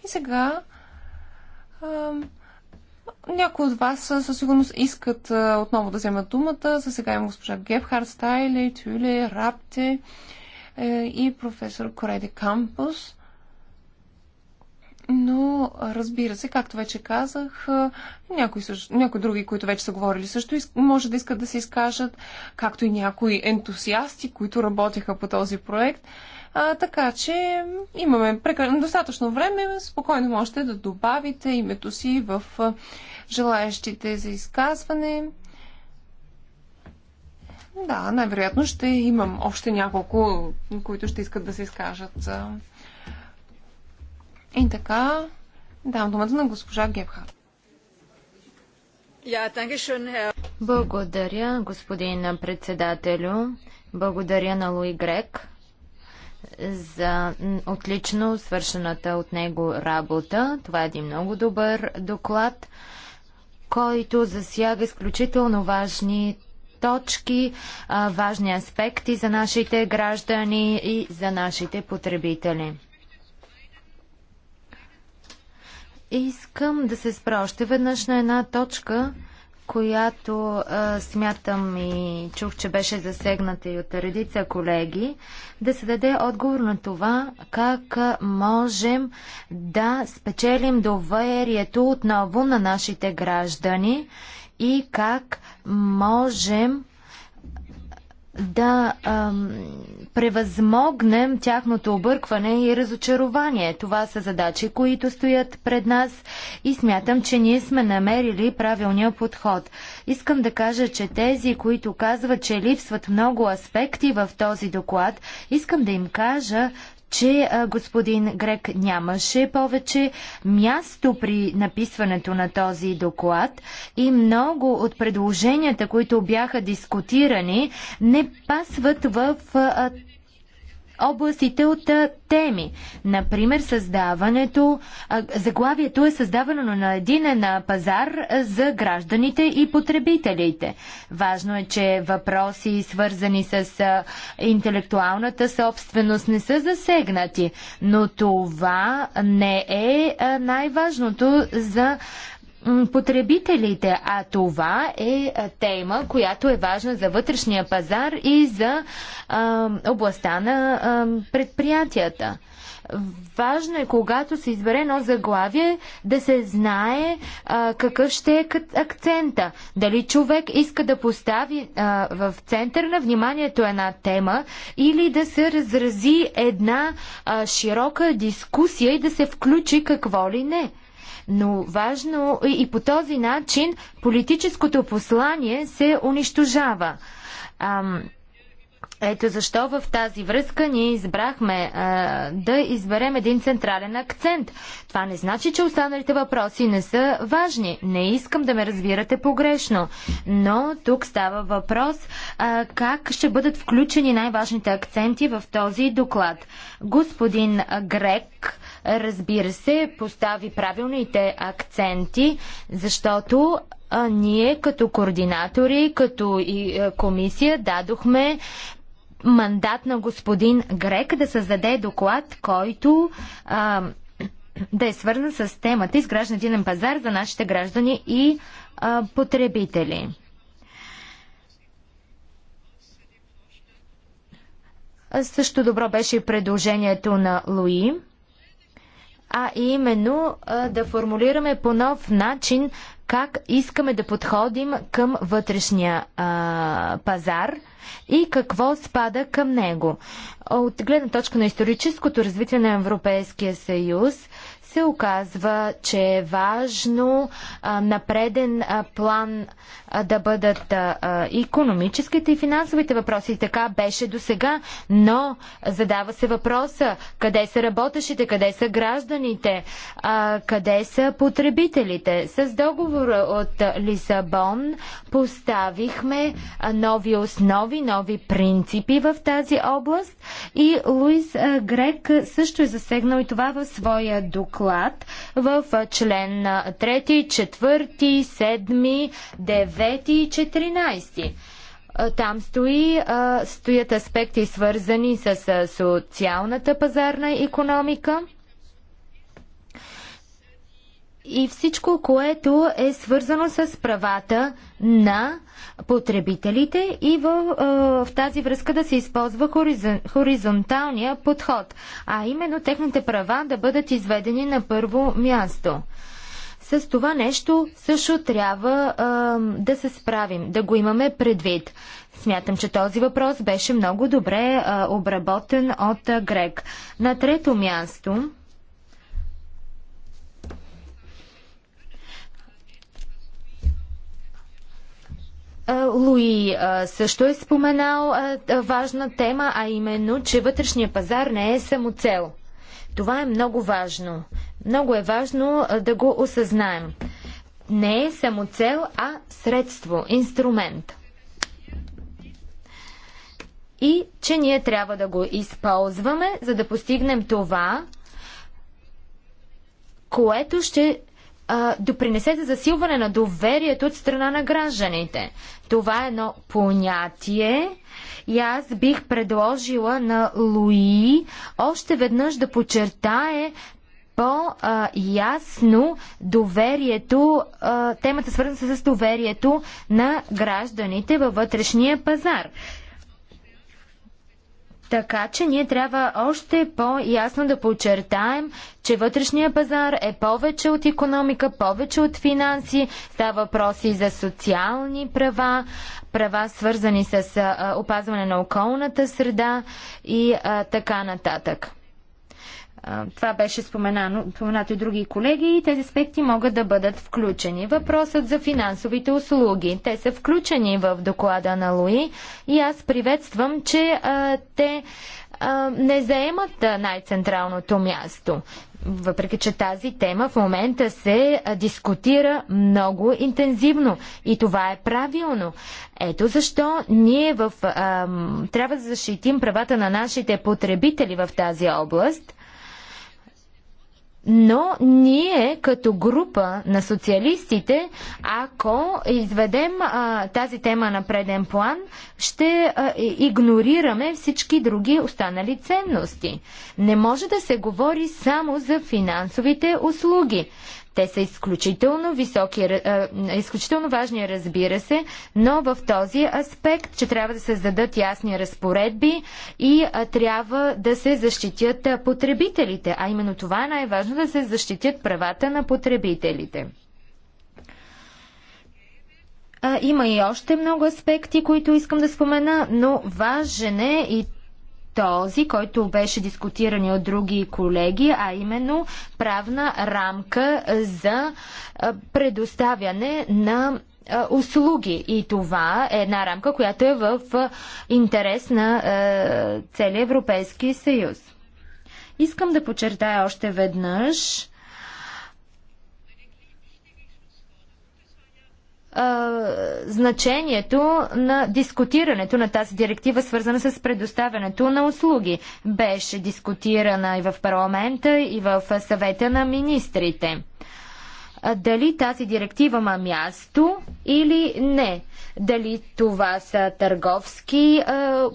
И сега а, някои от вас със сигурност искат а, отново да вземат думата. За сега има госпожа Гебхард Стайле, Тюле, Рапте е, и професор Кореди Кампус. Но, разбира се, както вече казах, някои, също, някои други, които вече са говорили също, може да искат да се изкажат, както и някои ентусиасти, които работеха по този проект. А, така че имаме прекър... достатъчно време, спокойно можете да добавите името си в желаящите за изказване. Да, най-вероятно ще имам още няколко, които ще искат да се изкажат. И така, давам думата на госпожа Гебхарт. Благодаря, господин председателю. Благодаря на Луи Грек за отлично свършената от него работа. Това е един много добър доклад, който засяга изключително важни точки, важни аспекти за нашите граждани и за нашите потребители. Искам да се спра още веднъж на една точка, която а, смятам и чух, че беше засегната и от редица колеги, да се даде отговор на това как можем да спечелим доверието отново на нашите граждани и как можем да ам, превъзмогнем тяхното объркване и разочарование. Това са задачи, които стоят пред нас и смятам, че ние сме намерили правилния подход. Искам да кажа, че тези, които казват, че липсват много аспекти в този доклад, искам да им кажа, че а, господин Грек нямаше повече място при написването на този доклад и много от предложенията, които бяха дискутирани, не пасват в а, областите от теми. Например, създаването, заглавието е създавано на един на пазар за гражданите и потребителите. Важно е, че въпроси свързани с интелектуалната собственост не са засегнати, но това не е най-важното за потребителите, а това е тема, която е важна за вътрешния пазар и за а, областта на а, предприятията. Важно е, когато се избере едно заглавие, да се знае а, какъв ще е акцента. Дали човек иска да постави а, в център на вниманието една тема или да се разрази една а, широка дискусия и да се включи какво ли не. Но важно и и по този начин политическото послание се унищожава. Ам, ето защо в тази връзка ние избрахме а, да изберем един централен акцент. Това не значи, че останалите въпроси не са важни. Не искам да ме разбирате погрешно. Но тук става въпрос а, как ще бъдат включени най-важните акценти в този доклад. Господин Грек, разбира се, постави правилните акценти, защото а, ние като координатори, като и а, е, комисия дадохме мандат на господин Грек да създаде доклад, който а, да е свързан с темата изграждане един пазар за нашите граждани и а, потребители. Също добро беше и предложението на Луи а именно да формулираме по нов начин как искаме да подходим към вътрешния а, пазар и какво спада към него. От гледна точка на историческото развитие на Европейския съюз, се оказва, че е важно а, на преден а, план а, да бъдат икономическите економическите и финансовите въпроси. И така беше до сега, но задава се въпроса къде са работещите, къде са гражданите, а, къде са потребителите. С договора от Лисабон поставихме нови основи, нови принципи в тази област и Луис Грек също е засегнал и това в своя доклад доклад в член 3, 4, 7, 9 и 14. Там стои, стоят аспекти свързани с социалната пазарна економика, и всичко, което е свързано с правата на потребителите и в, в тази връзка да се използва хоризон, хоризонталния подход, а именно техните права да бъдат изведени на първо място. С това нещо също трябва а, да се справим, да го имаме предвид. Смятам, че този въпрос беше много добре а, обработен от а, Грег. На трето място Луи също е споменал важна тема, а именно, че вътрешния пазар не е само цел. Това е много важно. Много е важно да го осъзнаем. Не е само цел, а средство, инструмент. И че ние трябва да го използваме, за да постигнем това, което ще допринесе за засилване на доверието от страна на гражданите. Това е едно понятие и аз бих предложила на Луи още веднъж да почертае по-ясно доверието, темата свързана с доверието на гражданите във вътрешния пазар. Така че ние трябва още по-ясно да подчертаем, че вътрешния пазар е повече от економика, повече от финанси, става въпроси за социални права, права свързани с опазване на околната среда и а, така нататък. Това беше споменано, споменато и други колеги и тези аспекти могат да бъдат включени. Въпросът за финансовите услуги. Те са включени в доклада на Луи и аз приветствам, че а, те а, не заемат най-централното място. Въпреки, че тази тема в момента се дискутира много интензивно и това е правилно. Ето защо ние в, а, трябва да защитим правата на нашите потребители в тази област – но ние като група на социалистите, ако изведем а, тази тема на преден план, ще а, игнорираме всички други останали ценности. Не може да се говори само за финансовите услуги. Те са изключително високи, а, е, е, изключително важни, разбира се, но в този аспект, че трябва да се зададат ясни разпоредби и а, е, трябва да се защитят потребителите. А именно това е най-важно да се защитят правата на потребителите. А, има и още много аспекти, които искам да спомена, но важен е и този, който беше дискутиран и от други колеги, а именно правна рамка за предоставяне на услуги. И това е една рамка, която е в интерес на целия Европейски съюз. Искам да подчертая още веднъж, значението на дискутирането на тази директива, свързана с предоставянето на услуги. Беше дискутирана и в парламента, и в съвета на министрите. Дали тази директива има място или не? Дали това са търговски,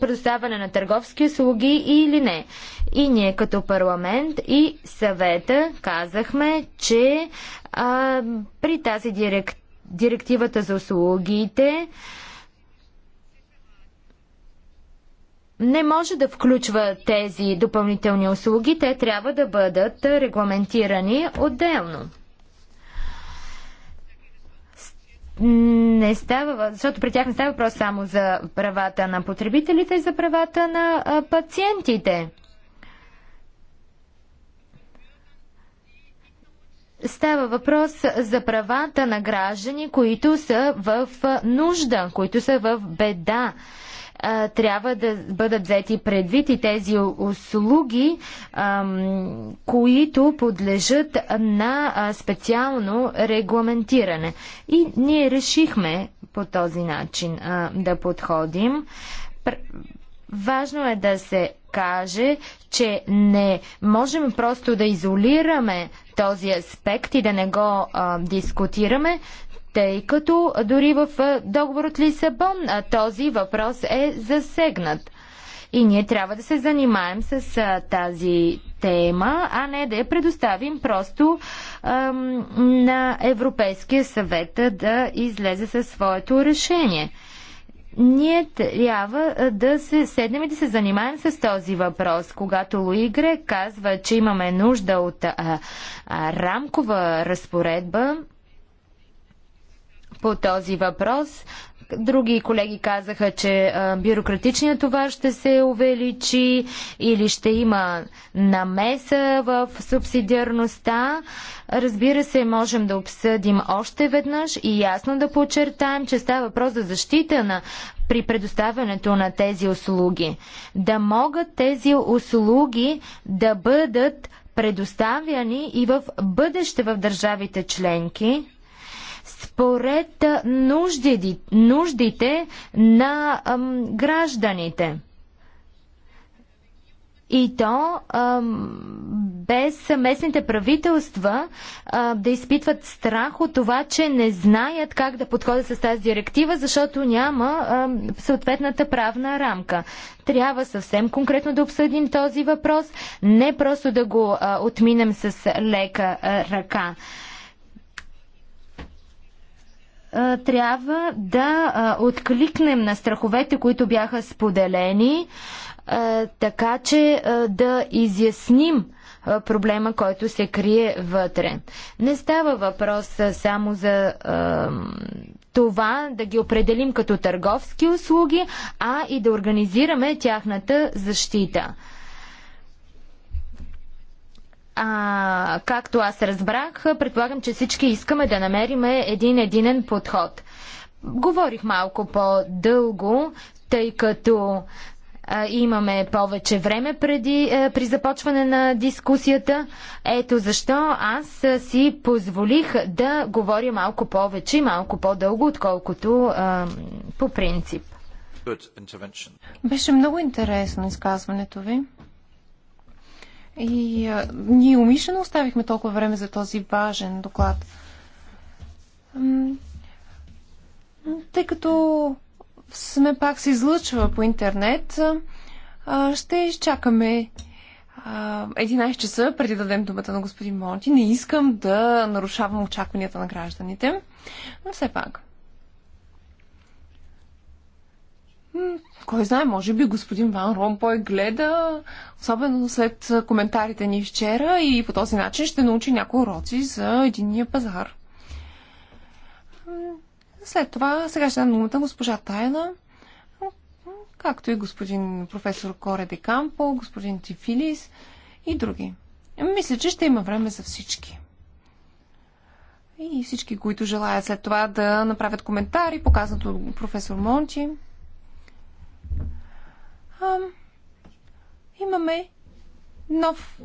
предоставяне на търговски услуги или не? И ние като парламент и съвета казахме, че а, при тази директива директивата за услугите не може да включва тези допълнителни услуги. Те трябва да бъдат регламентирани отделно. не става, защото при тях не става въпрос само за правата на потребителите, за правата на пациентите. Става въпрос за правата на граждани, които са в нужда, които са в беда. Трябва да бъдат взети предвид и тези услуги, които подлежат на специално регламентиране. И ние решихме по този начин да подходим Важно е да се каже, че не можем просто да изолираме този аспект и да не го а, дискутираме, тъй като дори в договор от Лисабон този въпрос е засегнат. И ние трябва да се занимаем с а, тази тема, а не да я предоставим просто а, на Европейския съвет да излезе със своето решение ние трябва да се седнем и да се занимаем с този въпрос. Когато Луи казва, че имаме нужда от а, а, рамкова разпоредба по този въпрос, Други колеги казаха, че бюрократичният товар ще се увеличи или ще има намеса в субсидиарността. Разбира се, можем да обсъдим още веднъж и ясно да подчертаем, че става въпрос за защита на при предоставянето на тези услуги. Да могат тези услуги да бъдат предоставяни и в бъдеще в държавите членки според нужди, нуждите на ам, гражданите. И то ам, без местните правителства а, да изпитват страх от това, че не знаят как да подходят с тази директива, защото няма ам, съответната правна рамка. Трябва съвсем конкретно да обсъдим този въпрос, не просто да го а, отминем с лека а, ръка трябва да откликнем на страховете, които бяха споделени, така че да изясним проблема, който се крие вътре. Не става въпрос само за това да ги определим като търговски услуги, а и да организираме тяхната защита. А, както аз разбрах, предполагам, че всички искаме да намерим един единен подход. Говорих малко по-дълго, тъй като имаме повече време преди, при започване на дискусията. Ето защо аз си позволих да говоря малко повече и малко по-дълго, отколкото а, по принцип. Беше много интересно изказването ви. И а, ние умишлено оставихме толкова време за този важен доклад. Тъй като сме пак се излъчва по интернет, а, ще изчакаме а, 11 часа преди да дадем думата на господин Монти. Не искам да нарушавам очакванията на гражданите, но все пак. Кой знае, може би господин Ван Ромпой гледа, особено след коментарите ни вчера и по този начин ще научи някои уроци за единния пазар. След това, сега ще дам думата госпожа Тайна, както и господин професор Коре де Кампо, господин Тифилис и други. Мисля, че ще има време за всички. И всички, които желаят след това да направят коментари, показват от професор Монти а, имаме нов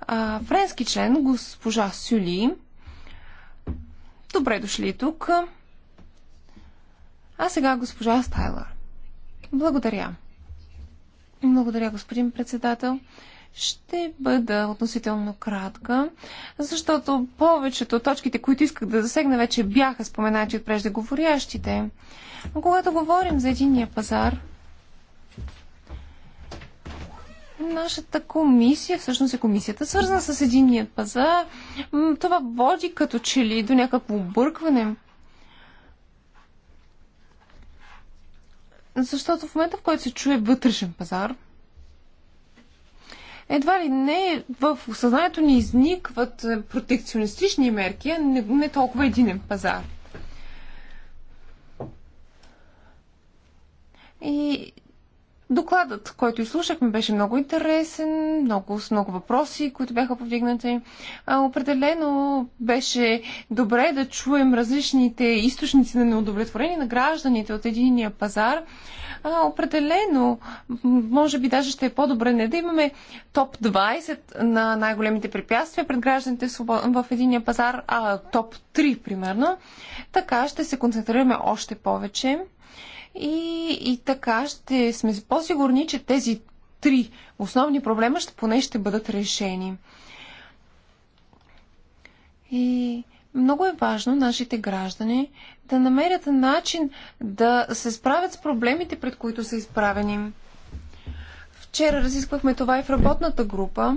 а, френски член, госпожа Сюли. Добре дошли тук. А сега госпожа Стайлър. Благодаря. Благодаря, господин председател. Ще бъда относително кратка, защото повечето точките, които исках да засегна, вече бяха споменати от преждеговорящите. Когато говорим за единия пазар, Нашата комисия, всъщност е комисията свързана с единния пазар. Това води като че ли до някакво объркване. Защото в момента, в който се чуе вътрешен пазар, едва ли не в осъзнанието ни изникват е, протекционистични мерки, а не, не толкова единен пазар. И Докладът, който изслушахме, беше много интересен, много с много въпроси, които бяха повдигнати. А, определено беше добре да чуем различните източници на неудовлетворение на гражданите от единия пазар. А, определено, може би даже ще е по-добре не да имаме топ 20 на най-големите препятствия пред гражданите в единия пазар, а топ 3 примерно. Така ще се концентрираме още повече и, и така ще сме по-сигурни, че тези три основни проблема ще, поне ще бъдат решени. И много е важно нашите граждани да намерят начин да се справят с проблемите, пред които са изправени. Вчера разисквахме това и в работната група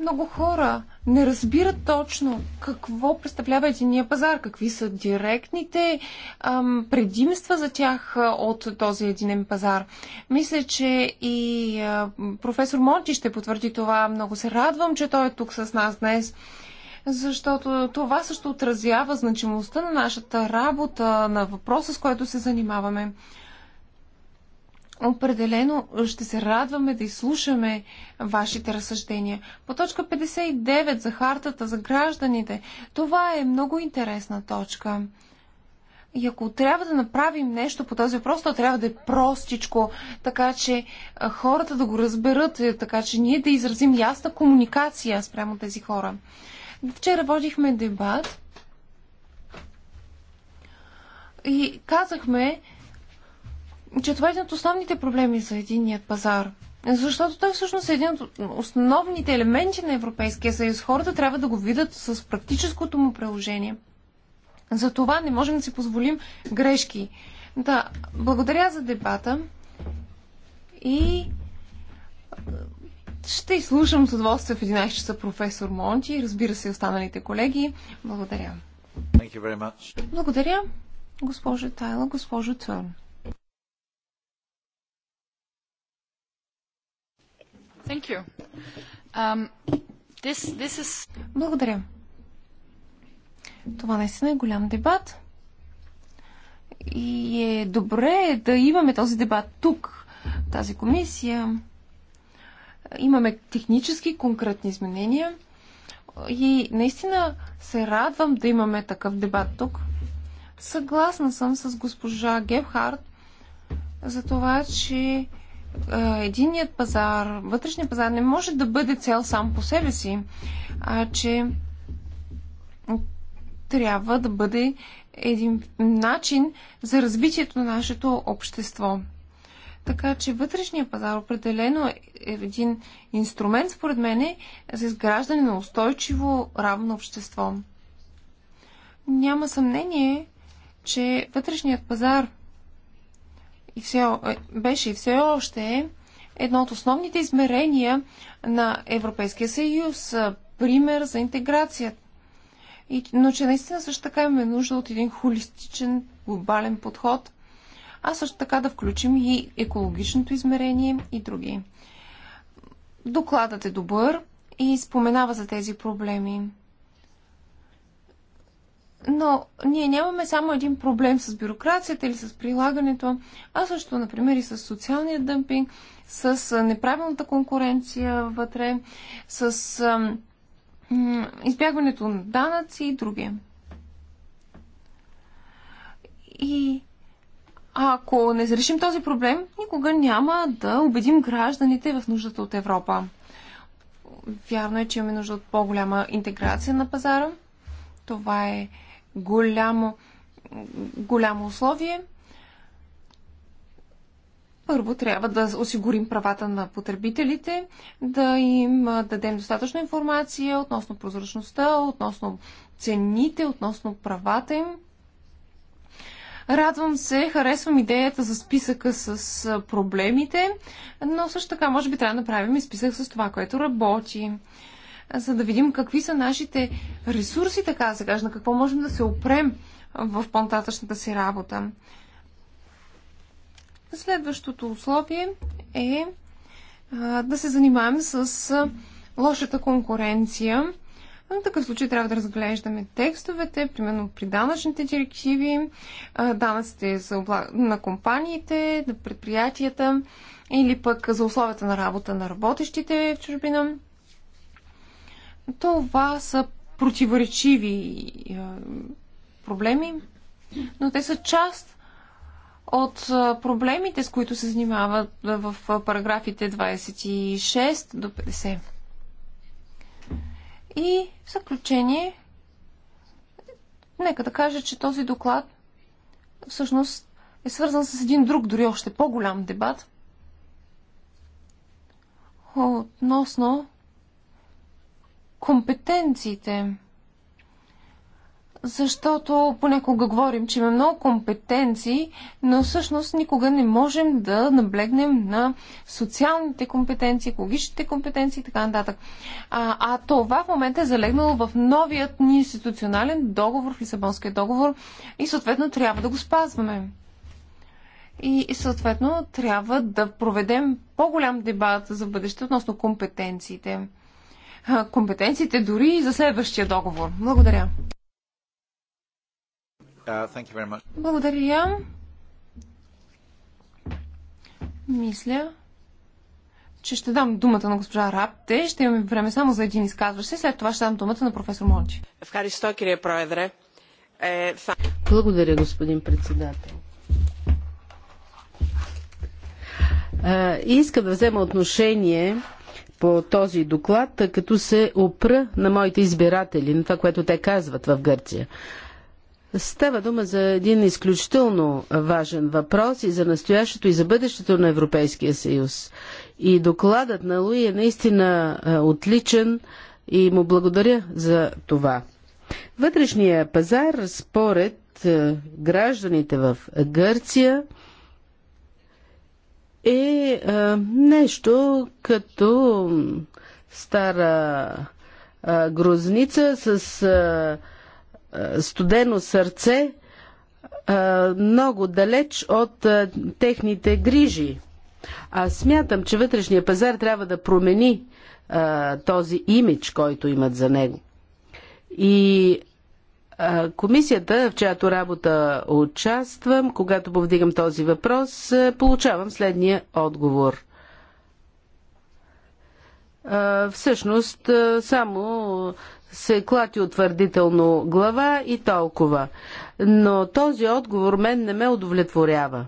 много хора не разбират точно какво представлява единия пазар, какви са директните ам, предимства за тях от този единен пазар. Мисля, че и а, професор Монти ще потвърди това. Много се радвам, че той е тук с нас днес, защото това също отразява значимостта на нашата работа, на въпроса, с който се занимаваме. Определено ще се радваме да изслушаме вашите разсъждения. По точка 59 за хартата за гражданите, това е много интересна точка. И ако трябва да направим нещо по този въпрос, то трябва да е простичко, така че хората да го разберат, е, така че ние да изразим ясна комуникация спрямо тези хора. Вчера водихме дебат и казахме, че това е един от основните проблеми за единният пазар. Защото той всъщност е един от основните елементи на Европейския съюз. Хората трябва да го видят с практическото му приложение. За това не можем да си позволим грешки. Да, благодаря за дебата и е, ще изслушам с удоволствие в 11 часа професор Монти и разбира се останалите колеги. Благодаря. Благодаря, госпожо Тайла, госпожо Търн. Thank you. Um, this, this is... Благодаря. Това наистина е голям дебат. И е добре да имаме този дебат тук, тази комисия. Имаме технически конкретни изменения. И наистина се радвам да имаме такъв дебат тук. Съгласна съм с госпожа Гебхард за това, че единият пазар, вътрешният пазар не може да бъде цел сам по себе си, а че трябва да бъде един начин за развитието на нашето общество. Така че вътрешния пазар определено е един инструмент, според мен, за изграждане на устойчиво равно общество. Няма съмнение, че вътрешният пазар и все, е, беше и все още е едно от основните измерения на Европейския съюз, пример за интеграцията. И, но че наистина също така имаме нужда от един холистичен, глобален подход, а също така да включим и екологичното измерение и други. Докладът е добър и споменава за тези проблеми. Но ние нямаме само един проблем с бюрокрацията или с прилагането, а също, например, и с социалния дъмпинг, с неправилната конкуренция вътре, с избягването на данъци и други. И ако не зарешим този проблем, никога няма да убедим гражданите в нуждата от Европа. Вярно е, че имаме нужда от по-голяма интеграция на пазара. Това е голямо, голямо условие. Първо трябва да осигурим правата на потребителите, да им дадем достатъчно информация относно прозрачността, относно цените, относно правата им. Радвам се, харесвам идеята за списъка с проблемите, но също така може би трябва да направим и списък с това, което работи за да видим какви са нашите ресурси, така да се каже, на какво можем да се опрем в понтатъчната си работа. Следващото условие е да се занимаем с лошата конкуренция. В такъв случай трябва да разглеждаме текстовете, примерно при данъчните директиви, данъците на компаниите, на предприятията или пък за условията на работа на работещите в чужбина. Това са противоречиви проблеми, но те са част от проблемите, с които се занимават в параграфите 26 до 50. И в заключение, нека да кажа, че този доклад всъщност е свързан с един друг, дори още по-голям дебат относно компетенциите. Защото понякога говорим, че има много компетенции, но всъщност никога не можем да наблегнем на социалните компетенции, екологичните компетенции и така нататък. А, а това в момента е залегнало в новият ни институционален договор, в Лисабонския договор и съответно трябва да го спазваме. И, и съответно трябва да проведем по-голям дебат за бъдеще относно компетенциите компетенциите дори и за следващия договор. Благодаря. Uh, Благодаря. Мисля, че ще дам думата на госпожа Рапте. Ще имаме време само за един изказващ се. След това ще дам думата на професор Молчи. Е, Благодаря, господин председател. Е, искам да взема отношение по този доклад, като се опра на моите избиратели, на това, което те казват в Гърция. Става дума за един изключително важен въпрос и за настоящето и за бъдещето на Европейския съюз. И докладът на Луи е наистина отличен и му благодаря за това. Вътрешния пазар, според гражданите в Гърция, е, е нещо като стара е, грозница с е, студено сърце, много далеч от техните грижи. Аз смятам, че вътрешния пазар трябва да промени а, този имидж, който имат за него. И Комисията, в чиято работа участвам, когато повдигам този въпрос, получавам следния отговор. Всъщност, само се клати утвърдително глава и толкова. Но този отговор мен не ме удовлетворява.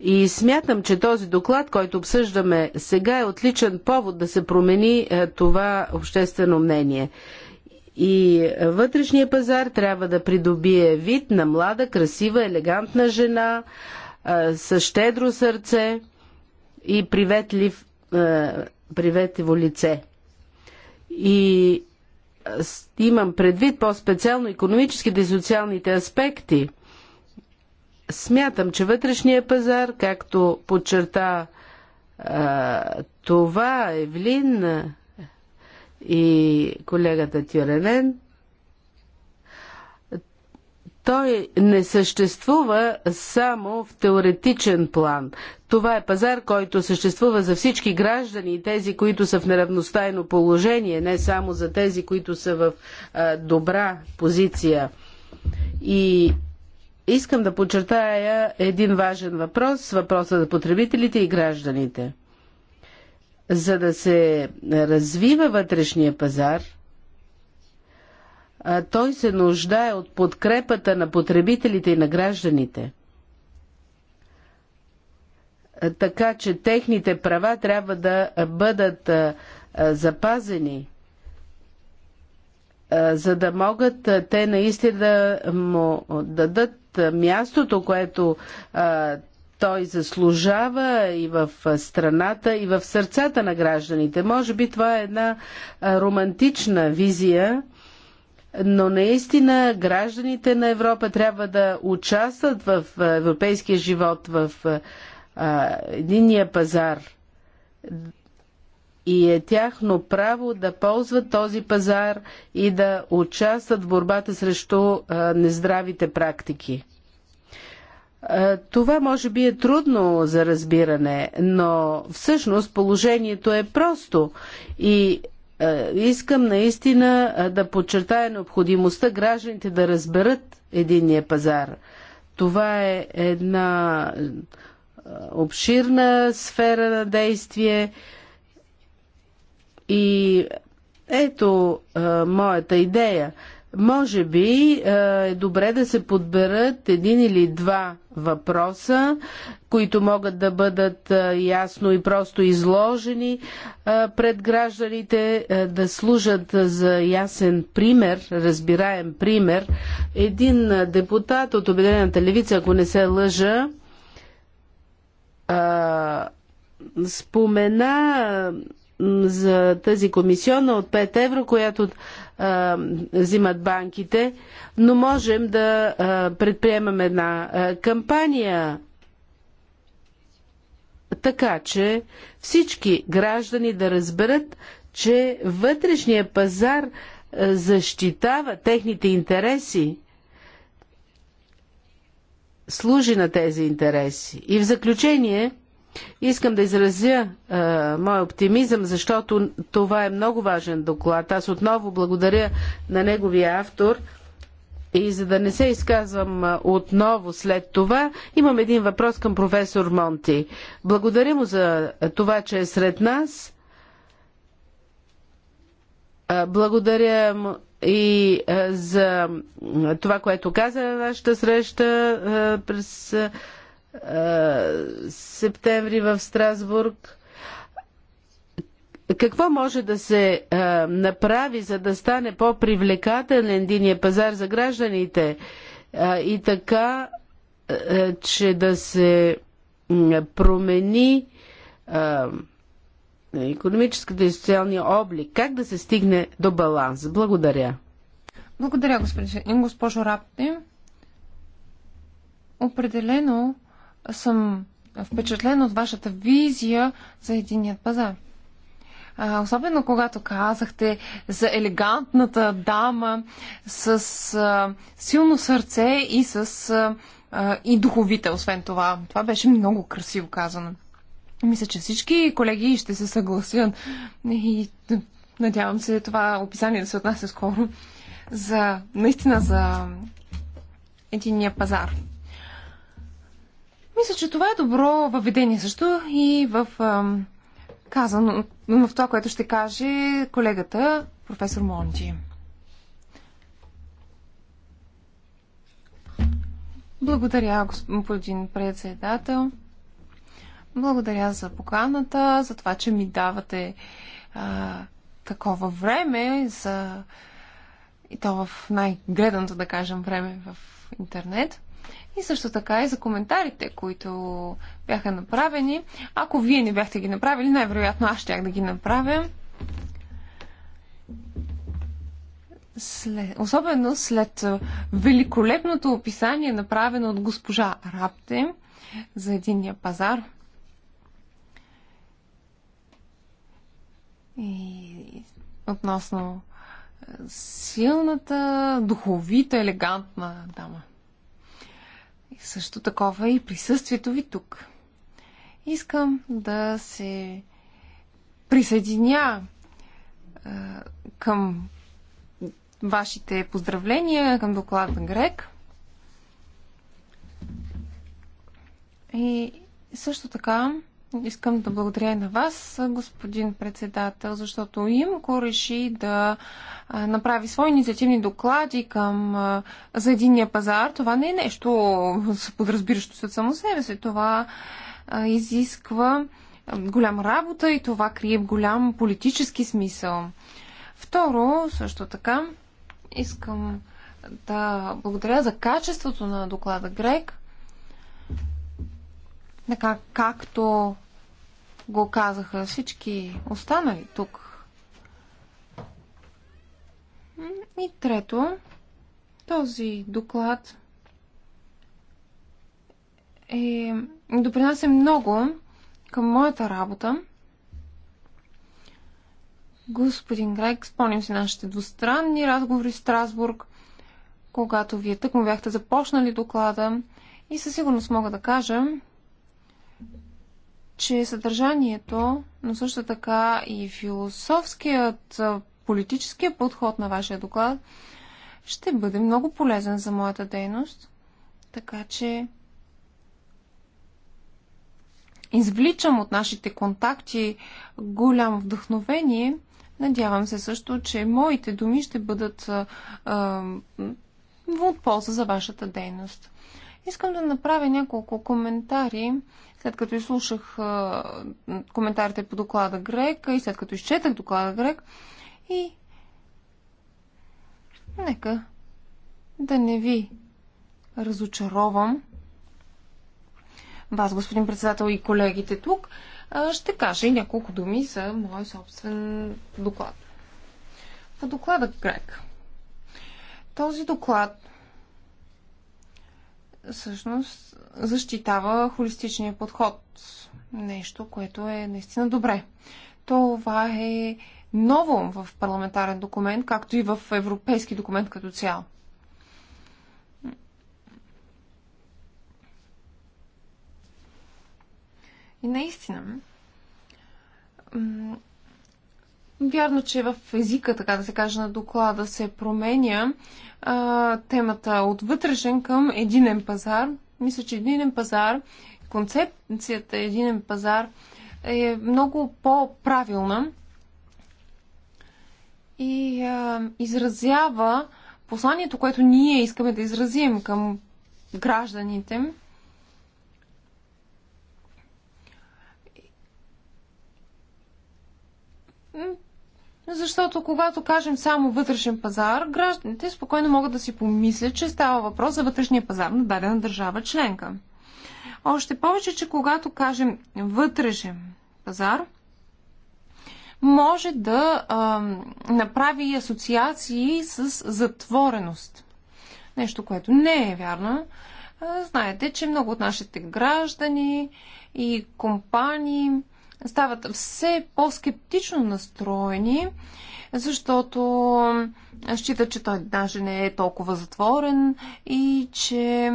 И смятам, че този доклад, който обсъждаме сега, е отличен повод да се промени е, това обществено мнение. И вътрешния пазар трябва да придобие вид на млада, красива, елегантна жена, с щедро сърце и приветлив, приветливо лице. И имам предвид по-специално економическите и социалните аспекти. Смятам, че вътрешния пазар, както подчерта това Евлин, и колегата Тюренен, той не съществува само в теоретичен план. Това е пазар, който съществува за всички граждани и тези, които са в неравностайно положение, не само за тези, които са в а, добра позиция. И искам да подчертая един важен въпрос, въпроса за потребителите и гражданите – за да се развива вътрешния пазар, той се нуждае от подкрепата на потребителите и на гражданите. Така че техните права трябва да бъдат запазени, за да могат те наистина да му дадат мястото, което той заслужава и в страната, и в сърцата на гражданите. Може би това е една романтична визия, но наистина гражданите на Европа трябва да участват в европейския живот, в единния пазар. И е тяхно право да ползват този пазар и да участват в борбата срещу нездравите практики. Е, това може би е трудно за разбиране, но всъщност положението е просто и е, искам наистина е, да подчертая необходимостта гражданите да разберат единния пазар. Това е една обширна сфера на действие и ето моята идея – може би е добре да се подберат един или два въпроса, които могат да бъдат е, ясно и просто изложени е, пред гражданите, е, да служат за ясен пример, разбираем пример. Един депутат от Обединената левица, ако не се лъжа, спомена за тази комисиона от 5 евро, която а, взимат банките, но можем да а, предприемем една а, кампания, така че всички граждани да разберат, че вътрешния пазар а, защитава техните интереси, служи на тези интереси. И в заключение – Искам да изразя а, е, мой оптимизъм, защото това е много важен доклад. Аз отново благодаря на неговия автор. И за да не се изказвам е, отново след това, имам един въпрос към професор Монти. Благодаря му за това, че е сред нас. Е, благодаря му и за това, което каза на нашата среща през е, септември в Страсбург. Какво може да се а, е, направи, за да стане по-привлекателен диния пазар за гражданите а, е, и така, а, че да се промени а, економическата и социалния облик? Как да се стигне до баланс? Благодаря. Благодаря, господин госпожо Рапти. Определено съм впечатлен от вашата визия за единият пазар. А, особено когато казахте за елегантната дама с а, силно сърце и с а, и духовите, освен това. Това беше много красиво казано. Мисля, че всички колеги ще се съгласят и надявам се това описание да се отнася скоро за, наистина за единния пазар. Мисля, че това е добро въведение също и в а, казано, в това, което ще каже колегата професор Монти. Благодаря, господин председател. Благодаря за поканата, за това, че ми давате а, такова време за... и то в най-гледаното, да кажем, време в интернет и също така и за коментарите, които бяха направени. Ако вие не бяхте ги направили, най-вероятно аз щях да ги направя. След, особено след великолепното описание, направено от госпожа Рапте за единния пазар. И относно силната, духовита, елегантна дама. И също такова е и присъствието ви тук. Искам да се присъединя е, към вашите поздравления, към доклад на Грек. И също така Искам да благодаря и на вас, господин председател, защото ИМКО реши да направи свои инициативни доклади към, за единния пазар. Това не е нещо подразбиращо се от само себе си. Това изисква голяма работа и това крие голям политически смисъл. Второ, също така, искам да благодаря за качеството на доклада Грек така както го казаха всички останали тук. И трето, този доклад е, допринася много към моята работа. Господин Грек, спомням си нашите двустранни разговори в Страсбург, когато вие тъкмо му бяхте започнали доклада и със сигурност мога да кажа, че съдържанието, но също така и философският, политическия подход на вашия доклад ще бъде много полезен за моята дейност. Така че извличам от нашите контакти голямо вдъхновение. Надявам се също, че моите думи ще бъдат а, а, от полза за вашата дейност. Искам да направя няколко коментари, след като изслушах коментарите по доклада Грек и след като изчетах доклада Грек и нека да не ви разочаровам вас, господин председател и колегите тук, ще кажа и няколко думи за мой собствен доклад. По доклада Грек. Този доклад всъщност защитава холистичния подход. Нещо, което е наистина добре. Това е ново в парламентарен документ, както и в европейски документ като цяло. И наистина, вярно, че в езика, така да се каже, на доклада се променя, а, темата от вътрешен към единен пазар. Мисля, че единен пазар, концепцията единен пазар е много по-правилна и а, изразява посланието, което ние искаме да изразим към гражданите. Защото когато кажем само вътрешен пазар, гражданите спокойно могат да си помислят, че става въпрос за вътрешния пазар на дадена държава членка. Още повече, че когато кажем вътрешен пазар, може да а, направи асоциации с затвореност. Нещо, което не е вярно. А, знаете, че много от нашите граждани и компании стават все по-скептично настроени, защото считат, че той даже не е толкова затворен и че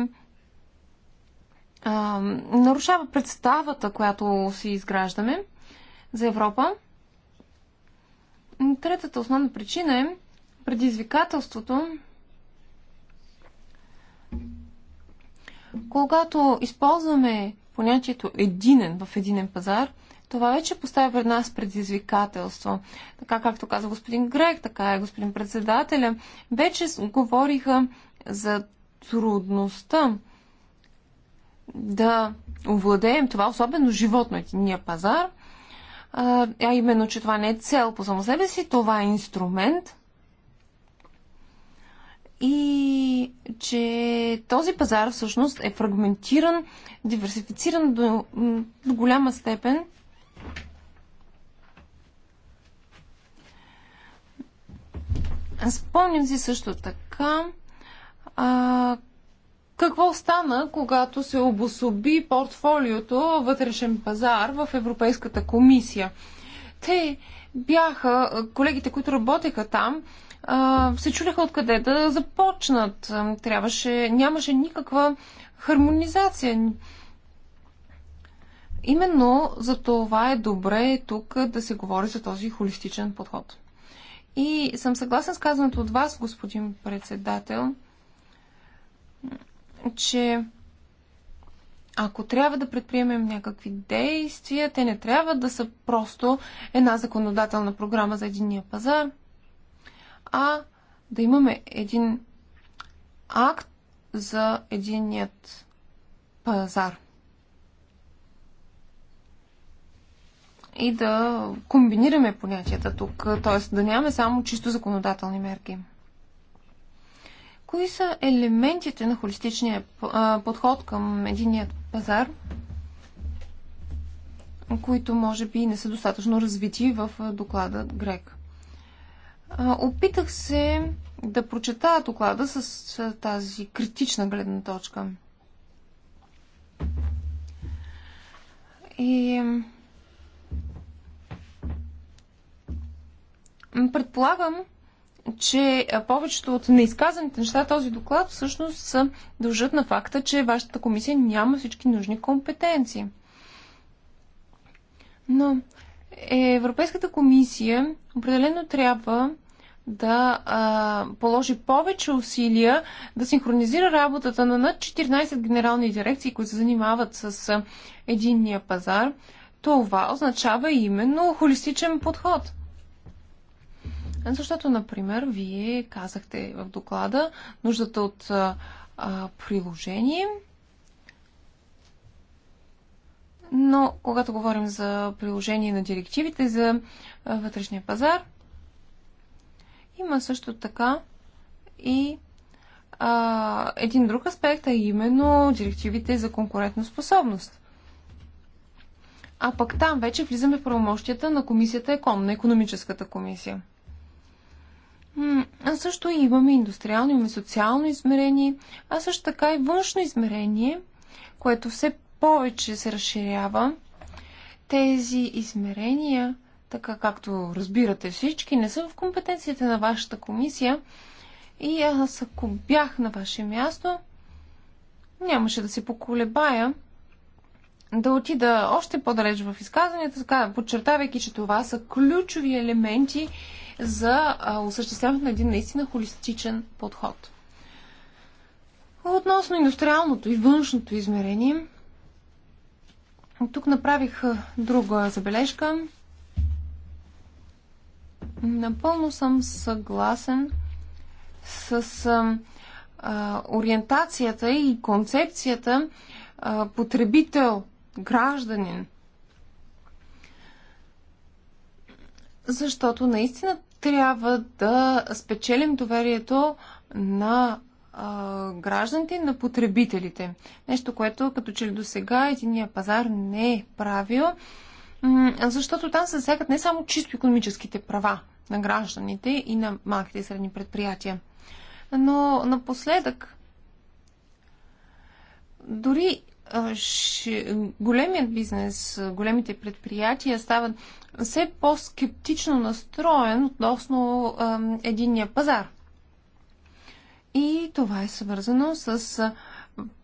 а, нарушава представата, която си изграждаме за Европа. Третата основна причина е предизвикателството, когато използваме понятието единен в единен пазар, това вече поставя пред нас предизвикателство. Така както каза господин Грег, така и е, господин председателя, вече говориха за трудността да овладеем това, особено животния пазар, а именно, че това не е цел по само себе си, това е инструмент и че този пазар всъщност е фрагментиран, диверсифициран до, до голяма степен – Спомням си също така а, какво стана, когато се обособи портфолиото вътрешен пазар в Европейската комисия. Те бяха, колегите, които работеха там, а, се чудеха откъде да започнат. Трябваше, нямаше никаква хармонизация. Именно за това е добре тук да се говори за този холистичен подход. И съм съгласен с казаното от вас, господин председател, че ако трябва да предприемем някакви действия, те не трябва да са просто една законодателна програма за единния пазар, а да имаме един акт за единният пазар. и да комбинираме понятията тук, т.е. да нямаме само чисто законодателни мерки. Кои са елементите на холистичния подход към единият пазар, които може би не са достатъчно развити в доклада Грек? Опитах се да прочета доклада с тази критична гледна точка. И Предполагам, че повечето от неизказаните неща този доклад всъщност са дължат на факта, че вашата комисия няма всички нужни компетенции. Но е, Европейската комисия определено трябва да а, положи повече усилия да синхронизира работата на над 14 генерални дирекции, които се занимават с а, единния пазар. Това означава именно холистичен подход – защото, например, вие казахте в доклада нуждата от а, приложение, но когато говорим за приложение на директивите за а, вътрешния пазар, има също така и а, един друг аспект, а именно директивите за конкурентоспособност. А пък там вече влизаме в правомощията на комисията ЕКОН, на економическата комисия. А също имаме индустриално, имаме социално измерение, а също така и външно измерение, което все повече се разширява. Тези измерения, така както разбирате всички, не са в компетенциите на вашата комисия. И аз, ако бях на ваше място, нямаше да се поколебая да отида още по-далеч в изказванията, така, подчертавайки, че това са ключови елементи за осъществяването на един наистина холистичен подход. Относно индустриалното и външното измерение, тук направих друга забележка. Напълно съм съгласен с а, ориентацията и концепцията а, потребител гражданин. Защото наистина трябва да спечелим доверието на а, гражданите, на потребителите. Нещо, което като че ли до сега единия пазар не е правил, защото там се засягат не само чисто економическите права на гражданите и на малките и средни предприятия. Но напоследък дори големият бизнес, големите предприятия стават все по-скептично настроен относно единния пазар. И това е свързано с,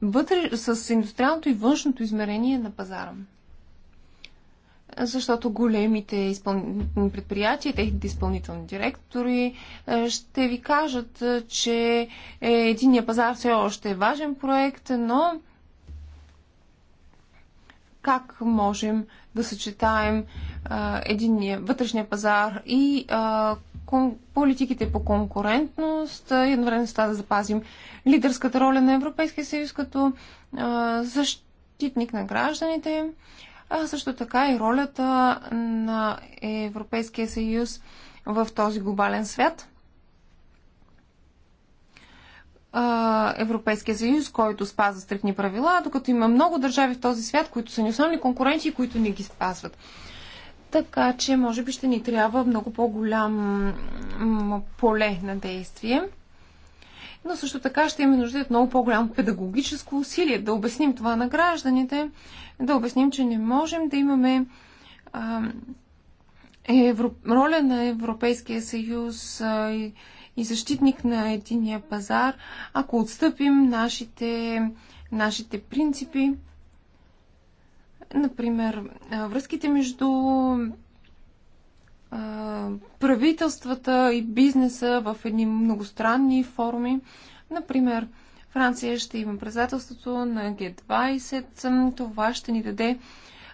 вътре, с индустриалното и външното измерение на пазара. Защото големите изпъл... предприятия, техните изпълнителни директори ще ви кажат, че е, единния пазар все още е важен проект, но как можем да съчетаем единния вътрешния пазар и а, кон, политиките по конкурентност и едновременно с това да запазим лидерската роля на Европейския съюз като а, защитник на гражданите, а също така и ролята на Европейския съюз в този глобален свят – Европейския съюз, който спазва стрикни правила, докато има много държави в този свят, които са ни основни конкуренти и които не ги спазват. Така че, може би, ще ни трябва много по-голям поле на действие. Но също така ще имаме нужда от много по-голямо педагогическо усилие да обясним това на гражданите, да обясним, че не можем да имаме а, евро... роля на Европейския съюз. А, и и защитник на единия пазар, ако отстъпим нашите, нашите принципи, например, връзките между правителствата и бизнеса в едни многостранни форуми. Например, Франция ще има председателството на G20. Това ще ни даде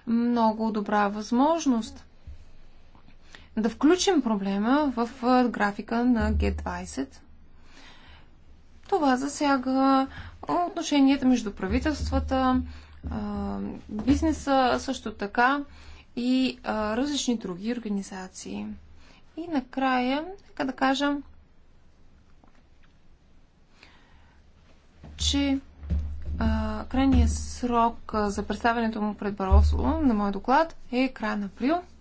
много добра възможност да включим проблема в графика на G20. Това засяга отношенията между правителствата, бизнеса също така и различни други организации. И накрая, нека да кажем, че крайният срок за представянето му пред Баросо на мой доклад е края на април –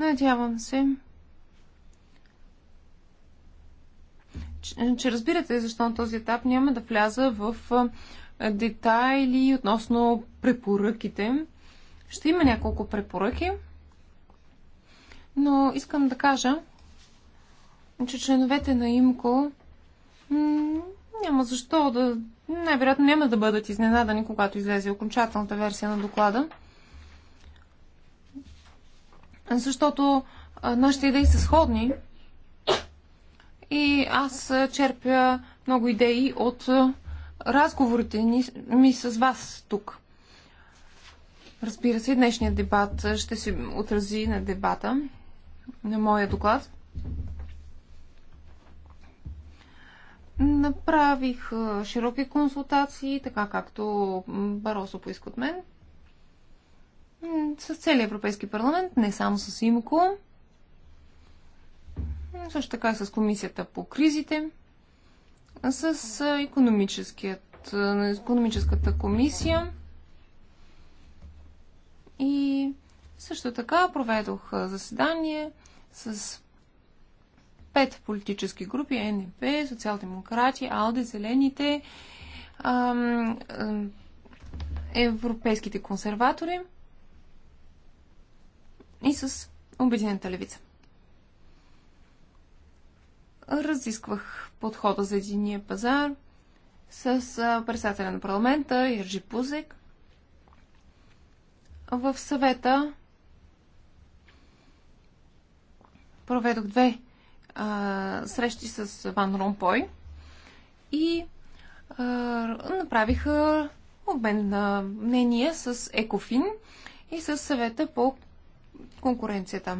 Надявам се, че, че разбирате защо на този етап няма да вляза в детайли относно препоръките. Ще има няколко препоръки, но искам да кажа, че членовете на ИМКО няма защо да... Най-вероятно няма да бъдат изненадани, когато излезе окончателната версия на доклада защото нашите идеи са сходни и аз черпя много идеи от разговорите ми с вас тук. Разбира се, днешният дебат ще се отрази на дебата, на моя доклад. Направих широки консултации, така както Баросо поиска от мен – с целия Европейски парламент, не само с ИМКО, също така с Комисията по кризите, с економическата комисия и също така проведох заседание с пет политически групи НП, социал-демократи, АЛДЕ, Зелените, европейските консерватори – и с Обединената левица. Разисквах подхода за единия пазар с председателя на парламента Иржи Пузек. В съвета проведох две а, срещи с Ван Ромпой и а, направиха обмен на мнения с Екофин и с съвета по конкуренцията.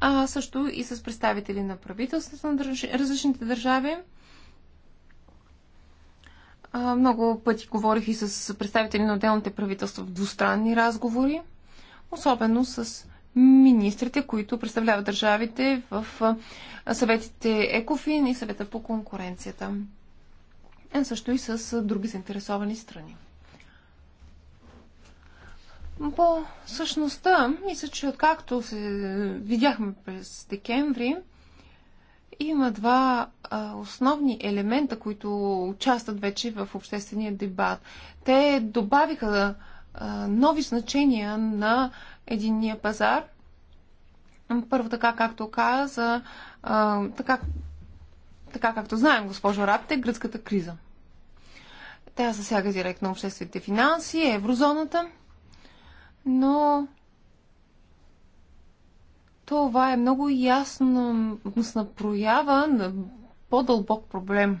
А също и с представители на правителствата на държ... различните държави. А, много пъти говорих и с представители на отделните правителства в двустранни разговори, особено с министрите, които представляват държавите в съветите ЕКОФИН и съвета по конкуренцията. А също и с други заинтересовани страни. По същността, мисля, че откакто се видяхме през декември, има два а, основни елемента, които участват вече в обществения дебат. Те добавиха а, нови значения на единния пазар. Първо, така както каза, а, така, така както знаем, госпожо Рапте, гръцката криза. Тя засяга директно обществените финанси, еврозоната – но това е много ясно на проява на по-дълбок проблем,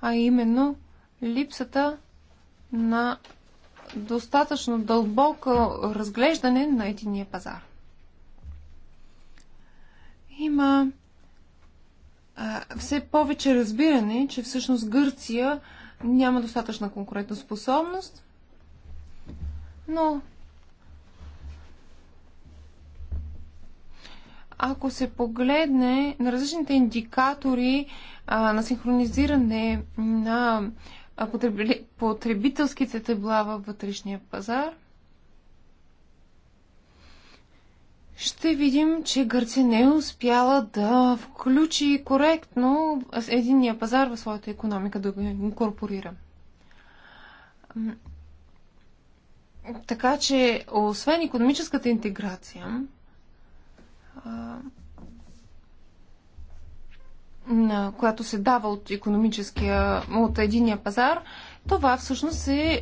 а именно липсата на достатъчно дълбоко разглеждане на единия пазар. Има а, все повече разбиране, че всъщност Гърция няма достатъчна конкурентоспособност но ако се погледне на различните индикатори а, на синхронизиране на потребителските табла във вътрешния пазар, ще видим, че Гърция не е успяла да включи коректно единния пазар в своята економика, да го инкорпорира. Така че, освен економическата интеграция, на която се дава от економическия, от единия пазар, това всъщност е, е,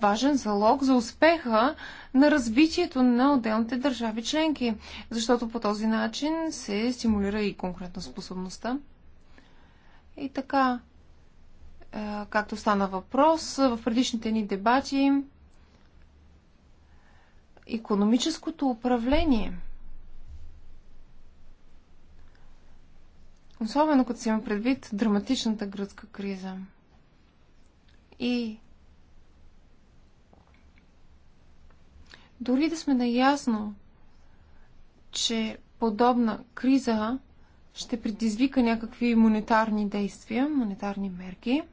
важен залог за успеха на развитието на отделните държави членки, защото по този начин се стимулира и конкурентоспособността. И така, е, както стана въпрос в предишните ни дебати, економическото управление. Особено като си има предвид драматичната гръцка криза. И дори да сме наясно, че подобна криза ще предизвика някакви монетарни действия, монетарни мерки –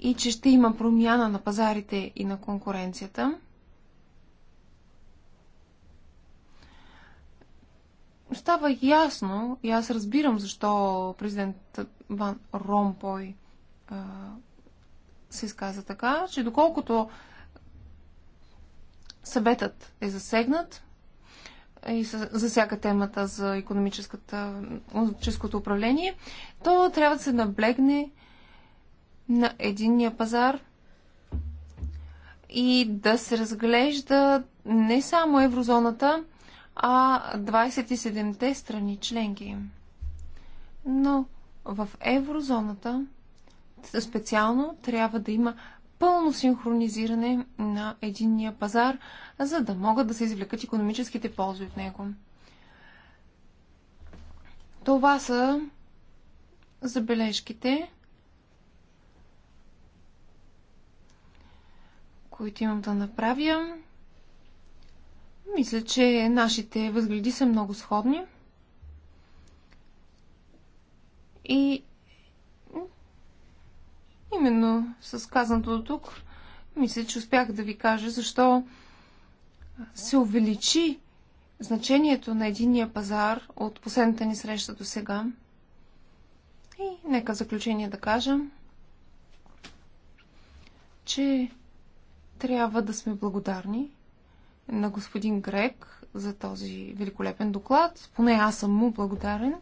и че ще има промяна на пазарите и на конкуренцията. Става ясно, и аз разбирам защо президент Ван Ромпой а, се изказа така, че доколкото съветът е засегнат и засяга темата за економическото управление, то трябва да се наблегне на единния пазар и да се разглежда не само еврозоната, а 27-те страни членки. Но в еврозоната специално трябва да има пълно синхронизиране на единния пазар, за да могат да се извлекат економическите ползи от него. Това са забележките. които имам да направя. Мисля, че нашите възгледи са много сходни. И именно с казаното до тук, мисля, че успях да ви кажа защо се увеличи значението на единия пазар от последната ни среща до сега. И нека заключение да кажа, че трябва да сме благодарни на господин Грек за този великолепен доклад. Поне аз съм му благодарен.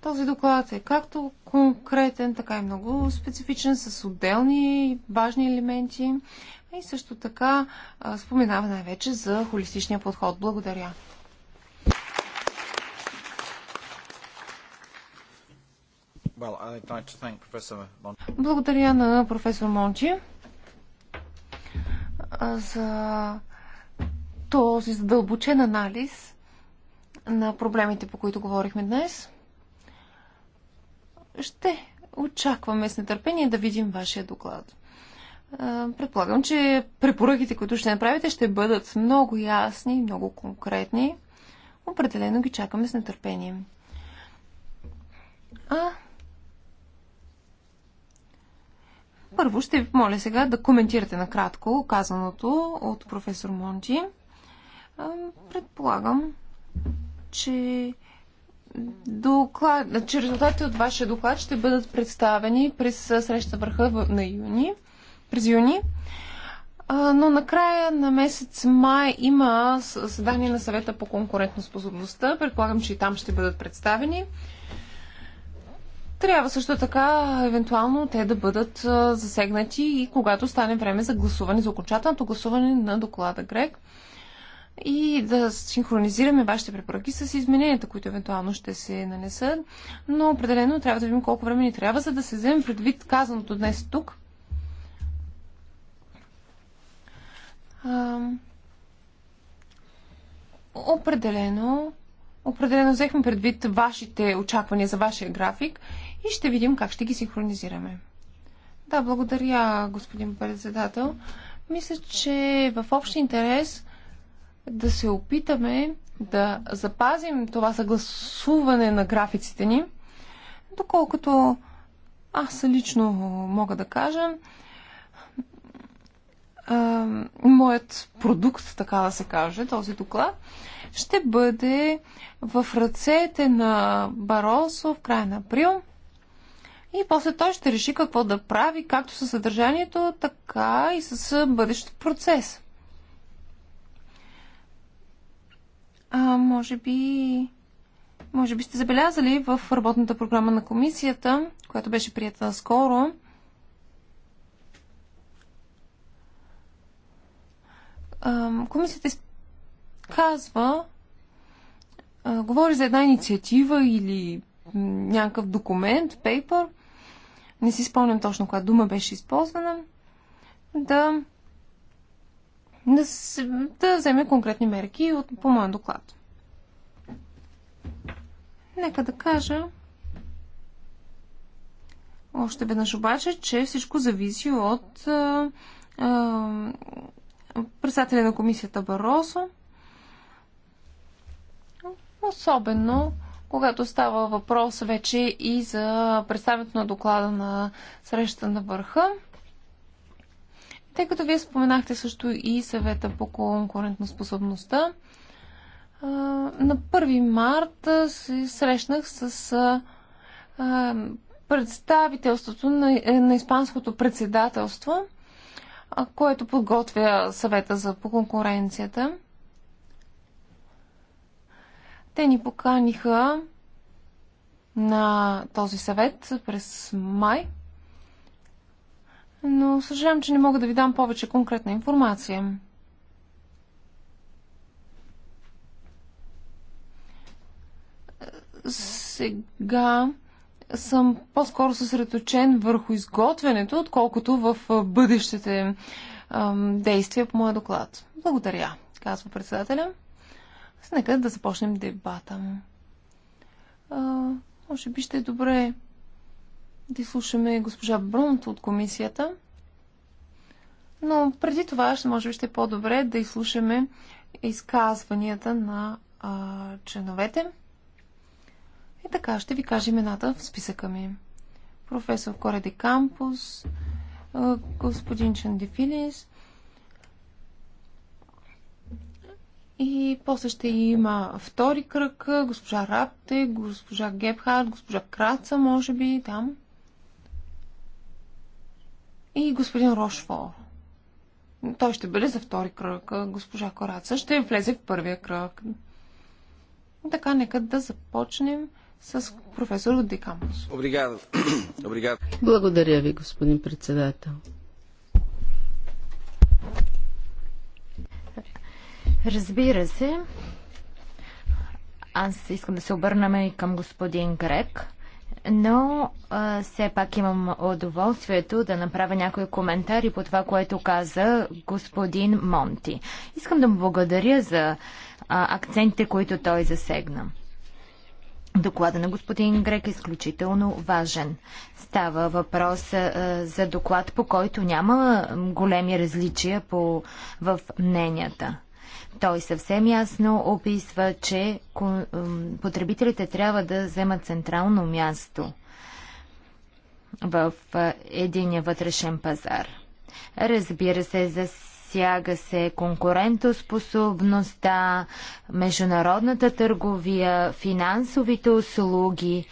Този доклад е както конкретен, така и много специфичен, с отделни важни елементи. И също така споменава най-вече за холистичния подход. Благодаря. Well, like Благодаря на професор Мончи за този задълбочен анализ на проблемите, по които говорихме днес. Ще очакваме с нетърпение да видим вашия доклад. Предполагам, че препоръките, които ще направите, ще бъдат много ясни, много конкретни. Определено ги чакаме с нетърпение. А Първо ще ви помоля сега да коментирате накратко казаното от професор Монти. Предполагам, че, доклад, че резултатите от вашия доклад ще бъдат представени през среща върха на юни, през юни. Но накрая на месец май има съседание на съвета по конкурентоспособността. Предполагам, че и там ще бъдат представени. Трябва също така, евентуално, те да бъдат засегнати и когато стане време за гласуване, за окончателното гласуване на доклада Грег и да синхронизираме вашите препоръки с измененията, които евентуално ще се нанесат. Но определено трябва да видим колко време ни трябва, за да се вземе предвид казаното днес тук. А, определено, определено взехме предвид вашите очаквания за вашия график и ще видим как ще ги синхронизираме. Да, благодаря, господин председател. Мисля, че е в общ интерес да се опитаме да запазим това съгласуване на графиците ни, доколкото аз лично мога да кажа, а, моят продукт, така да се каже, този доклад, ще бъде в ръцете на Баросо в края на април. И после той ще реши какво да прави, както със съдържанието, така и с бъдещ процес. А, може би... Може би сте забелязали в работната програма на комисията, която беше прията скоро, комисията казва, говори за една инициатива или някакъв документ, пейпер – не си спомням точно коя дума беше използвана, да, да, да вземе конкретни мерки от, по моя доклад. Нека да кажа още веднъж обаче, че всичко зависи от а, а, председателя на комисията Баросо, особено когато става въпрос вече и за представянето на доклада на срещата на върха. Тъй като вие споменахте също и съвета по конкурентоспособността, на 1 март се срещнах с представителството на, на Испанското председателство, което подготвя съвета за по конкуренцията. Те ни поканиха на този съвет през май, но съжалявам, че не мога да ви дам повече конкретна информация. Сега съм по-скоро съсредоточен върху изготвянето, отколкото в бъдещите действия по моя доклад. Благодаря, казва председателя нека да започнем дебата. А, може би ще е добре да слушаме госпожа Брунт от комисията. Но преди това, ще, може би ще е по-добре да изслушаме изказванията на а, членовете. И така, ще ви кажа имената в списъка ми. Професор Кореди Кампус, господин Чандифилис, И после ще има втори кръг, госпожа Рапте, госпожа Гепхард, госпожа Краца, може би, там. И господин Рошфор. Той ще бъде за втори кръг. Госпожа Кораца ще влезе в първия кръг. Така, нека да започнем с професор Декамус. Благодаря ви, господин председател. Разбира се, аз искам да се обърнаме и към господин Грек, но а, все пак имам удоволствието да направя някои коментари по това, което каза господин Монти. Искам да му благодаря за а, акцентите, които той засегна. Доклада на господин Грек е изключително важен. Става въпрос а, за доклад, по който няма големи различия по, в мненията. Той съвсем ясно описва, че потребителите трябва да вземат централно място в единия вътрешен пазар. Разбира се, засяга се конкурентоспособността, международната търговия, финансовите услуги.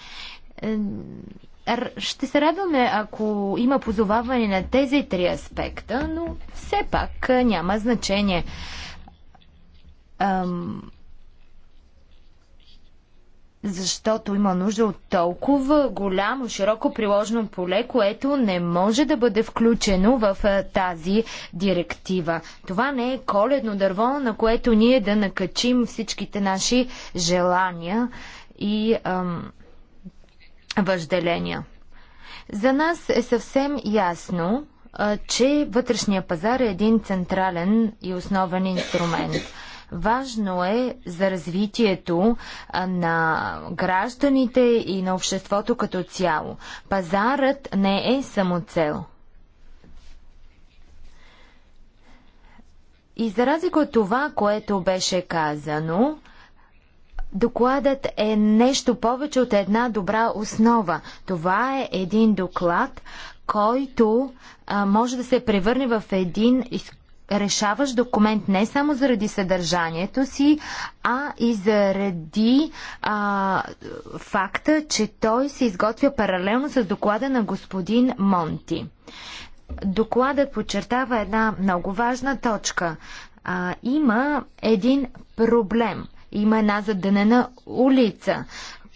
Е, ще се радваме, ако има позоваване на тези три аспекта, но все пак няма значение. Ам, защото има нужда от толкова голямо, широко приложено поле, което не може да бъде включено в тази директива. Това не е коледно дърво, на което ние да накачим всичките наши желания и ам, въжделения. За нас е съвсем ясно, а, че вътрешния пазар е един централен и основен инструмент Важно е за развитието на гражданите и на обществото като цяло. Пазарът не е само цел. И за разлика от това, което беше казано, Докладът е нещо повече от една добра основа. Това е един доклад, който а, може да се превърне в един из решаващ документ не само заради съдържанието си, а и заради а, факта, че той се изготвя паралелно с доклада на господин Монти. Докладът подчертава една много важна точка. А, има един проблем. Има една задънена улица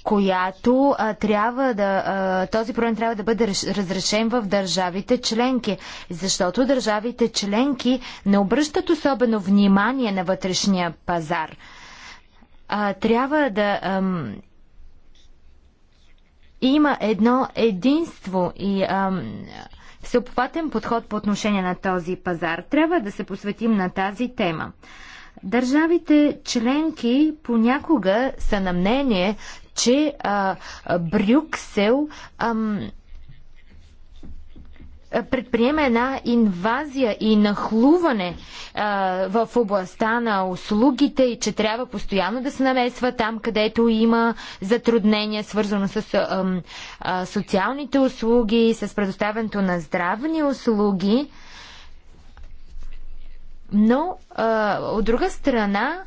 която а, трябва да, а, този проблем трябва да бъде разрешен в държавите членки, защото държавите членки не обръщат особено внимание на вътрешния пазар. А, трябва да ам, има едно единство и ам, всеобхватен подход по отношение на този пазар. Трябва да се посветим на тази тема. Държавите членки понякога са на мнение, че а, Брюксел ам, предприема една инвазия и нахлуване а, в областта на услугите и че трябва постоянно да се намесва там, където има затруднения, свързано с а, а, социалните услуги, с предоставянето на здравни услуги. Но а, от друга страна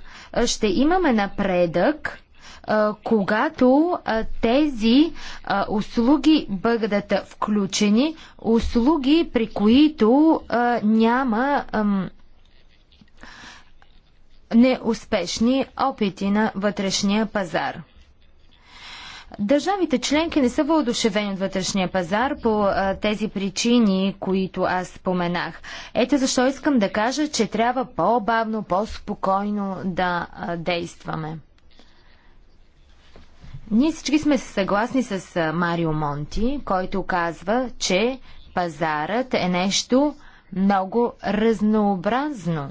ще имаме напредък когато тези услуги бъдат включени, услуги при които няма неуспешни опити на вътрешния пазар. Държавите членки не са въодушевени от вътрешния пазар по а, тези причини, които аз споменах. Ето защо искам да кажа, че трябва по-бавно, по-спокойно да а, действаме. Ние всички сме съгласни с Марио Монти, който казва, че пазарът е нещо много разнообразно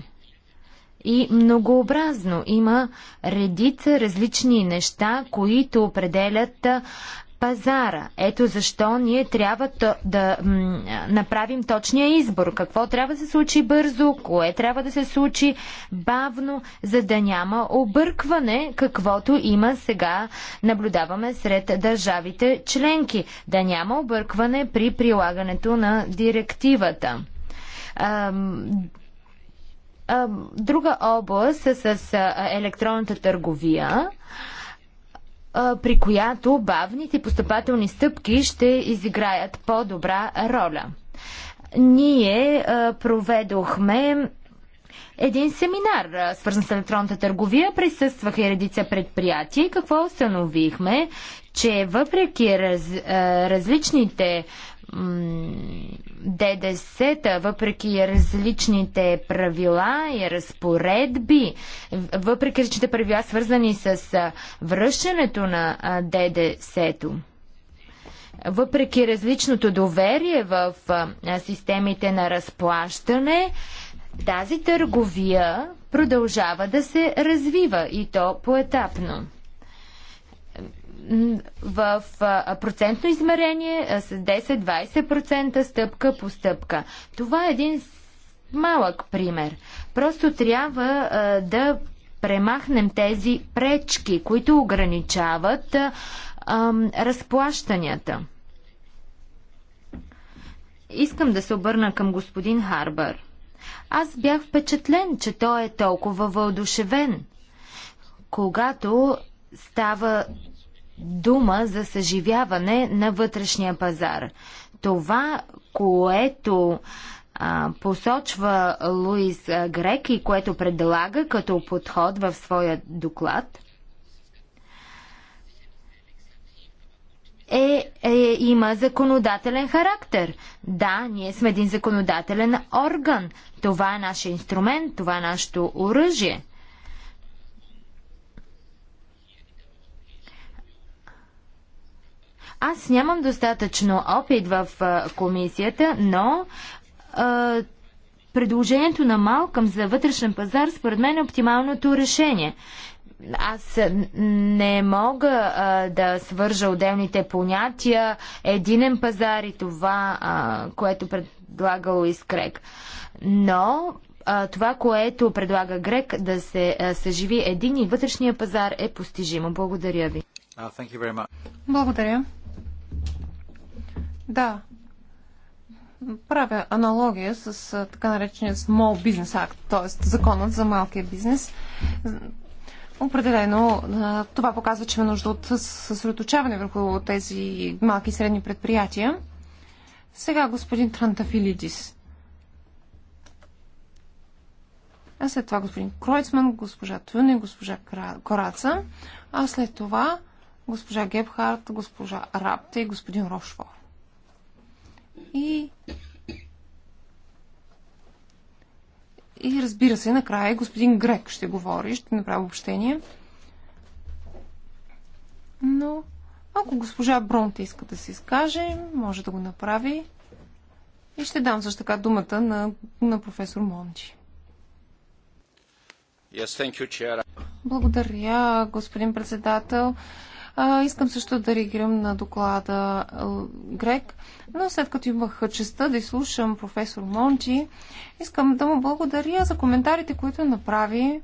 и многообразно. Има редица различни неща, които определят пазара. Ето защо ние трябва да, м, направим точния избор. Какво трябва да се случи бързо, кое трябва да се случи бавно, за да няма объркване, каквото има сега, наблюдаваме сред държавите членки. Да няма объркване при прилагането на директивата. Ам друга област с електронната търговия при която бавните постъпателни стъпки ще изиграят по-добра роля. Ние проведохме един семинар, свързан с електронната търговия, присъстваха и редица предприятия. И какво установихме? Че въпреки раз, различните ДДС, въпреки различните правила и разпоредби, въпреки различните правила, свързани с връщането на ДДС, въпреки различното доверие в системите на разплащане, тази търговия продължава да се развива и то поетапно в процентно измерение с 10-20% стъпка по стъпка. Това е един малък пример. Просто трябва да премахнем тези пречки, които ограничават разплащанията. Искам да се обърна към господин Харбър. Аз бях впечатлен, че той е толкова въодушевен, когато става дума за съживяване на вътрешния пазар. Това, което а, посочва Луис Грек и което предлага като подход в своя доклад, е, е, има законодателен характер. Да, ние сме един законодателен орган. Това е нашия инструмент, това е нашето оръжие – Аз нямам достатъчно опит в комисията, но а, предложението на Малкъм за вътрешен пазар според мен е оптималното решение. Аз не мога а, да свържа отделните понятия, единен пазар и това, а, което предлагало Изкрек. Но а, това, което предлага Грек да се а, съживи един и вътрешния пазар е постижимо. Благодаря ви. Uh, Благодаря. Да. Правя аналогия с така наречения Small Business Act, т.е. законът за малкия бизнес. Определено това показва, че има нужда от съсредоточаване върху тези малки и средни предприятия. Сега господин Трантафилидис. А след това господин Кройцман, госпожа Тюни, госпожа Кораца. А след това госпожа Гебхарт, госпожа Рапте и господин Рошфор. И и разбира се, накрая господин Грек ще говори, ще направи общение. Но ако госпожа Бронте иска да се изкаже, може да го направи. И ще дам също така думата на, на професор Мончи. Yes, you, Благодаря, господин председател. А, искам също да реагирам на доклада Грек, но след като имах честа да изслушам професор Мончи, искам да му благодаря за коментарите, които направи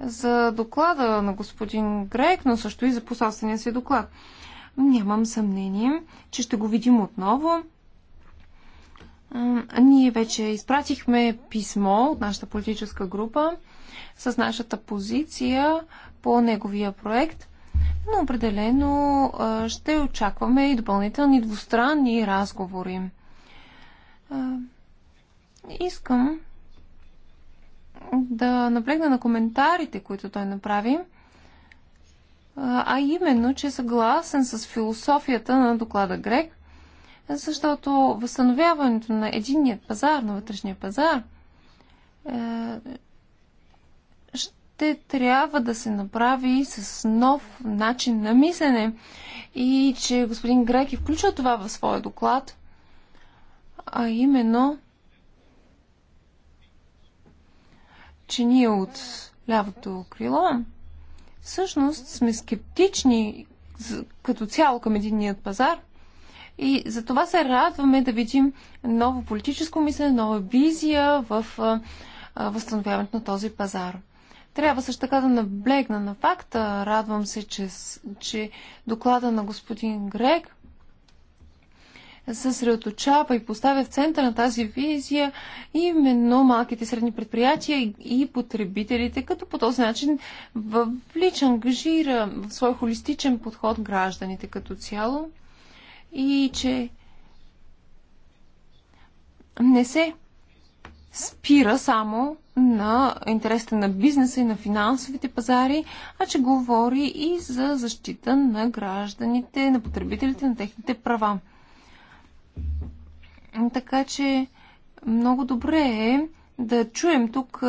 за доклада на господин Грек, но също и за посолствения си доклад. Нямам съмнение, че ще го видим отново. Ние вече изпратихме писмо от нашата политическа група с нашата позиция по неговия проект – но определено ще очакваме и допълнителни двустранни разговори. Искам да наблегна на коментарите, които той направи, а именно, че е съгласен с философията на доклада Грек, защото възстановяването на единният пазар, на вътрешния пазар, е, те трябва да се направи с нов начин на мислене и че господин Греки включва това в своя доклад, а именно, че ние от лявото крило всъщност сме скептични като цяло към единният пазар и за това се радваме да видим ново политическо мислене, нова визия в възстановяването на този пазар. Трябва също така да наблегна на факта. Радвам се, че, че доклада на господин Грег съсредоточава и поставя в центъра на тази визия именно малките и средни предприятия и потребителите, като по този начин влича, ангажира в свой холистичен подход гражданите като цяло и че не се спира само на интересите на бизнеса и на финансовите пазари, а че говори и за защита на гражданите, на потребителите, на техните права. Така че много добре е да чуем тук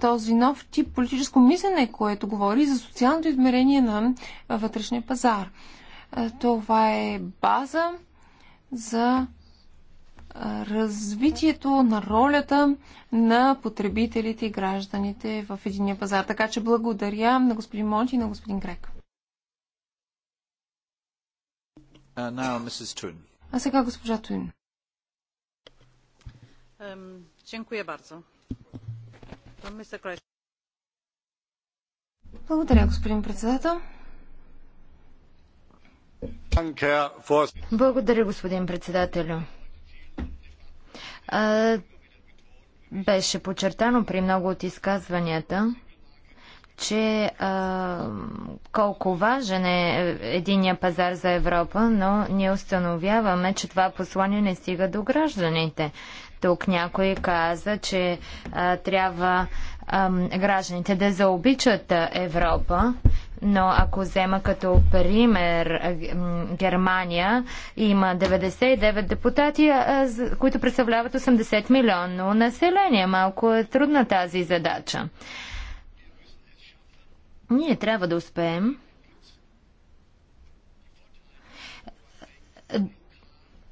този нов тип политическо мислене, което говори за социалното измерение на вътрешния пазар. Това е база за развитието на ролята на потребителите и гражданите в единия пазар. Така че благодаря на господин Монти и на господин Грек. Uh, а сега госпожа Туин. благодаря, господин председател. Благодаря, господин председателю. Беше подчертано при много от изказванията, че а, колко важен е единия пазар за Европа, но ние установяваме, че това послание не стига до гражданите. Тук някой каза, че а, трябва а, гражданите да заобичат Европа но ако взема като пример Германия, има 99 депутати, които представляват 80 милионно население. Малко е трудна тази задача. Ние трябва да успеем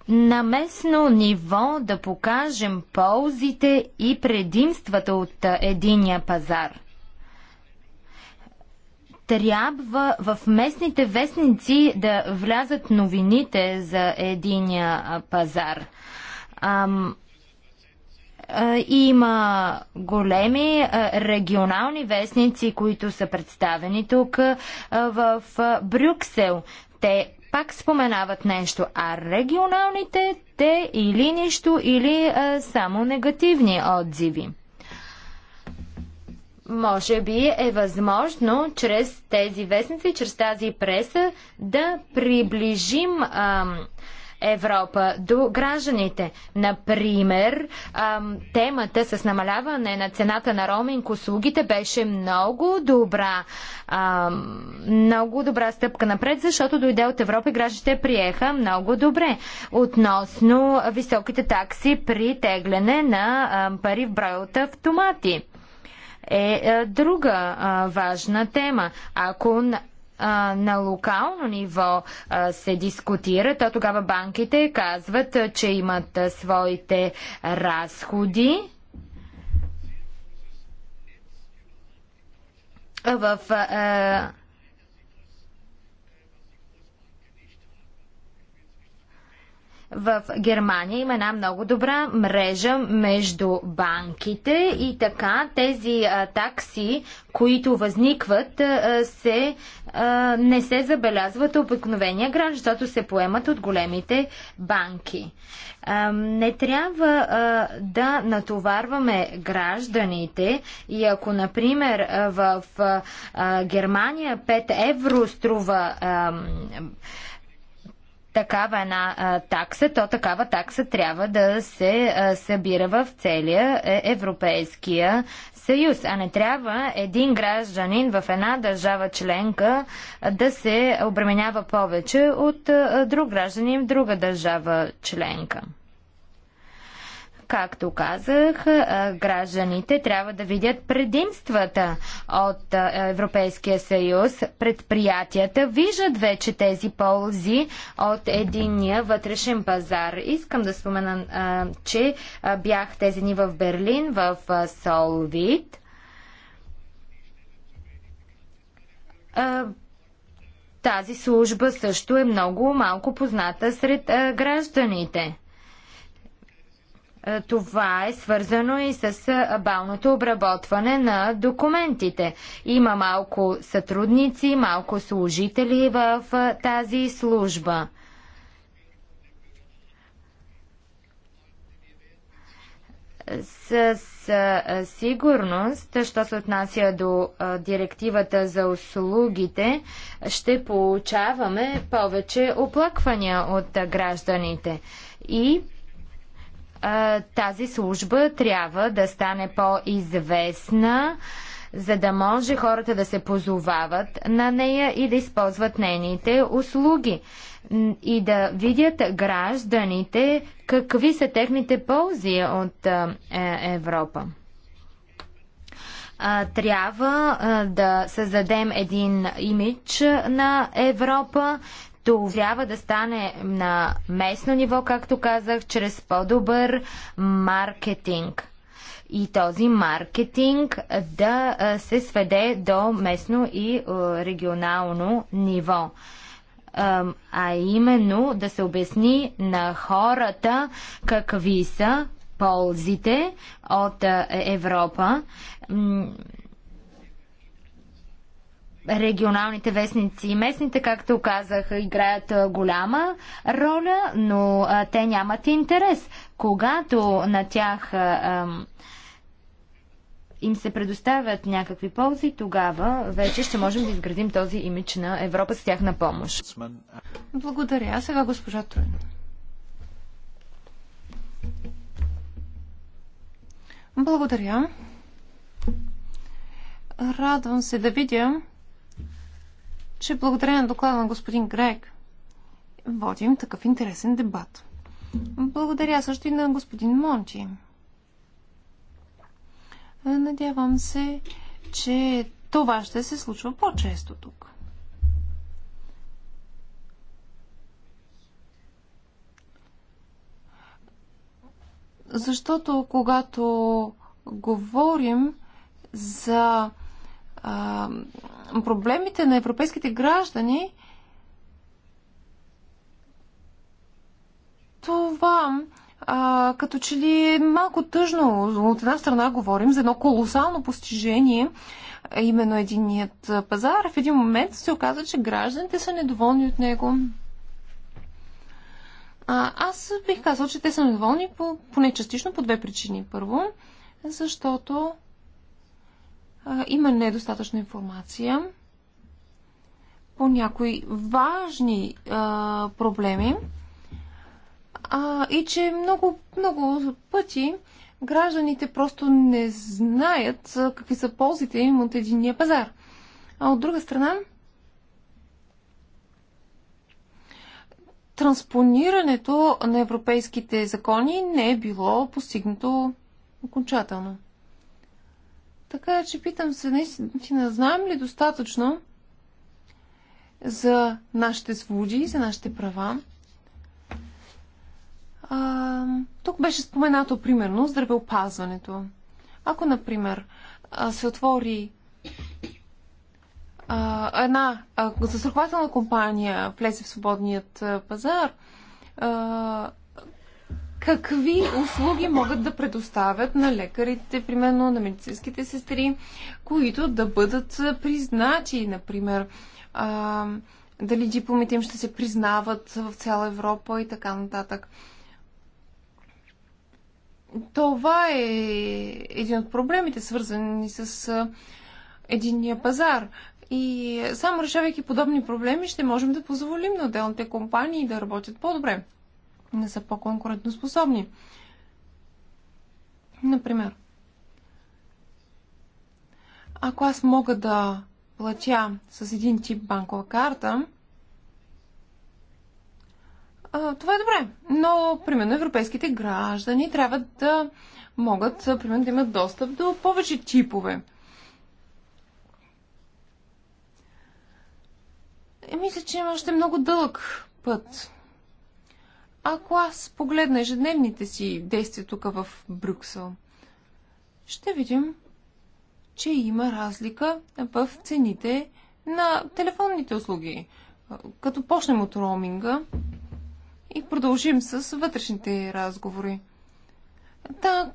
на местно ниво да покажем ползите и предимствата от единия пазар трябва в местните вестници да влязат новините за единия пазар. Ам, има големи регионални вестници, които са представени тук в Брюксел. Те пак споменават нещо, а регионалните те или нищо, или а, само негативни отзиви може би е възможно чрез тези вестници, чрез тази преса да приближим ам, Европа до гражданите. Например, ам, темата с намаляване на цената на роминг услугите беше много добра, ам, много добра стъпка напред, защото дойде от Европа и гражданите приеха много добре. Относно високите такси при тегляне на ам, пари в брой от автомати. Е, е друга важна тема. Ако на локално ниво се дискутира, то тогава банките казват, че имат своите разходи. В В Германия има една много добра мрежа между банките и така тези а, такси, които възникват, а, се, а, не се забелязват обикновения гран, защото се поемат от големите банки. А, не трябва а, да натоварваме гражданите и ако, например, в а, Германия 5 евро струва а, такава една а, такса, то такава такса трябва да се а, събира в целия е, Европейския съюз, а не трябва един гражданин в една държава членка да се обременява повече от а, друг гражданин в друга държава членка. Както казах, гражданите трябва да видят предимствата от Европейския съюз. Предприятията виждат вече тези ползи от единния вътрешен пазар. Искам да спомена, че бях тези дни в Берлин, в Солвит. Тази служба също е много малко позната сред гражданите. Е, това е свързано и с е, балното обработване на документите. Има малко сътрудници, малко служители в е, тази служба. С сигурност, що се отнася до директивата за услугите, ще получаваме повече оплаквания от гражданите. И тази служба трябва да стане по-известна, за да може хората да се позовават на нея и да използват нейните услуги и да видят гражданите какви са техните ползи от е, Европа трябва да създадем един имидж на Европа, това трябва да стане на местно ниво, както казах, чрез по-добър маркетинг. И този маркетинг да се сведе до местно и регионално ниво а именно да се обясни на хората какви са ползите от Европа регионалните вестници и местните, както казах, играят голяма роля, но те нямат интерес. Когато на тях им се предоставят някакви ползи, тогава вече ще можем да изградим този имидж на Европа с тях на помощ. Благодаря. А сега госпожа Тройна. Благодаря. Радвам се да видя, че благодаря на доклада на господин Грег водим такъв интересен дебат. Благодаря също и на господин Монти. Надявам се, че това ще се случва по-често тук. Защото когато говорим за а, проблемите на европейските граждани, това а, като че ли е малко тъжно. От една страна говорим за едно колосално постижение, именно единият пазар. В един момент се оказа, че гражданите са недоволни от него. А, аз бих казал, че те са недоволни по, поне частично по две причини. Първо, защото има недостатъчна информация по някои важни а, проблеми а, и че много, много пъти гражданите просто не знаят какви са ползите им от единния пазар. А от друга страна, транспонирането на европейските закони не е било постигнато окончателно. Така че питам се, наистина, знаем ли достатъчно за нашите свободи, за нашите права? А, тук беше споменато, примерно, здравеопазването. Ако, например, се отвори а, една застрахователна компания влезе в свободният пазар, а, какви услуги могат да предоставят на лекарите, примерно на медицинските сестри, които да бъдат признати, например, а, дали дипломите им ще се признават в цяла Европа и така нататък. Това е един от проблемите, свързани с единния пазар. И само решавайки подобни проблеми, ще можем да позволим на отделните компании да работят по-добре не са по-конкурентоспособни. Например, ако аз мога да платя с един тип банкова карта, това е добре. Но, примерно, европейските граждани трябва да могат, примерно, да имат достъп до повече типове. И е, мисля, че има още много дълъг път. Ако аз погледна ежедневните си действия тук в Брюксел, ще видим, че има разлика в цените на телефонните услуги. Като почнем от роуминга и продължим с вътрешните разговори. Да,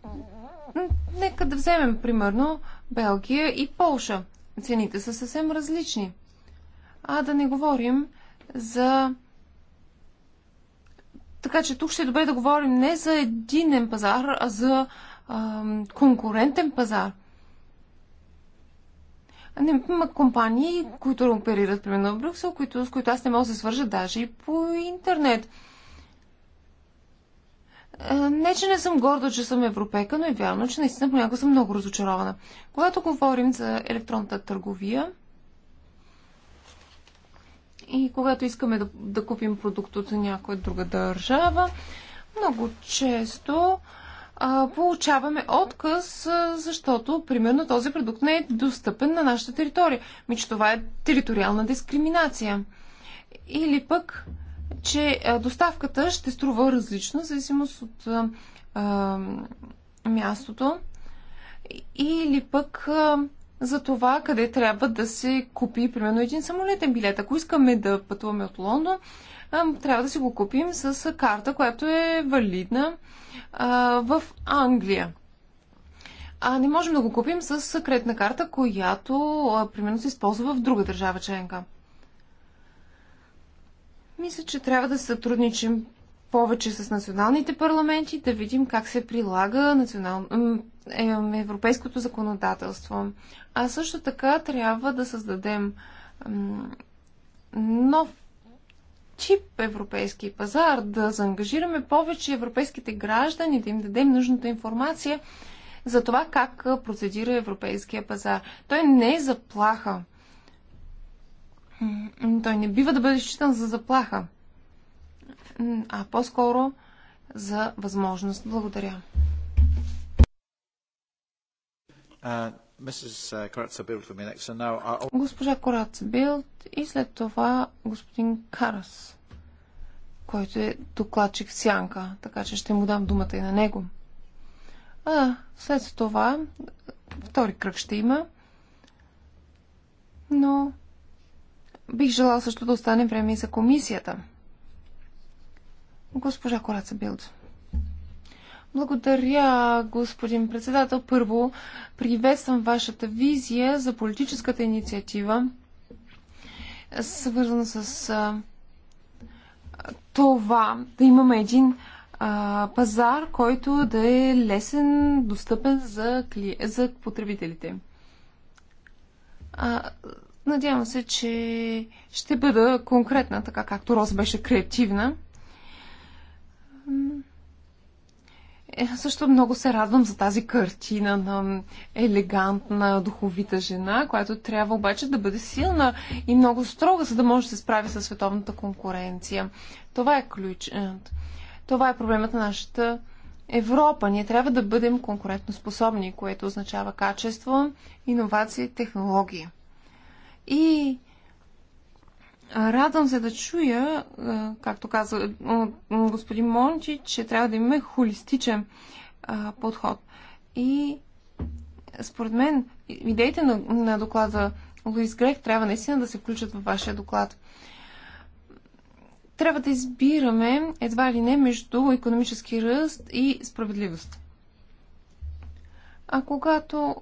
нека да вземем примерно Белгия и Полша. Цените са съвсем различни. А да не говорим за така че тук ще е добре да говорим не за единен пазар, а за а, конкурентен пазар. Не, има компании, които оперират примерно в Брюксел, които, с които аз не мога да се свържа даже и по интернет. Не, че не съм горда, че съм европейка, но е вярно, че наистина понякога съм много разочарована. Когато говорим за електронната търговия, и когато искаме да, да купим продукт от някоя друга държава, много често а, получаваме отказ, а, защото, примерно, този продукт не е достъпен на нашата територия. Ми, че това е териториална дискриминация. Или пък, че а, доставката ще струва различно, в зависимост от а, а, мястото. Или пък а, за това къде трябва да се купи, примерно, един самолетен билет. Ако искаме да пътуваме от Лондон, трябва да си го купим с карта, която е валидна в Англия. А не можем да го купим с секретна карта, която, примерно, се използва в друга държава членка. Мисля, че трябва да се сътрудничим повече с националните парламенти, да видим как се прилага национал... Е, европейското законодателство. А също така трябва да създадем нов чип европейски пазар, да заангажираме повече европейските граждани, да им дадем нужната информация за това как процедира европейския пазар. Той не е заплаха. Той не бива да бъде считан за заплаха а по-скоро за възможност. Благодаря. Uh, uh, Госпожа Корац Билд и след това господин Карас, който е докладчик в Сянка, така че ще му дам думата и на него. А, след това втори кръг ще има, но бих желал също да остане време и за комисията – Госпожа Кораца Билд. Благодаря, господин председател. Първо, приветствам вашата визия за политическата инициатива, свързана с а, това да имаме един а, пазар, който да е лесен, достъпен за, кли... за потребителите. А, надявам се, че ще бъда конкретна, така както Рос беше креативна. Е, също много се радвам за тази картина на елегантна, духовита жена, която трябва обаче да бъде силна и много строга, за да може да се справи с световната конкуренция. Това е ключ. Това е проблемът на нашата Европа. Ние трябва да бъдем конкурентоспособни, което означава качество, иновации, технологии. И Радвам се да чуя, е, както каза господин Мончи, че трябва да имаме холистичен подход. И според мен идеите на, на доклада Луис Грех трябва наистина да се включат във вашия доклад. Трябва да избираме едва ли не между економически ръст и справедливост. А когато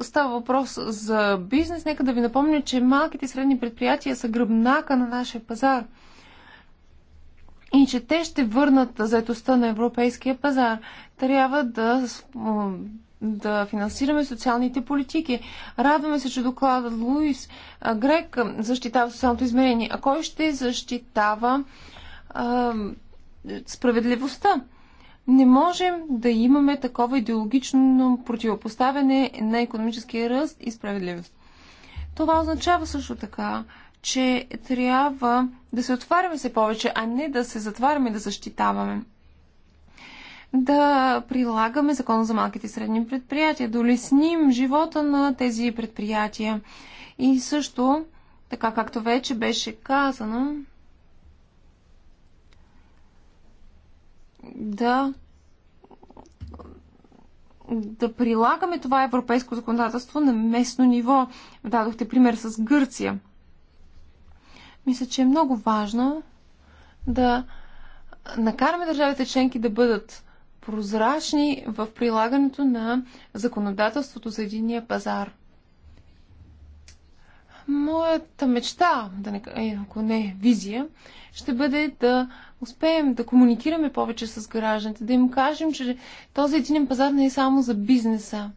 става въпрос за бизнес, нека да ви напомня, че малките и средни предприятия са гръбнака на нашия пазар и че те ще върнат заедостта на европейския пазар. Трябва да, да финансираме социалните политики. Радваме се, че доклада Луис Грек защитава социалното измерение. А кой ще защитава а, справедливостта? Не можем да имаме такова идеологично противопоставяне на економическия ръст и справедливост. Това означава също така, че трябва да се отваряме се повече, а не да се затваряме и да защитаваме. Да прилагаме закона за малките и средни предприятия, да улесним живота на тези предприятия. И също, така както вече беше казано, да да прилагаме това европейско законодателство на местно ниво. Дадохте пример с Гърция. Мисля, че е много важно да накараме държавите членки да бъдат прозрачни в прилагането на законодателството за единия пазар. Моята мечта, да не, е, ако не е визия, ще бъде да успеем да комуникираме повече с гражданите, да им кажем, че този единен пазар не е само за бизнеса.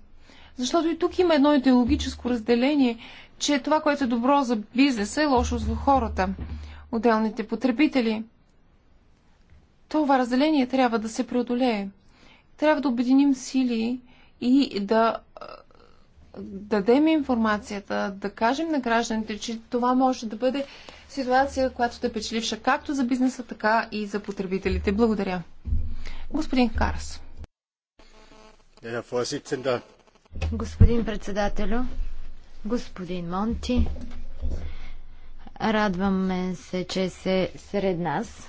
Защото и тук има едно идеологическо разделение, че това, което е добро за бизнеса, е лошо за хората, отделните потребители. Това разделение трябва да се преодолее. Трябва да обединим сили и да дадем информацията, да кажем на гражданите, че това може да бъде ситуация, която да печеливша както за бизнеса, така и за потребителите. Благодаря. Господин Карас. Господин председателю, господин Монти, радваме се, че се сред нас.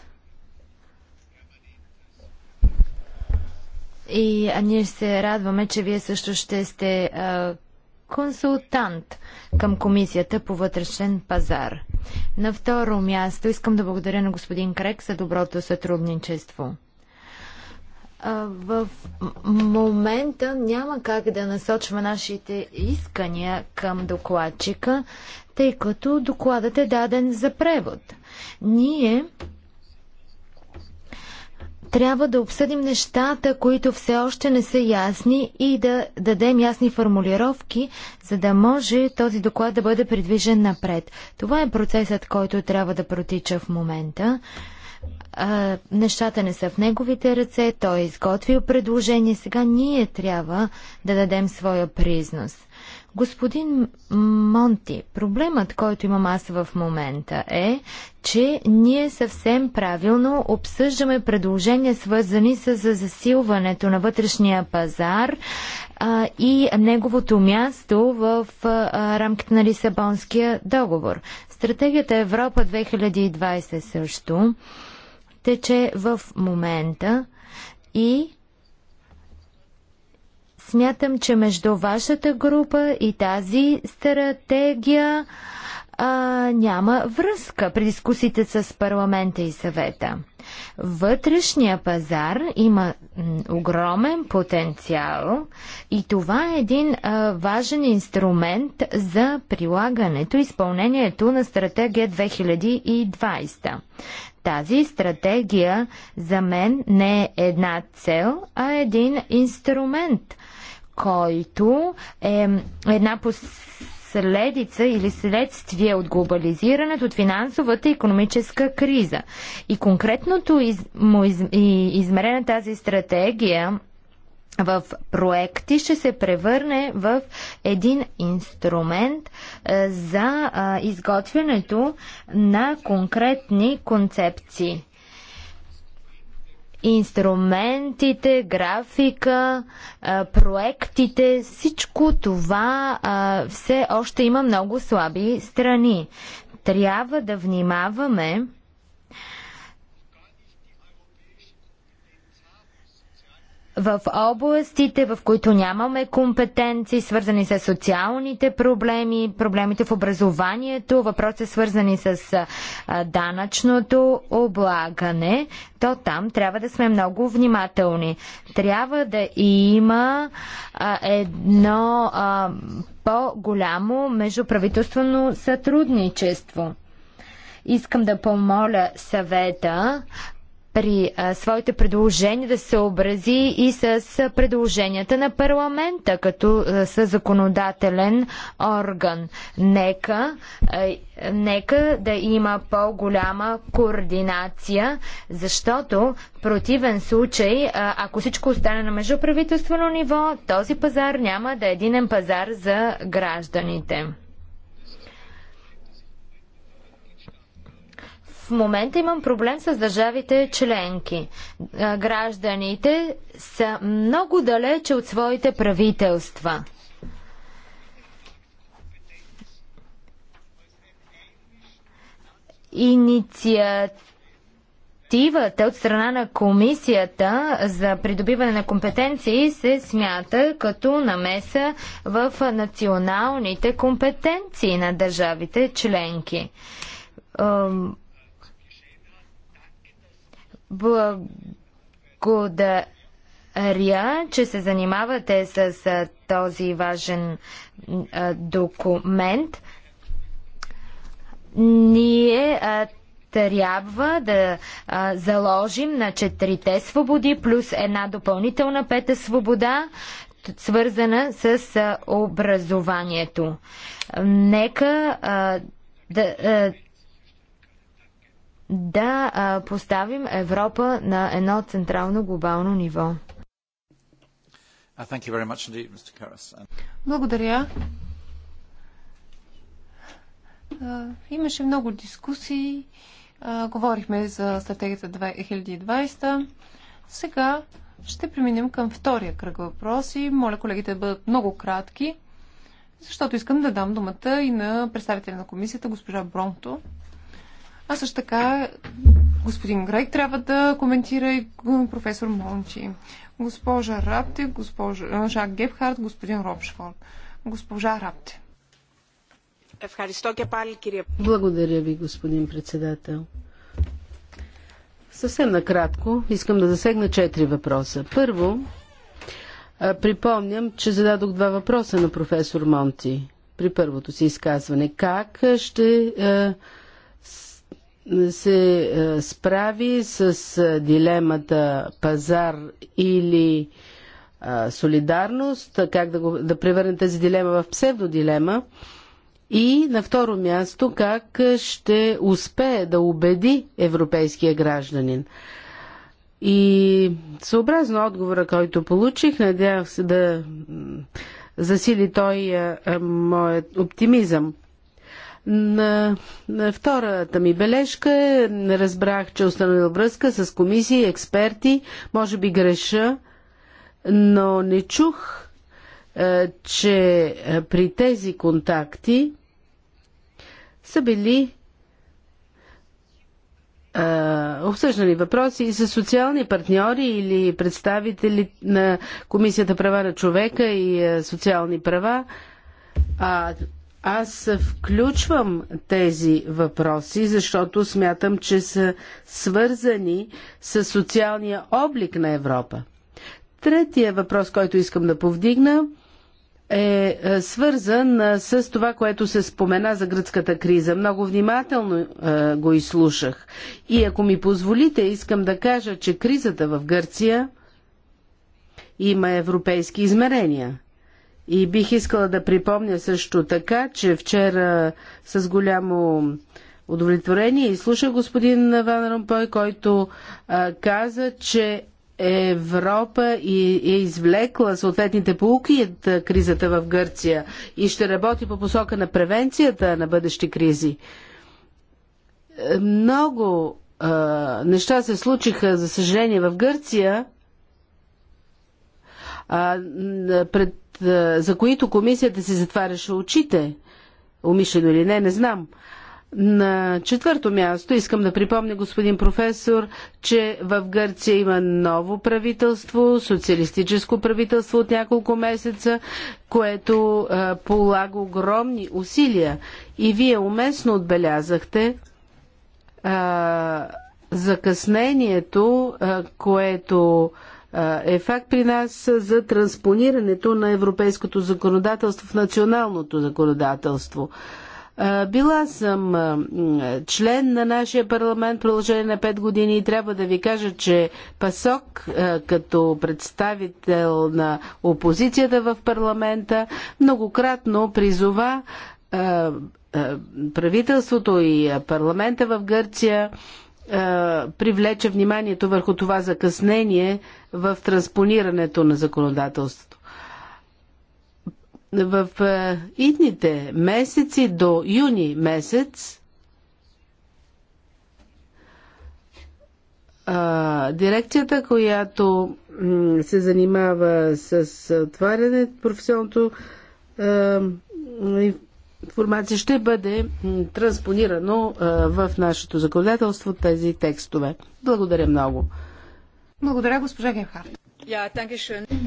И ние се радваме, че вие също ще сте а, консултант към Комисията по вътрешен пазар. На второ място искам да благодаря на господин Крек за доброто сътрудничество. В момента няма как да насочваме нашите искания към докладчика, тъй като докладът е даден за превод. Ние трябва да обсъдим нещата, които все още не са ясни и да дадем ясни формулировки, за да може този доклад да бъде придвижен напред. Това е процесът, който трябва да протича в момента. А, нещата не са в неговите ръце, той е изготвил предложение, сега ние трябва да дадем своя признос. Господин Монти, проблемът, който имам аз в момента е, че ние съвсем правилно обсъждаме предложения, свързани с засилването на вътрешния пазар а, и неговото място в а, рамките на Лисабонския договор. Стратегията Европа 2020 също тече в момента и Смятам, че между вашата група и тази стратегия а, няма връзка при дискусите с парламента и съвета. Вътрешния пазар има огромен потенциал и това е един а, важен инструмент за прилагането и изпълнението на стратегия 2020. Тази стратегия за мен не е една цел, а един инструмент – който е една последица или следствие от глобализирането, от финансовата и економическа криза. И конкретното из, му из, и измерение на тази стратегия в проекти ще се превърне в един инструмент е, за изготвянето на конкретни концепции инструментите, графика, проектите, всичко това все още има много слаби страни. Трябва да внимаваме в областите, в които нямаме компетенции, свързани с социалните проблеми, проблемите в образованието, въпроси свързани с данъчното облагане, то там трябва да сме много внимателни. Трябва да има едно по-голямо междуправителствено сътрудничество. Искам да помоля съвета при своите предложения да се съобрази и с предложенията на парламента като със законодателен орган. Нека, нека да има по-голяма координация, защото в противен случай, ако всичко остане на междуправителствено ниво, този пазар няма да е единен пазар за гражданите. В момента имам проблем с държавите членки. Е, гражданите са много далече от своите правителства. Инициативата от страна на комисията за придобиване на компетенции се смята като намеса в националните компетенции на държавите членки. Благодаря, че се занимавате с този важен документ. Ние трябва да заложим на четирите свободи плюс една допълнителна пета свобода, свързана с образованието. Нека да, да а, поставим Европа на едно централно глобално ниво. Uh, Благодаря. Имаше много дискусии. Говорихме за стратегията 2020. Сега ще преминем към втория кръг въпроси. Моля колегите да бъдат много кратки, защото искам да дам думата и на представителя на комисията, госпожа Бронто. А също така господин Грейк трябва да коментира и професор Мончи, госпожа Рапте, госпожа Жак Гепхард, господин Робшфорд. Госпожа Рапте. Благодаря ви, господин председател. Съвсем накратко искам да засегна четири въпроса. Първо, припомням, че зададох два въпроса на професор Монти при първото си изказване. Как ще се е, справи с е, дилемата пазар или е, солидарност, как да, го, да превърне тази дилема в псевдодилема и на второ място как ще успее да убеди европейския гражданин. И съобразно отговора, който получих, надявах се да засили той моят оптимизъм. На, на втората ми бележка разбрах, че е установил връзка с комисии, експерти, може би греша, но не чух, е, че е, при тези контакти са били обсъждани въпроси и с социални партньори или представители на Комисията права на човека и социални права. А аз включвам тези въпроси, защото смятам, че са свързани с социалния облик на Европа. Третия въпрос, който искам да повдигна, е, е свързан е, с това, което се спомена за гръцката криза. Много внимателно е, го изслушах. И ако ми позволите, искам да кажа, че кризата в Гърция има европейски измерения. И бих искала да припомня също така, че вчера с голямо удовлетворение и господин Ван Ромпой, който а, каза, че Европа и е извлекла съответните полуки от кризата в Гърция и ще работи по посока на превенцията на бъдещи кризи. Много а, неща се случиха, за съжаление, в Гърция. А, пред е, за които комисията си затваряше очите, умишлено или не, не знам. На четвърто място искам да припомня, господин професор, че в Гърция има ново правителство, социалистическо правителство от няколко месеца, което а, е, полага огромни усилия. И вие уместно отбелязахте а, е, закъснението, а, което а, е факт при нас за транспонирането на европейското законодателство в националното законодателство. Била съм член на нашия парламент продължение на 5 години и трябва да ви кажа, че Пасок като представител на опозицията в парламента многократно призова правителството и парламента в Гърция е, привлече вниманието върху това закъснение в транспонирането на законодателството. В е, идните месеци до юни месец е, дирекцията, която се занимава с отварянето, професионалното информация ще бъде транспонирано в нашето законодателство тези текстове. Благодаря много. Благодаря, госпожа Генхарт.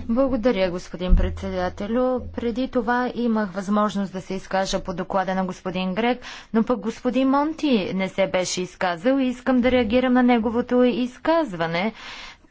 Благодаря, господин председателю. Преди това имах възможност да се изкажа по доклада на господин Грек, но пък господин Монти не се беше изказал и искам да реагирам на неговото изказване,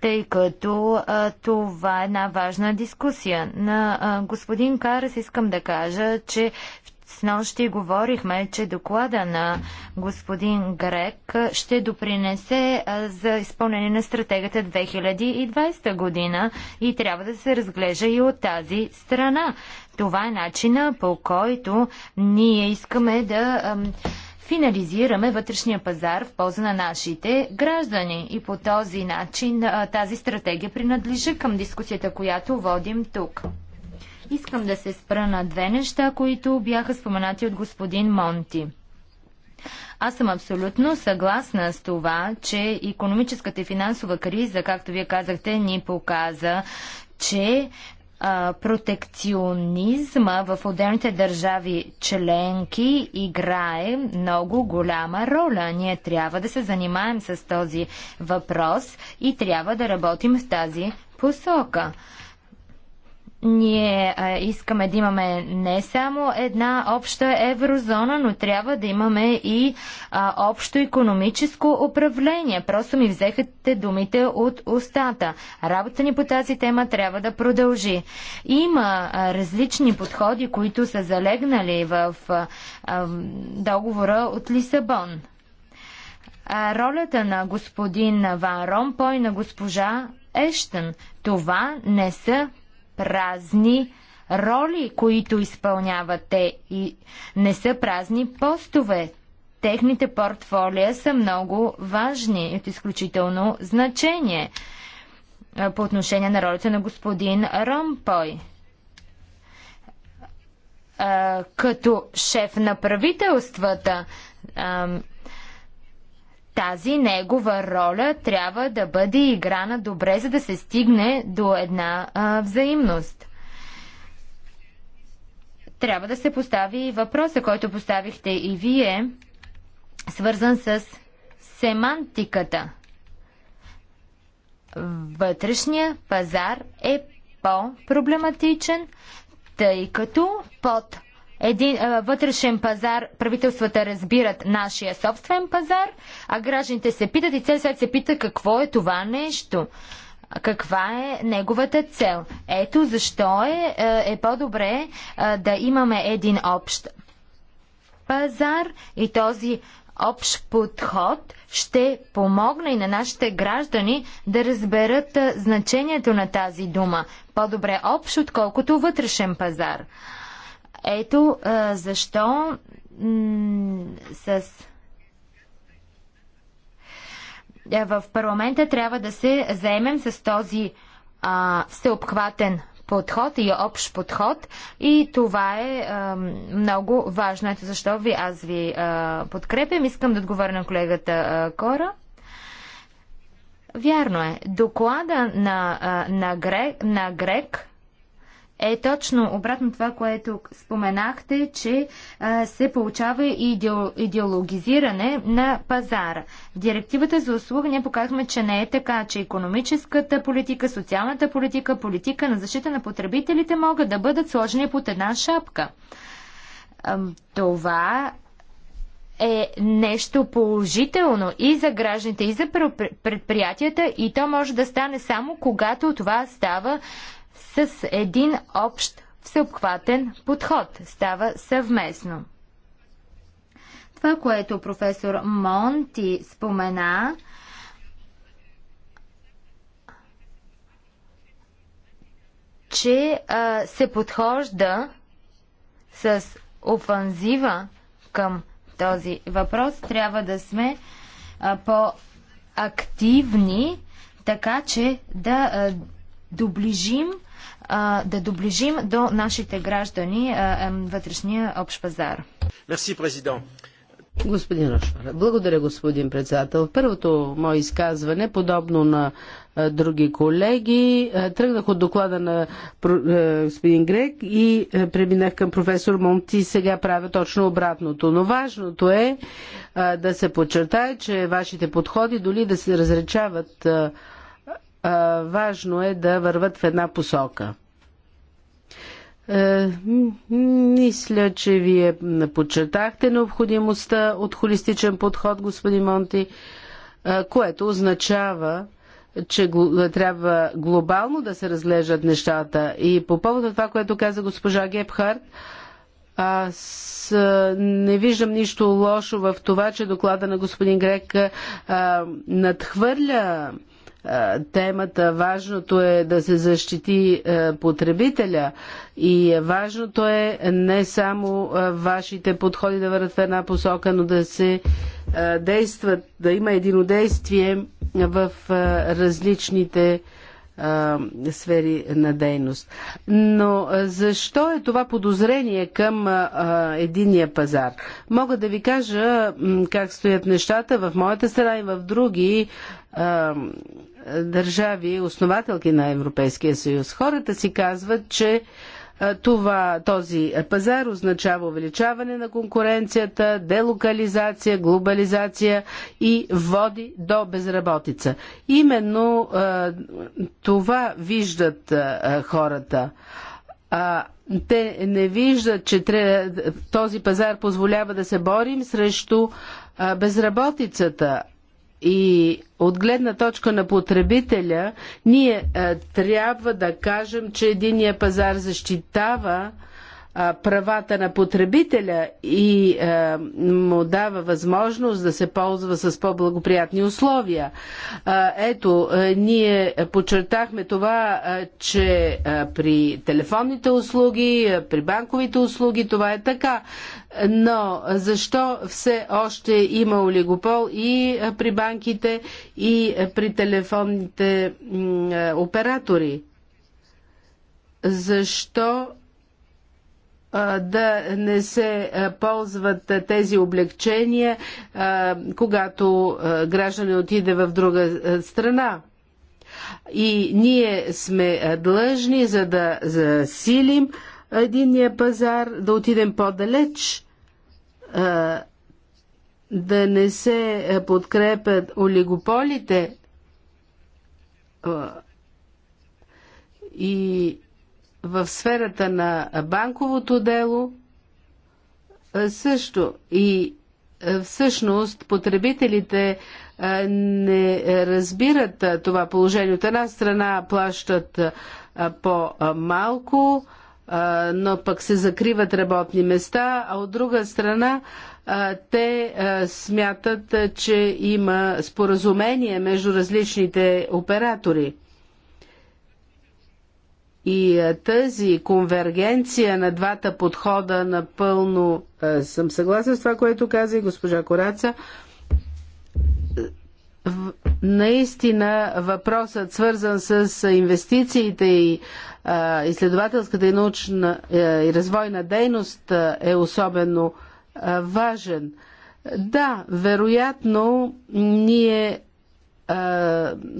тъй като а, това е една важна дискусия. На а, господин Карас искам да кажа, че в с нощи говорихме, че доклада на господин Грек ще допринесе за изпълнение на стратегията 2020 година и трябва да се разглежда и от тази страна. Това е начина по който ние искаме да финализираме вътрешния пазар в полза на нашите граждани. И по този начин тази стратегия принадлежи към дискусията, която водим тук. Искам да се спра на две неща, които бяха споменати от господин Монти. Аз съм абсолютно съгласна с това, че економическата и финансова криза, както вие казахте, ни показа, че а, протекционизма в отделните държави членки играе много голяма роля. Ние трябва да се занимаем с този въпрос и трябва да работим в тази посока. Ние а, искаме да имаме не само една обща еврозона, но трябва да имаме и а, общо економическо управление. Просто ми взехате думите от устата. Работа ни по тази тема трябва да продължи. Има а, различни подходи, които са залегнали в а, а, договора от Лисабон. А, ролята на господин Ван Ромпой, на госпожа Ещен. Това не са празни роли, които изпълняват те и не са празни постове. Техните портфолия са много важни и от изключително значение по отношение на ролята на господин Ромпой. Като шеф на правителствата тази негова роля трябва да бъде играна добре, за да се стигне до една а, взаимност. Трябва да се постави въпроса, който поставихте и вие, свързан с семантиката. Вътрешния пазар е по-проблематичен, тъй като под един а, вътрешен пазар, правителствата разбират нашия собствен пазар, а гражданите се питат и цел свят се пита какво е това нещо. Каква е неговата цел? Ето защо е, е, е по-добре да имаме един общ пазар и този общ подход ще помогне и на нашите граждани да разберат значението на тази дума. По-добре общ, отколкото вътрешен пазар. Ето а, защо с в парламента трябва да се заемем с този а, всеобхватен подход и общ подход и това е а, много важно. Ето защо ви, аз ви а, подкрепям. Искам да отговоря на колегата а, Кора. Вярно е. Доклада на, а, на, Грек, на Грек е точно обратно това, което споменахте, че а, се получава идео, идеологизиране на пазара. В директивата за услуга ние показваме, че не е така, че економическата политика, социалната политика, политика на защита на потребителите могат да бъдат сложени под една шапка. А, това е нещо положително и за гражданите, и за предприятията и то може да стане само когато това става с един общ всеобхватен подход. Става съвместно. Това, което професор Монти спомена, че а, се подхожда с офанзива към този въпрос, трябва да сме по-активни, така че да а, доближим а, да доближим до нашите граждани а, вътрешния общ пазар. Мерси, президент. Господин Рошвар, благодаря господин председател. Първото мое изказване, подобно на други колеги, тръгнах от доклада на господин Грек и преминах към професор Монти. Сега правя точно обратното. Но важното е да се подчертае, че вашите подходи, доли да се разречават важно е да върват в една посока. Е, мисля, че вие подчертахте необходимостта от холистичен подход, господин Монти, което означава, че трябва глобално да се разглеждат нещата. И по повод на това, което каза госпожа Гепхарт, аз не виждам нищо лошо в това, че доклада на господин Грек надхвърля темата. Важното е да се защити потребителя и важното е не само вашите подходи да върват в една посока, но да се действат, да има единодействие в различните сфери на дейност. Но защо е това подозрение към единия пазар? Мога да ви кажа как стоят нещата в моята страна и в други държави, основателки на Европейския съюз. Хората си казват, че това, този пазар означава увеличаване на конкуренцията, делокализация, глобализация и води до безработица. Именно това виждат хората. те не виждат, че този пазар позволява да се борим срещу безработицата, и от гледна точка на потребителя, ние е, трябва да кажем, че единия пазар защитава правата на потребителя и му дава възможност да се ползва с по-благоприятни условия. Ето, ние подчертахме това, че при телефонните услуги, при банковите услуги това е така. Но защо все още има олигопол и при банките, и при телефонните оператори? Защо да не се ползват тези облегчения, когато граждане отиде в друга страна. И ние сме длъжни, за да засилим единния пазар, да отидем по-далеч, да не се подкрепят олигополите и в сферата на банковото дело също и всъщност потребителите не разбират това положение. От една страна плащат по-малко, но пък се закриват работни места, а от друга страна те смятат, че има споразумение между различните оператори. И е, тази конвергенция на двата подхода напълно е, съм съгласен с това, което каза и госпожа Кораца. Е, наистина въпросът свързан с инвестициите и изследователската и научна и развойна дейност е особено важен. Да, вероятно ние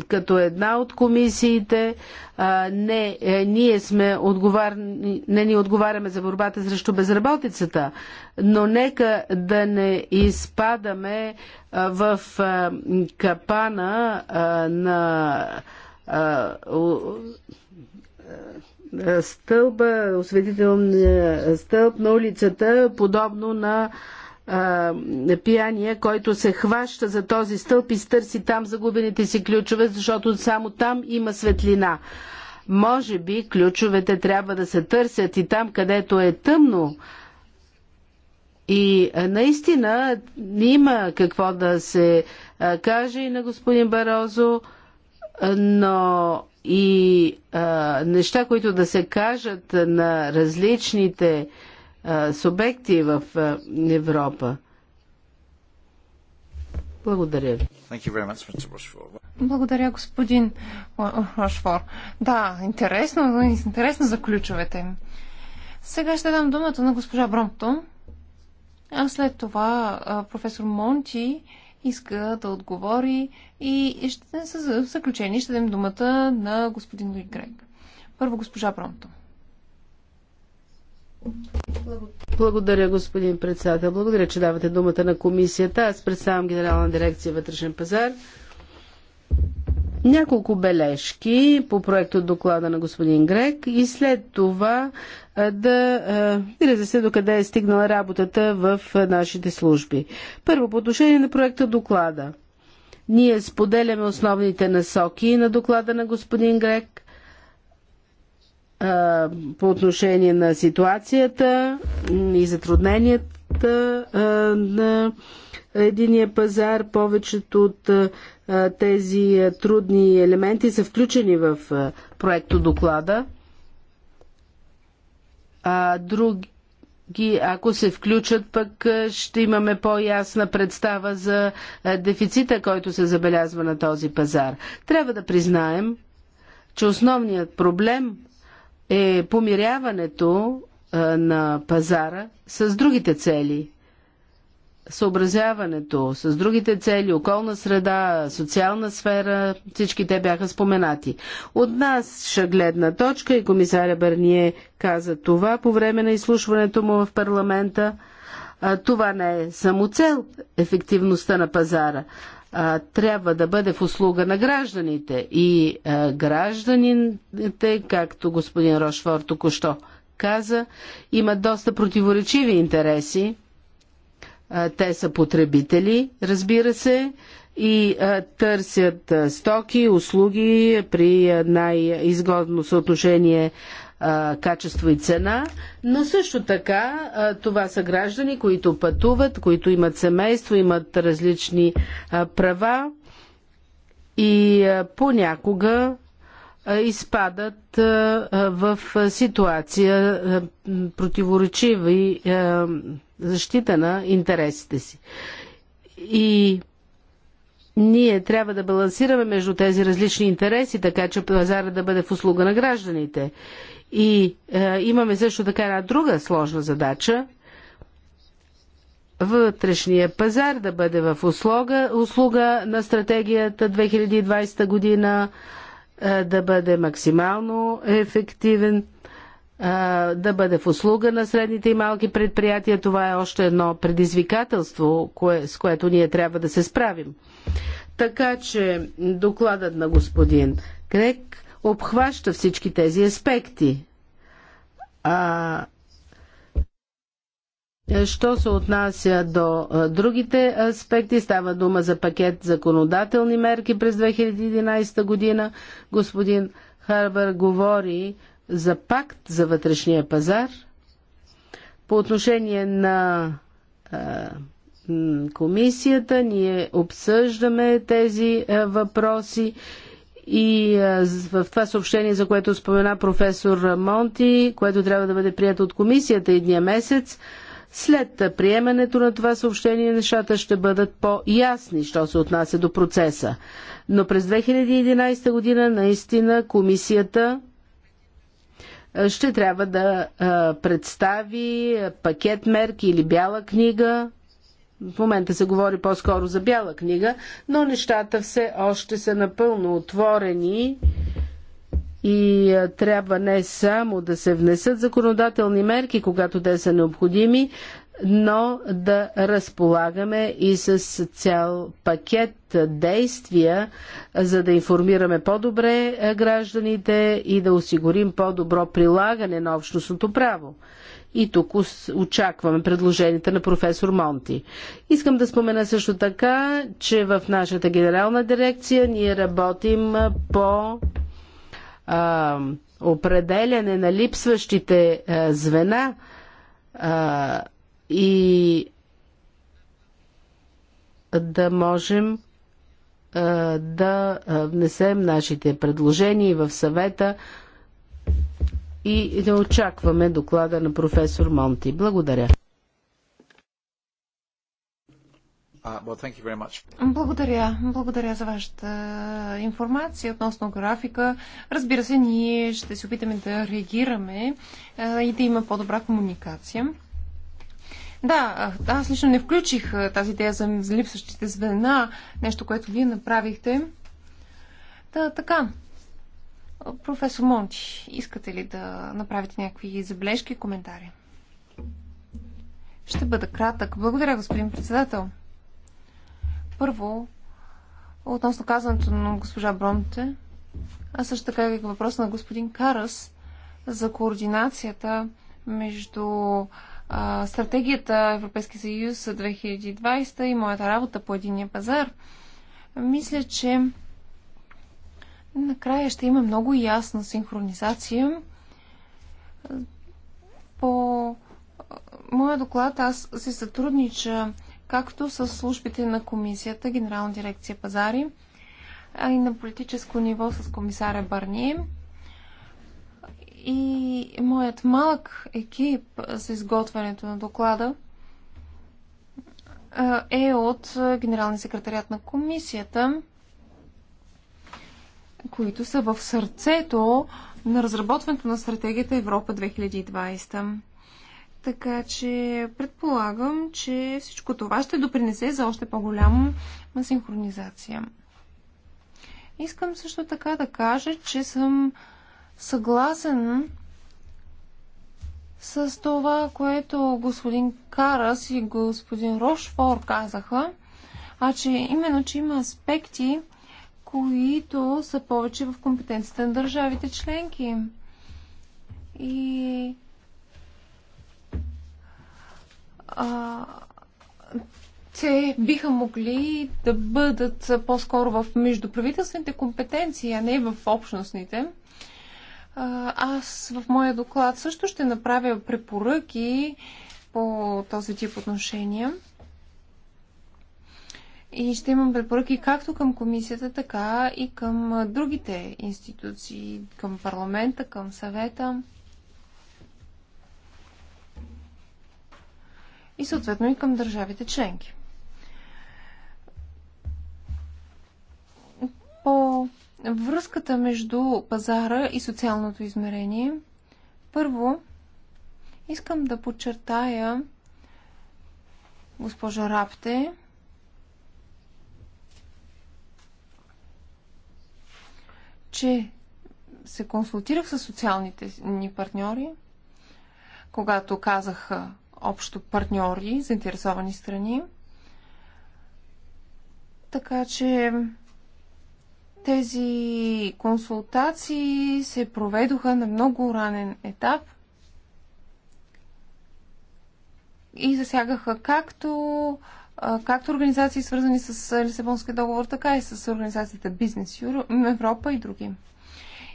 като една от комисиите. Не, е, ние сме отговар... не ни отговаряме за борбата срещу безработицата, но нека да не изпадаме в капана на стълба, осветителния стълб на улицата, подобно на а, пияния, който се хваща за този стълб и стърси там загубените си ключове, защото само там има светлина. Може би ключовете трябва да се търсят и там, където е тъмно. И наистина има какво да се каже и на господин Барозо, но и а, неща, които да се кажат на различните а, субекти в Европа. Благодаря ви. Благодаря, господин Рошфор. Да, интересно, интересно за ключовете. Сега ще дам думата на госпожа Бромптон. А след това професор Монти иска да отговори и ще, в заключение ще дадем думата на господин Луи Грег. Първо госпожа Бромптон. Благодаря, господин председател. Благодаря, че давате думата на комисията. Аз представям Генерална дирекция Вътрешен пазар. Няколко бележки по проект от доклада на господин Грек и след това да ви разясня до къде е стигнала работата в нашите служби. Първо, по отношение на проекта доклада. Ние споделяме основните насоки на доклада на господин Грек по отношение на ситуацията и затрудненията на единия пазар. Повечето от тези трудни елементи са включени в проекто доклада. А други, ако се включат, пък ще имаме по-ясна представа за дефицита, който се забелязва на този пазар. Трябва да признаем, че основният проблем е помиряването на пазара с другите цели. Съобразяването с другите цели, околна среда, социална сфера, всички те бяха споменати. От ша гледна точка и комисаря Бърние каза това по време на изслушването му в парламента. Това не е самоцел ефективността на пазара трябва да бъде в услуга на гражданите. И гражданите, както господин Рошфор току-що каза, имат доста противоречиви интереси. те са потребители, разбира се, и търсят стоки, услуги при най-изгодно съотношение качество и цена, но също така това са граждани, които пътуват, които имат семейство, имат различни права и понякога изпадат в ситуация противоречива и защита на интересите си. И ние трябва да балансираме между тези различни интереси, така че пазара да бъде в услуга на гражданите. И е, имаме също така една друга сложна задача вътрешния пазар да бъде в услуга, услуга на стратегията 2020 година, е, да бъде максимално ефективен, е, да бъде в услуга на средните и малки предприятия. Това е още едно предизвикателство, кое, с което ние трябва да се справим. Така че докладът на господин Крек обхваща всички тези аспекти. А, що се отнася до другите аспекти, става дума за пакет законодателни мерки през 2011 година. Господин Харбър говори за пакт за вътрешния пазар. По отношение на комисията, ние обсъждаме тези въпроси и в това съобщение, за което спомена професор Монти, което трябва да бъде прието от комисията едния месец, след приемането на това съобщение нещата ще бъдат по-ясни, що се отнася до процеса. Но през 2011 година наистина комисията ще трябва да представи пакет мерки или бяла книга в момента се говори по-скоро за бяла книга, но нещата все още са напълно отворени и е, трябва не само да се внесат законодателни мерки, когато те са необходими, но да разполагаме и с цял пакет действия, за да информираме по-добре е, гражданите и да осигурим по-добро прилагане на общностното право. И тук очакваме предложенията на професор Монти. Искам да спомена също така, че в нашата генерална дирекция ние работим по а, определяне на липсващите а, звена а, и да можем а, да внесем нашите предложения в съвета и да очакваме доклада на професор Монти. Благодаря. Uh, Благодаря. Благодаря за вашата информация относно графика. Разбира се, ние ще се опитаме да реагираме uh, и да има по-добра комуникация. Да, аз лично не включих тази идея за липсващите звена, нещо, което вие направихте. Да, така. Професор Монти, искате ли да направите някакви забележки и коментари? Ще бъда кратък. Благодаря, господин председател. Първо, относно казването на госпожа Бромте, а също така и въпрос на господин Карас за координацията между а, стратегията Европейски съюз 2020 и моята работа по единния пазар. Мисля, че накрая ще има много ясна синхронизация. По моя доклад аз се сътруднича както с службите на комисията, Генерална дирекция пазари, а и на политическо ниво с комисаря Барни. И моят малък екип за изготвянето на доклада е от Генералния секретарят на комисията които са в сърцето на разработването на стратегията Европа 2020. Така че предполагам, че всичко това ще допринесе за още по-голяма синхронизация. Искам също така да кажа, че съм съгласен с това, което господин Карас и господин Рошфор казаха, а че именно, че има аспекти, които са повече в компетенцията на държавите членки. И а, те биха могли да бъдат по-скоро в междуправителствените компетенции, а не в общностните. Аз в моя доклад също ще направя препоръки по този тип отношения и ще имам препоръки както към комисията, така и към другите институции, към парламента, към съвета. И съответно и към държавите членки. По връзката между пазара и социалното измерение, първо искам да подчертая госпожа Рапте, че се консултирах с социалните ни партньори, когато казах общо партньори, заинтересовани страни. Така че тези консултации се проведоха на много ранен етап и засягаха както както организации свързани с Лисабонския договор, така и с организацията Бизнес Европа и други.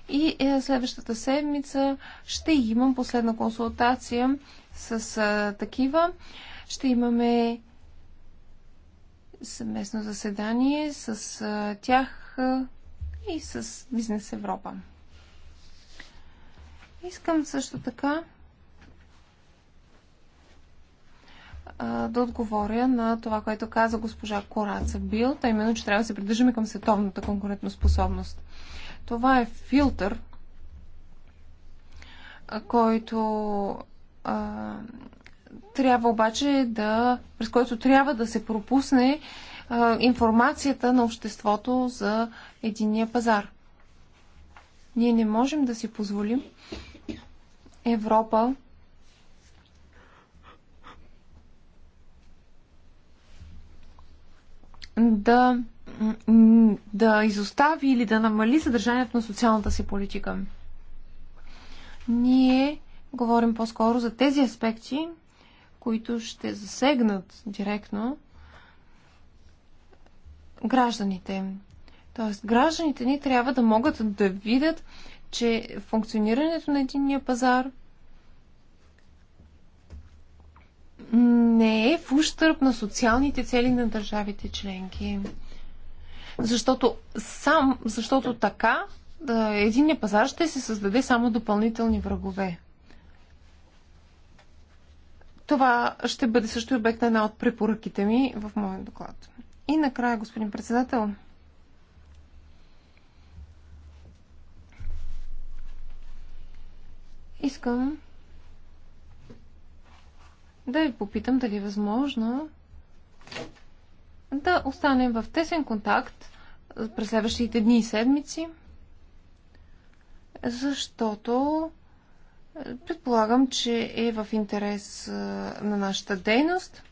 И е, следващата седмица ще имам последна консултация с а, такива. Ще имаме съместно заседание с а, тях а, и с Бизнес Европа. Искам също така да отговоря на това, което каза госпожа Кораца Билт, а именно, че трябва да се придържаме към световната конкурентоспособност. Това е филтър, който а, трябва обаче да, през който трябва да се пропусне а, информацията на обществото за единния пазар. Ние не можем да си позволим Европа да, да изостави или да намали съдържанието на социалната си политика. Ние говорим по-скоро за тези аспекти, които ще засегнат директно гражданите. Тоест, гражданите ни трябва да могат да видят, че функционирането на единния пазар не е в ущърп на социалните цели на държавите членки. Защото, сам, защото така да, един пазар ще се създаде само допълнителни врагове. Това ще бъде също обект на една от препоръките ми в моя доклад. И накрая, господин председател, искам да ви попитам дали е възможно да останем в тесен контакт през следващите дни и седмици, защото е, предполагам, че е в интерес е, на нашата дейност,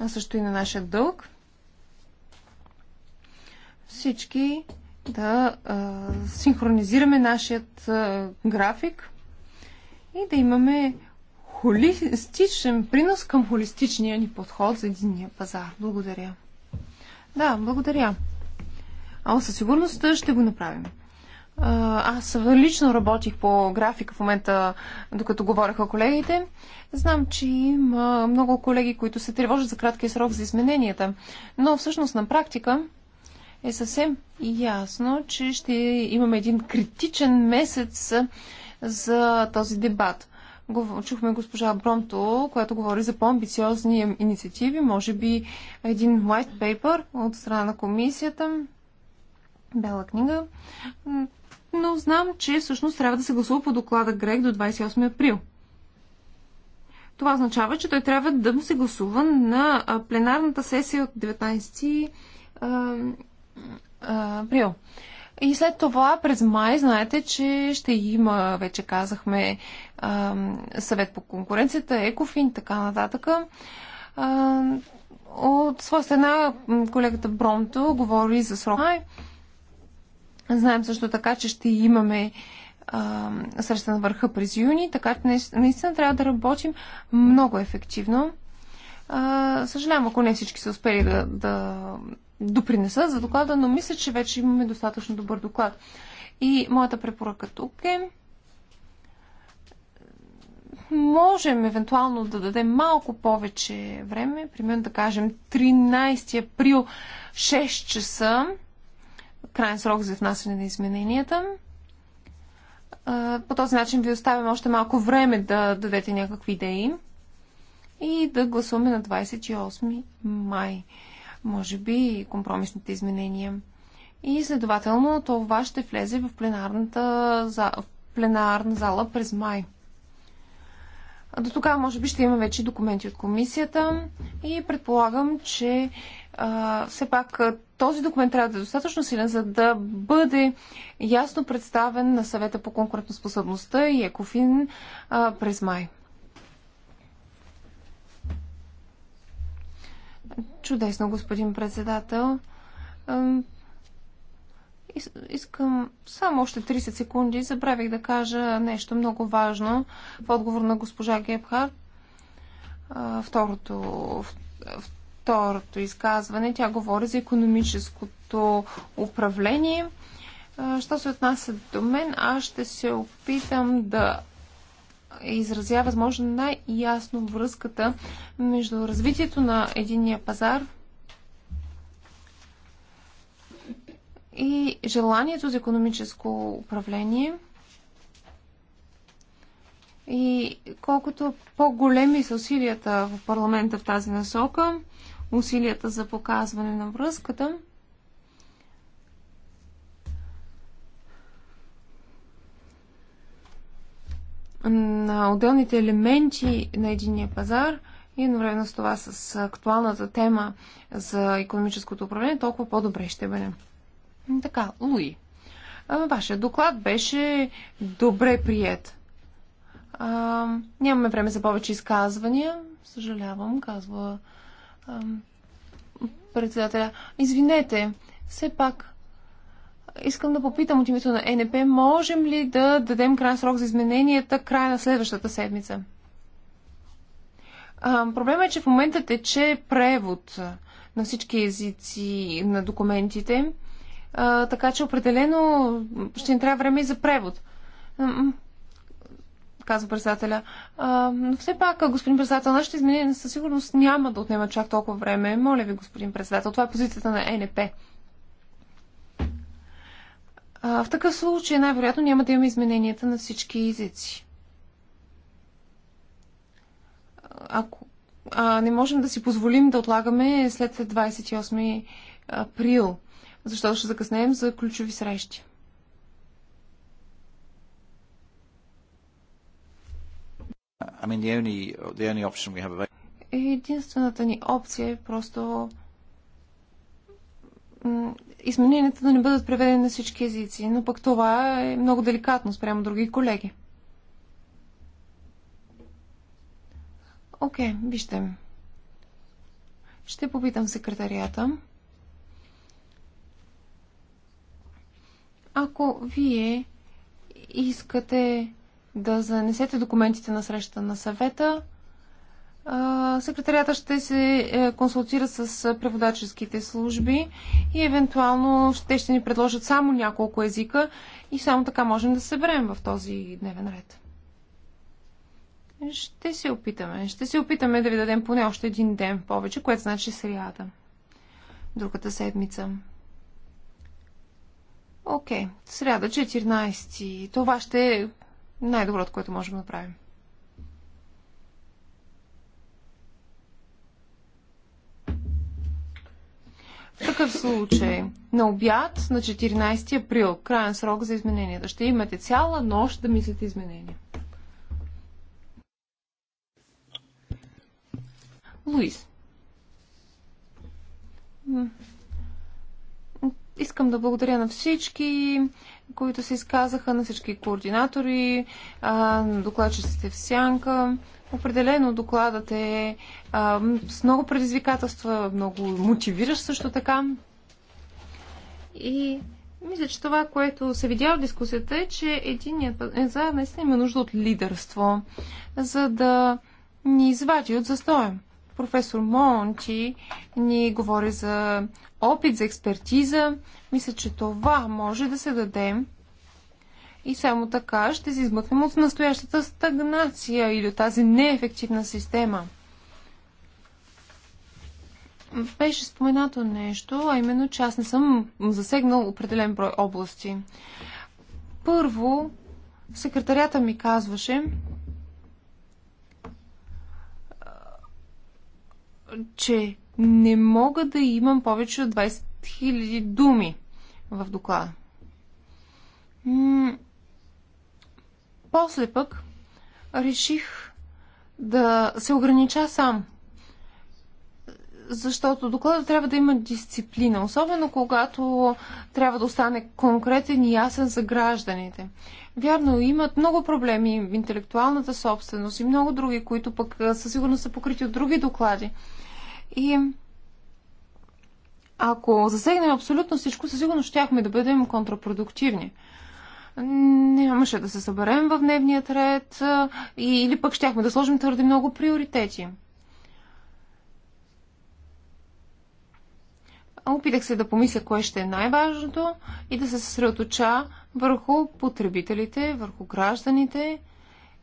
а също и на нашия дълг. Всички да е, синхронизираме нашият график и да имаме холистичен принос към холистичния ни подход за единния пазар. Благодаря. Да, благодаря. А със сигурност ще го направим. Аз лично работих по графика в момента, докато говореха колегите. Знам, че има много колеги, които се тревожат за краткия срок за измененията, но всъщност на практика е съвсем ясно, че ще имаме един критичен месец за този дебат. Чухме госпожа Бромто, която говори за по-амбициозни инициативи, може би един white paper от страна на комисията, бела книга. Но знам, че всъщност трябва да се гласува по доклада Грек до 28 април. Това означава, че той трябва да му се гласува на пленарната сесия от 19 април. И след това през май, знаете, че ще има, вече казахме, съвет по конкуренцията, Екофин така нататък. От своя страна колегата Бромто говори за срок. Знаем също така, че ще имаме среща на върха през юни, така че наистина трябва да работим много ефективно. Съжалявам, ако не всички са успели да, да допринеса за доклада, но мисля, че вече имаме достатъчно добър доклад. И моята препоръка тук е можем евентуално да дадем малко повече време, примерно да кажем 13 април 6 часа, крайен срок за внасяне на измененията. По този начин ви оставям още малко време да дадете някакви идеи и да гласуваме на 28 май може би компромисните изменения. И следователно това ще влезе в пленарната, в пленарна зала през май. До тогава, може би, ще има вече документи от комисията и предполагам, че а, все пак този документ трябва да е достатъчно силен, за да бъде ясно представен на съвета по конкурентоспособността и Екофин а, през май. Чудесно, господин председател. Искам само още 30 секунди. Забравих да кажа нещо много важно в отговор на госпожа Гебхарт. Второто, второто изказване, тя говори за економическото управление. Що се отнася до мен, аз ще се опитам да Изразя възможно най-ясно връзката между развитието на единния пазар и желанието за економическо управление. И колкото по-големи са усилията в парламента в тази насока, усилията за показване на връзката, на отделните елементи на единния пазар и едновременно с това с актуалната тема за економическото управление, толкова по-добре ще бъде. Така, Луи, вашия доклад беше добре прият. А, нямаме време за повече изказвания. Съжалявам, казва а, председателя. Извинете, все пак искам да попитам от името на ЕНП, можем ли да дадем крайен срок за измененията края на следващата седмица? Проблема е, че в момента тече превод на всички езици на документите, а, така че определено ще ни трябва време и за превод. Казва председателя. А, но все пак, господин председател, нашите изменения със сигурност няма да отнема чак толкова време. Моля ви, господин председател, това е позицията на НП. А, в такъв случай най-вероятно няма да имаме измененията на всички езици. Ако а, не можем да си позволим да отлагаме след 28 април, защото ще закъснеем за ключови срещи. I mean, the only, the only Единствената ни опция е просто измененията да не бъдат преведени на всички езици, но пък това е много деликатно спрямо други колеги. Окей, okay, вижте. Ще попитам секретарията. Ако вие искате да занесете документите на срещата на съвета, Секретарията ще се е, консултира с преводаческите служби и евентуално те ще ни предложат само няколко езика и само така можем да се съберем в този дневен ред. Ще се опитаме. Ще се опитаме да ви дадем поне още един ден повече, което значи сериада. Другата седмица. Окей, сряда 14. Това ще е най-доброто, което можем да направим. такъв случай, на обяд на 14 април, крайен срок за да Ще имате цяла нощ да мислите изменения. Луис. Искам да благодаря на всички, които се изказаха, на всички координатори, докладчиците в сянка. Определено докладът е а, с много предизвикателства, много мотивиращ също така. И мисля, че това, което се видя в дискусията е, че единият пазар наистина има нужда от лидерство, за да ни извади от застоя. Професор Монти ни говори за опит, за експертиза. Мисля, че това може да се даде и само така ще се измъкнем от настоящата стагнация или от тази неефективна система. Беше споменато нещо, а именно, че аз не съм засегнал определен брой области. Първо, секретарята ми казваше, че не мога да имам повече от 20 000 думи в доклада. После пък реших да се огранича сам. Защото докладът трябва да има дисциплина, особено когато трябва да остане конкретен и ясен за гражданите. Вярно, имат много проблеми, в интелектуалната собственост и много други, които пък със сигурност са покрити от други доклади. И ако засегнем абсолютно всичко, със сигурност щяхме да бъдем контрапродуктивни нямаше да се съберем в дневният ред или пък щяхме да сложим твърде много приоритети. Опитах се да помисля кое ще е най-важното и да се съсредоточа върху потребителите, върху гражданите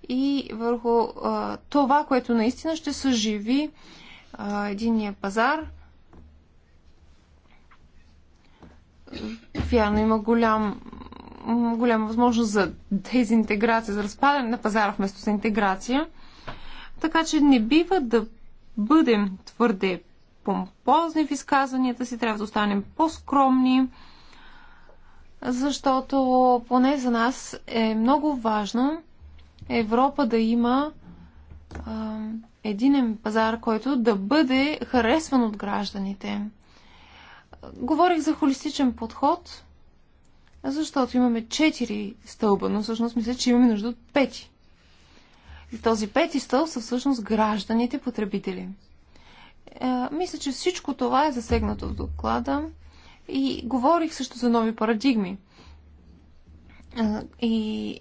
и върху а, това, което наистина ще съживи а, единния пазар. Вярно има голям голяма възможност за дезинтеграция, за разпадане на пазара вместо за интеграция. Така че не бива да бъдем твърде помпозни в изказванията си, трябва да останем по-скромни, защото поне за нас е много важно Европа да има а, единен пазар, който да бъде харесван от гражданите. Говорих за холистичен подход защото имаме четири стълба, но всъщност мисля, че имаме нужда от пети. И този пети стълб са всъщност гражданите потребители. Е, мисля, че всичко това е засегнато в доклада и говорих също за нови парадигми. Е, и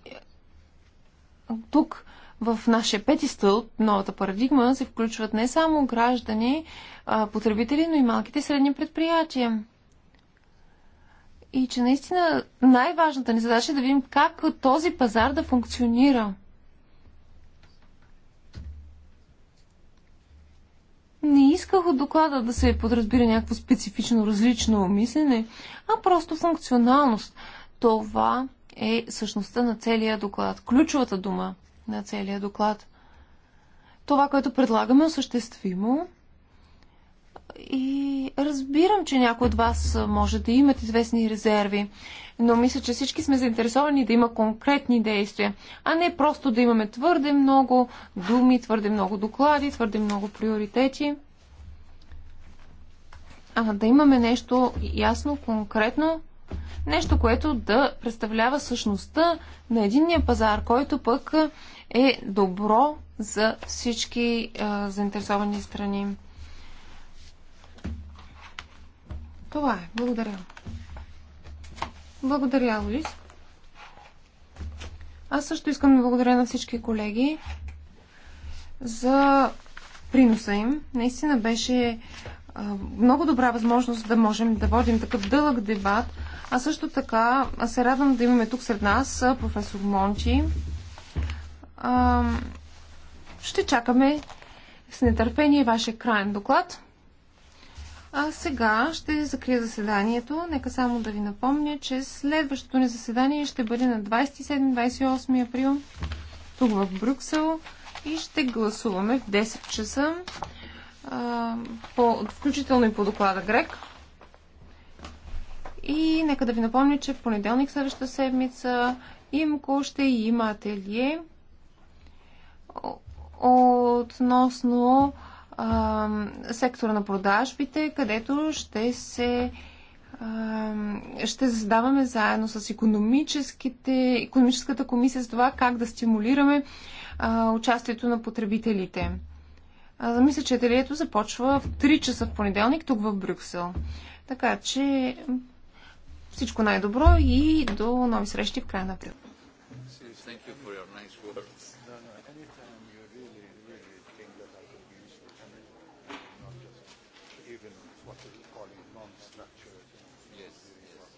тук в нашия пети стълб, новата парадигма, се включват не само граждани, потребители, но и малките и средни предприятия и че наистина най-важната ни задача е да видим как този пазар да функционира. Не исках от доклада да се подразбира някакво специфично различно мислене, а просто функционалност. Това е същността на целия доклад, ключовата дума на целия доклад. Това, което предлагаме, е осъществимо и разбирам, че някои от вас може да имат известни резерви, но мисля, че всички сме заинтересовани да има конкретни действия, а не просто да имаме твърде много думи, твърде много доклади, твърде много приоритети. А да имаме нещо ясно, конкретно, нещо, което да представлява същността на единния пазар, който пък е добро за всички а, заинтересовани страни. Това е. Благодаря. Благодаря, Луис. Аз също искам да благодаря на всички колеги за приноса им. Наистина беше много добра възможност да можем да водим такъв дълъг дебат. А също така аз се радвам да имаме тук сред нас професор Мончи. Ще чакаме с нетърпение вашия крайен доклад. А сега ще закрия заседанието. Нека само да ви напомня, че следващото ни заседание ще бъде на 27-28 април тук в Брюксел и ще гласуваме в 10 часа а, по, включително и по доклада Грек. И нека да ви напомня, че в понеделник следващата седмица имко ще има ателие относно сектора на продажбите, където ще се ще задаваме заедно с економическата комисия за това как да стимулираме а, участието на потребителите. А, мисля, че ателието започва в 3 часа в понеделник тук в Брюксел. Така че всичко най-добро и до нови срещи в края на април.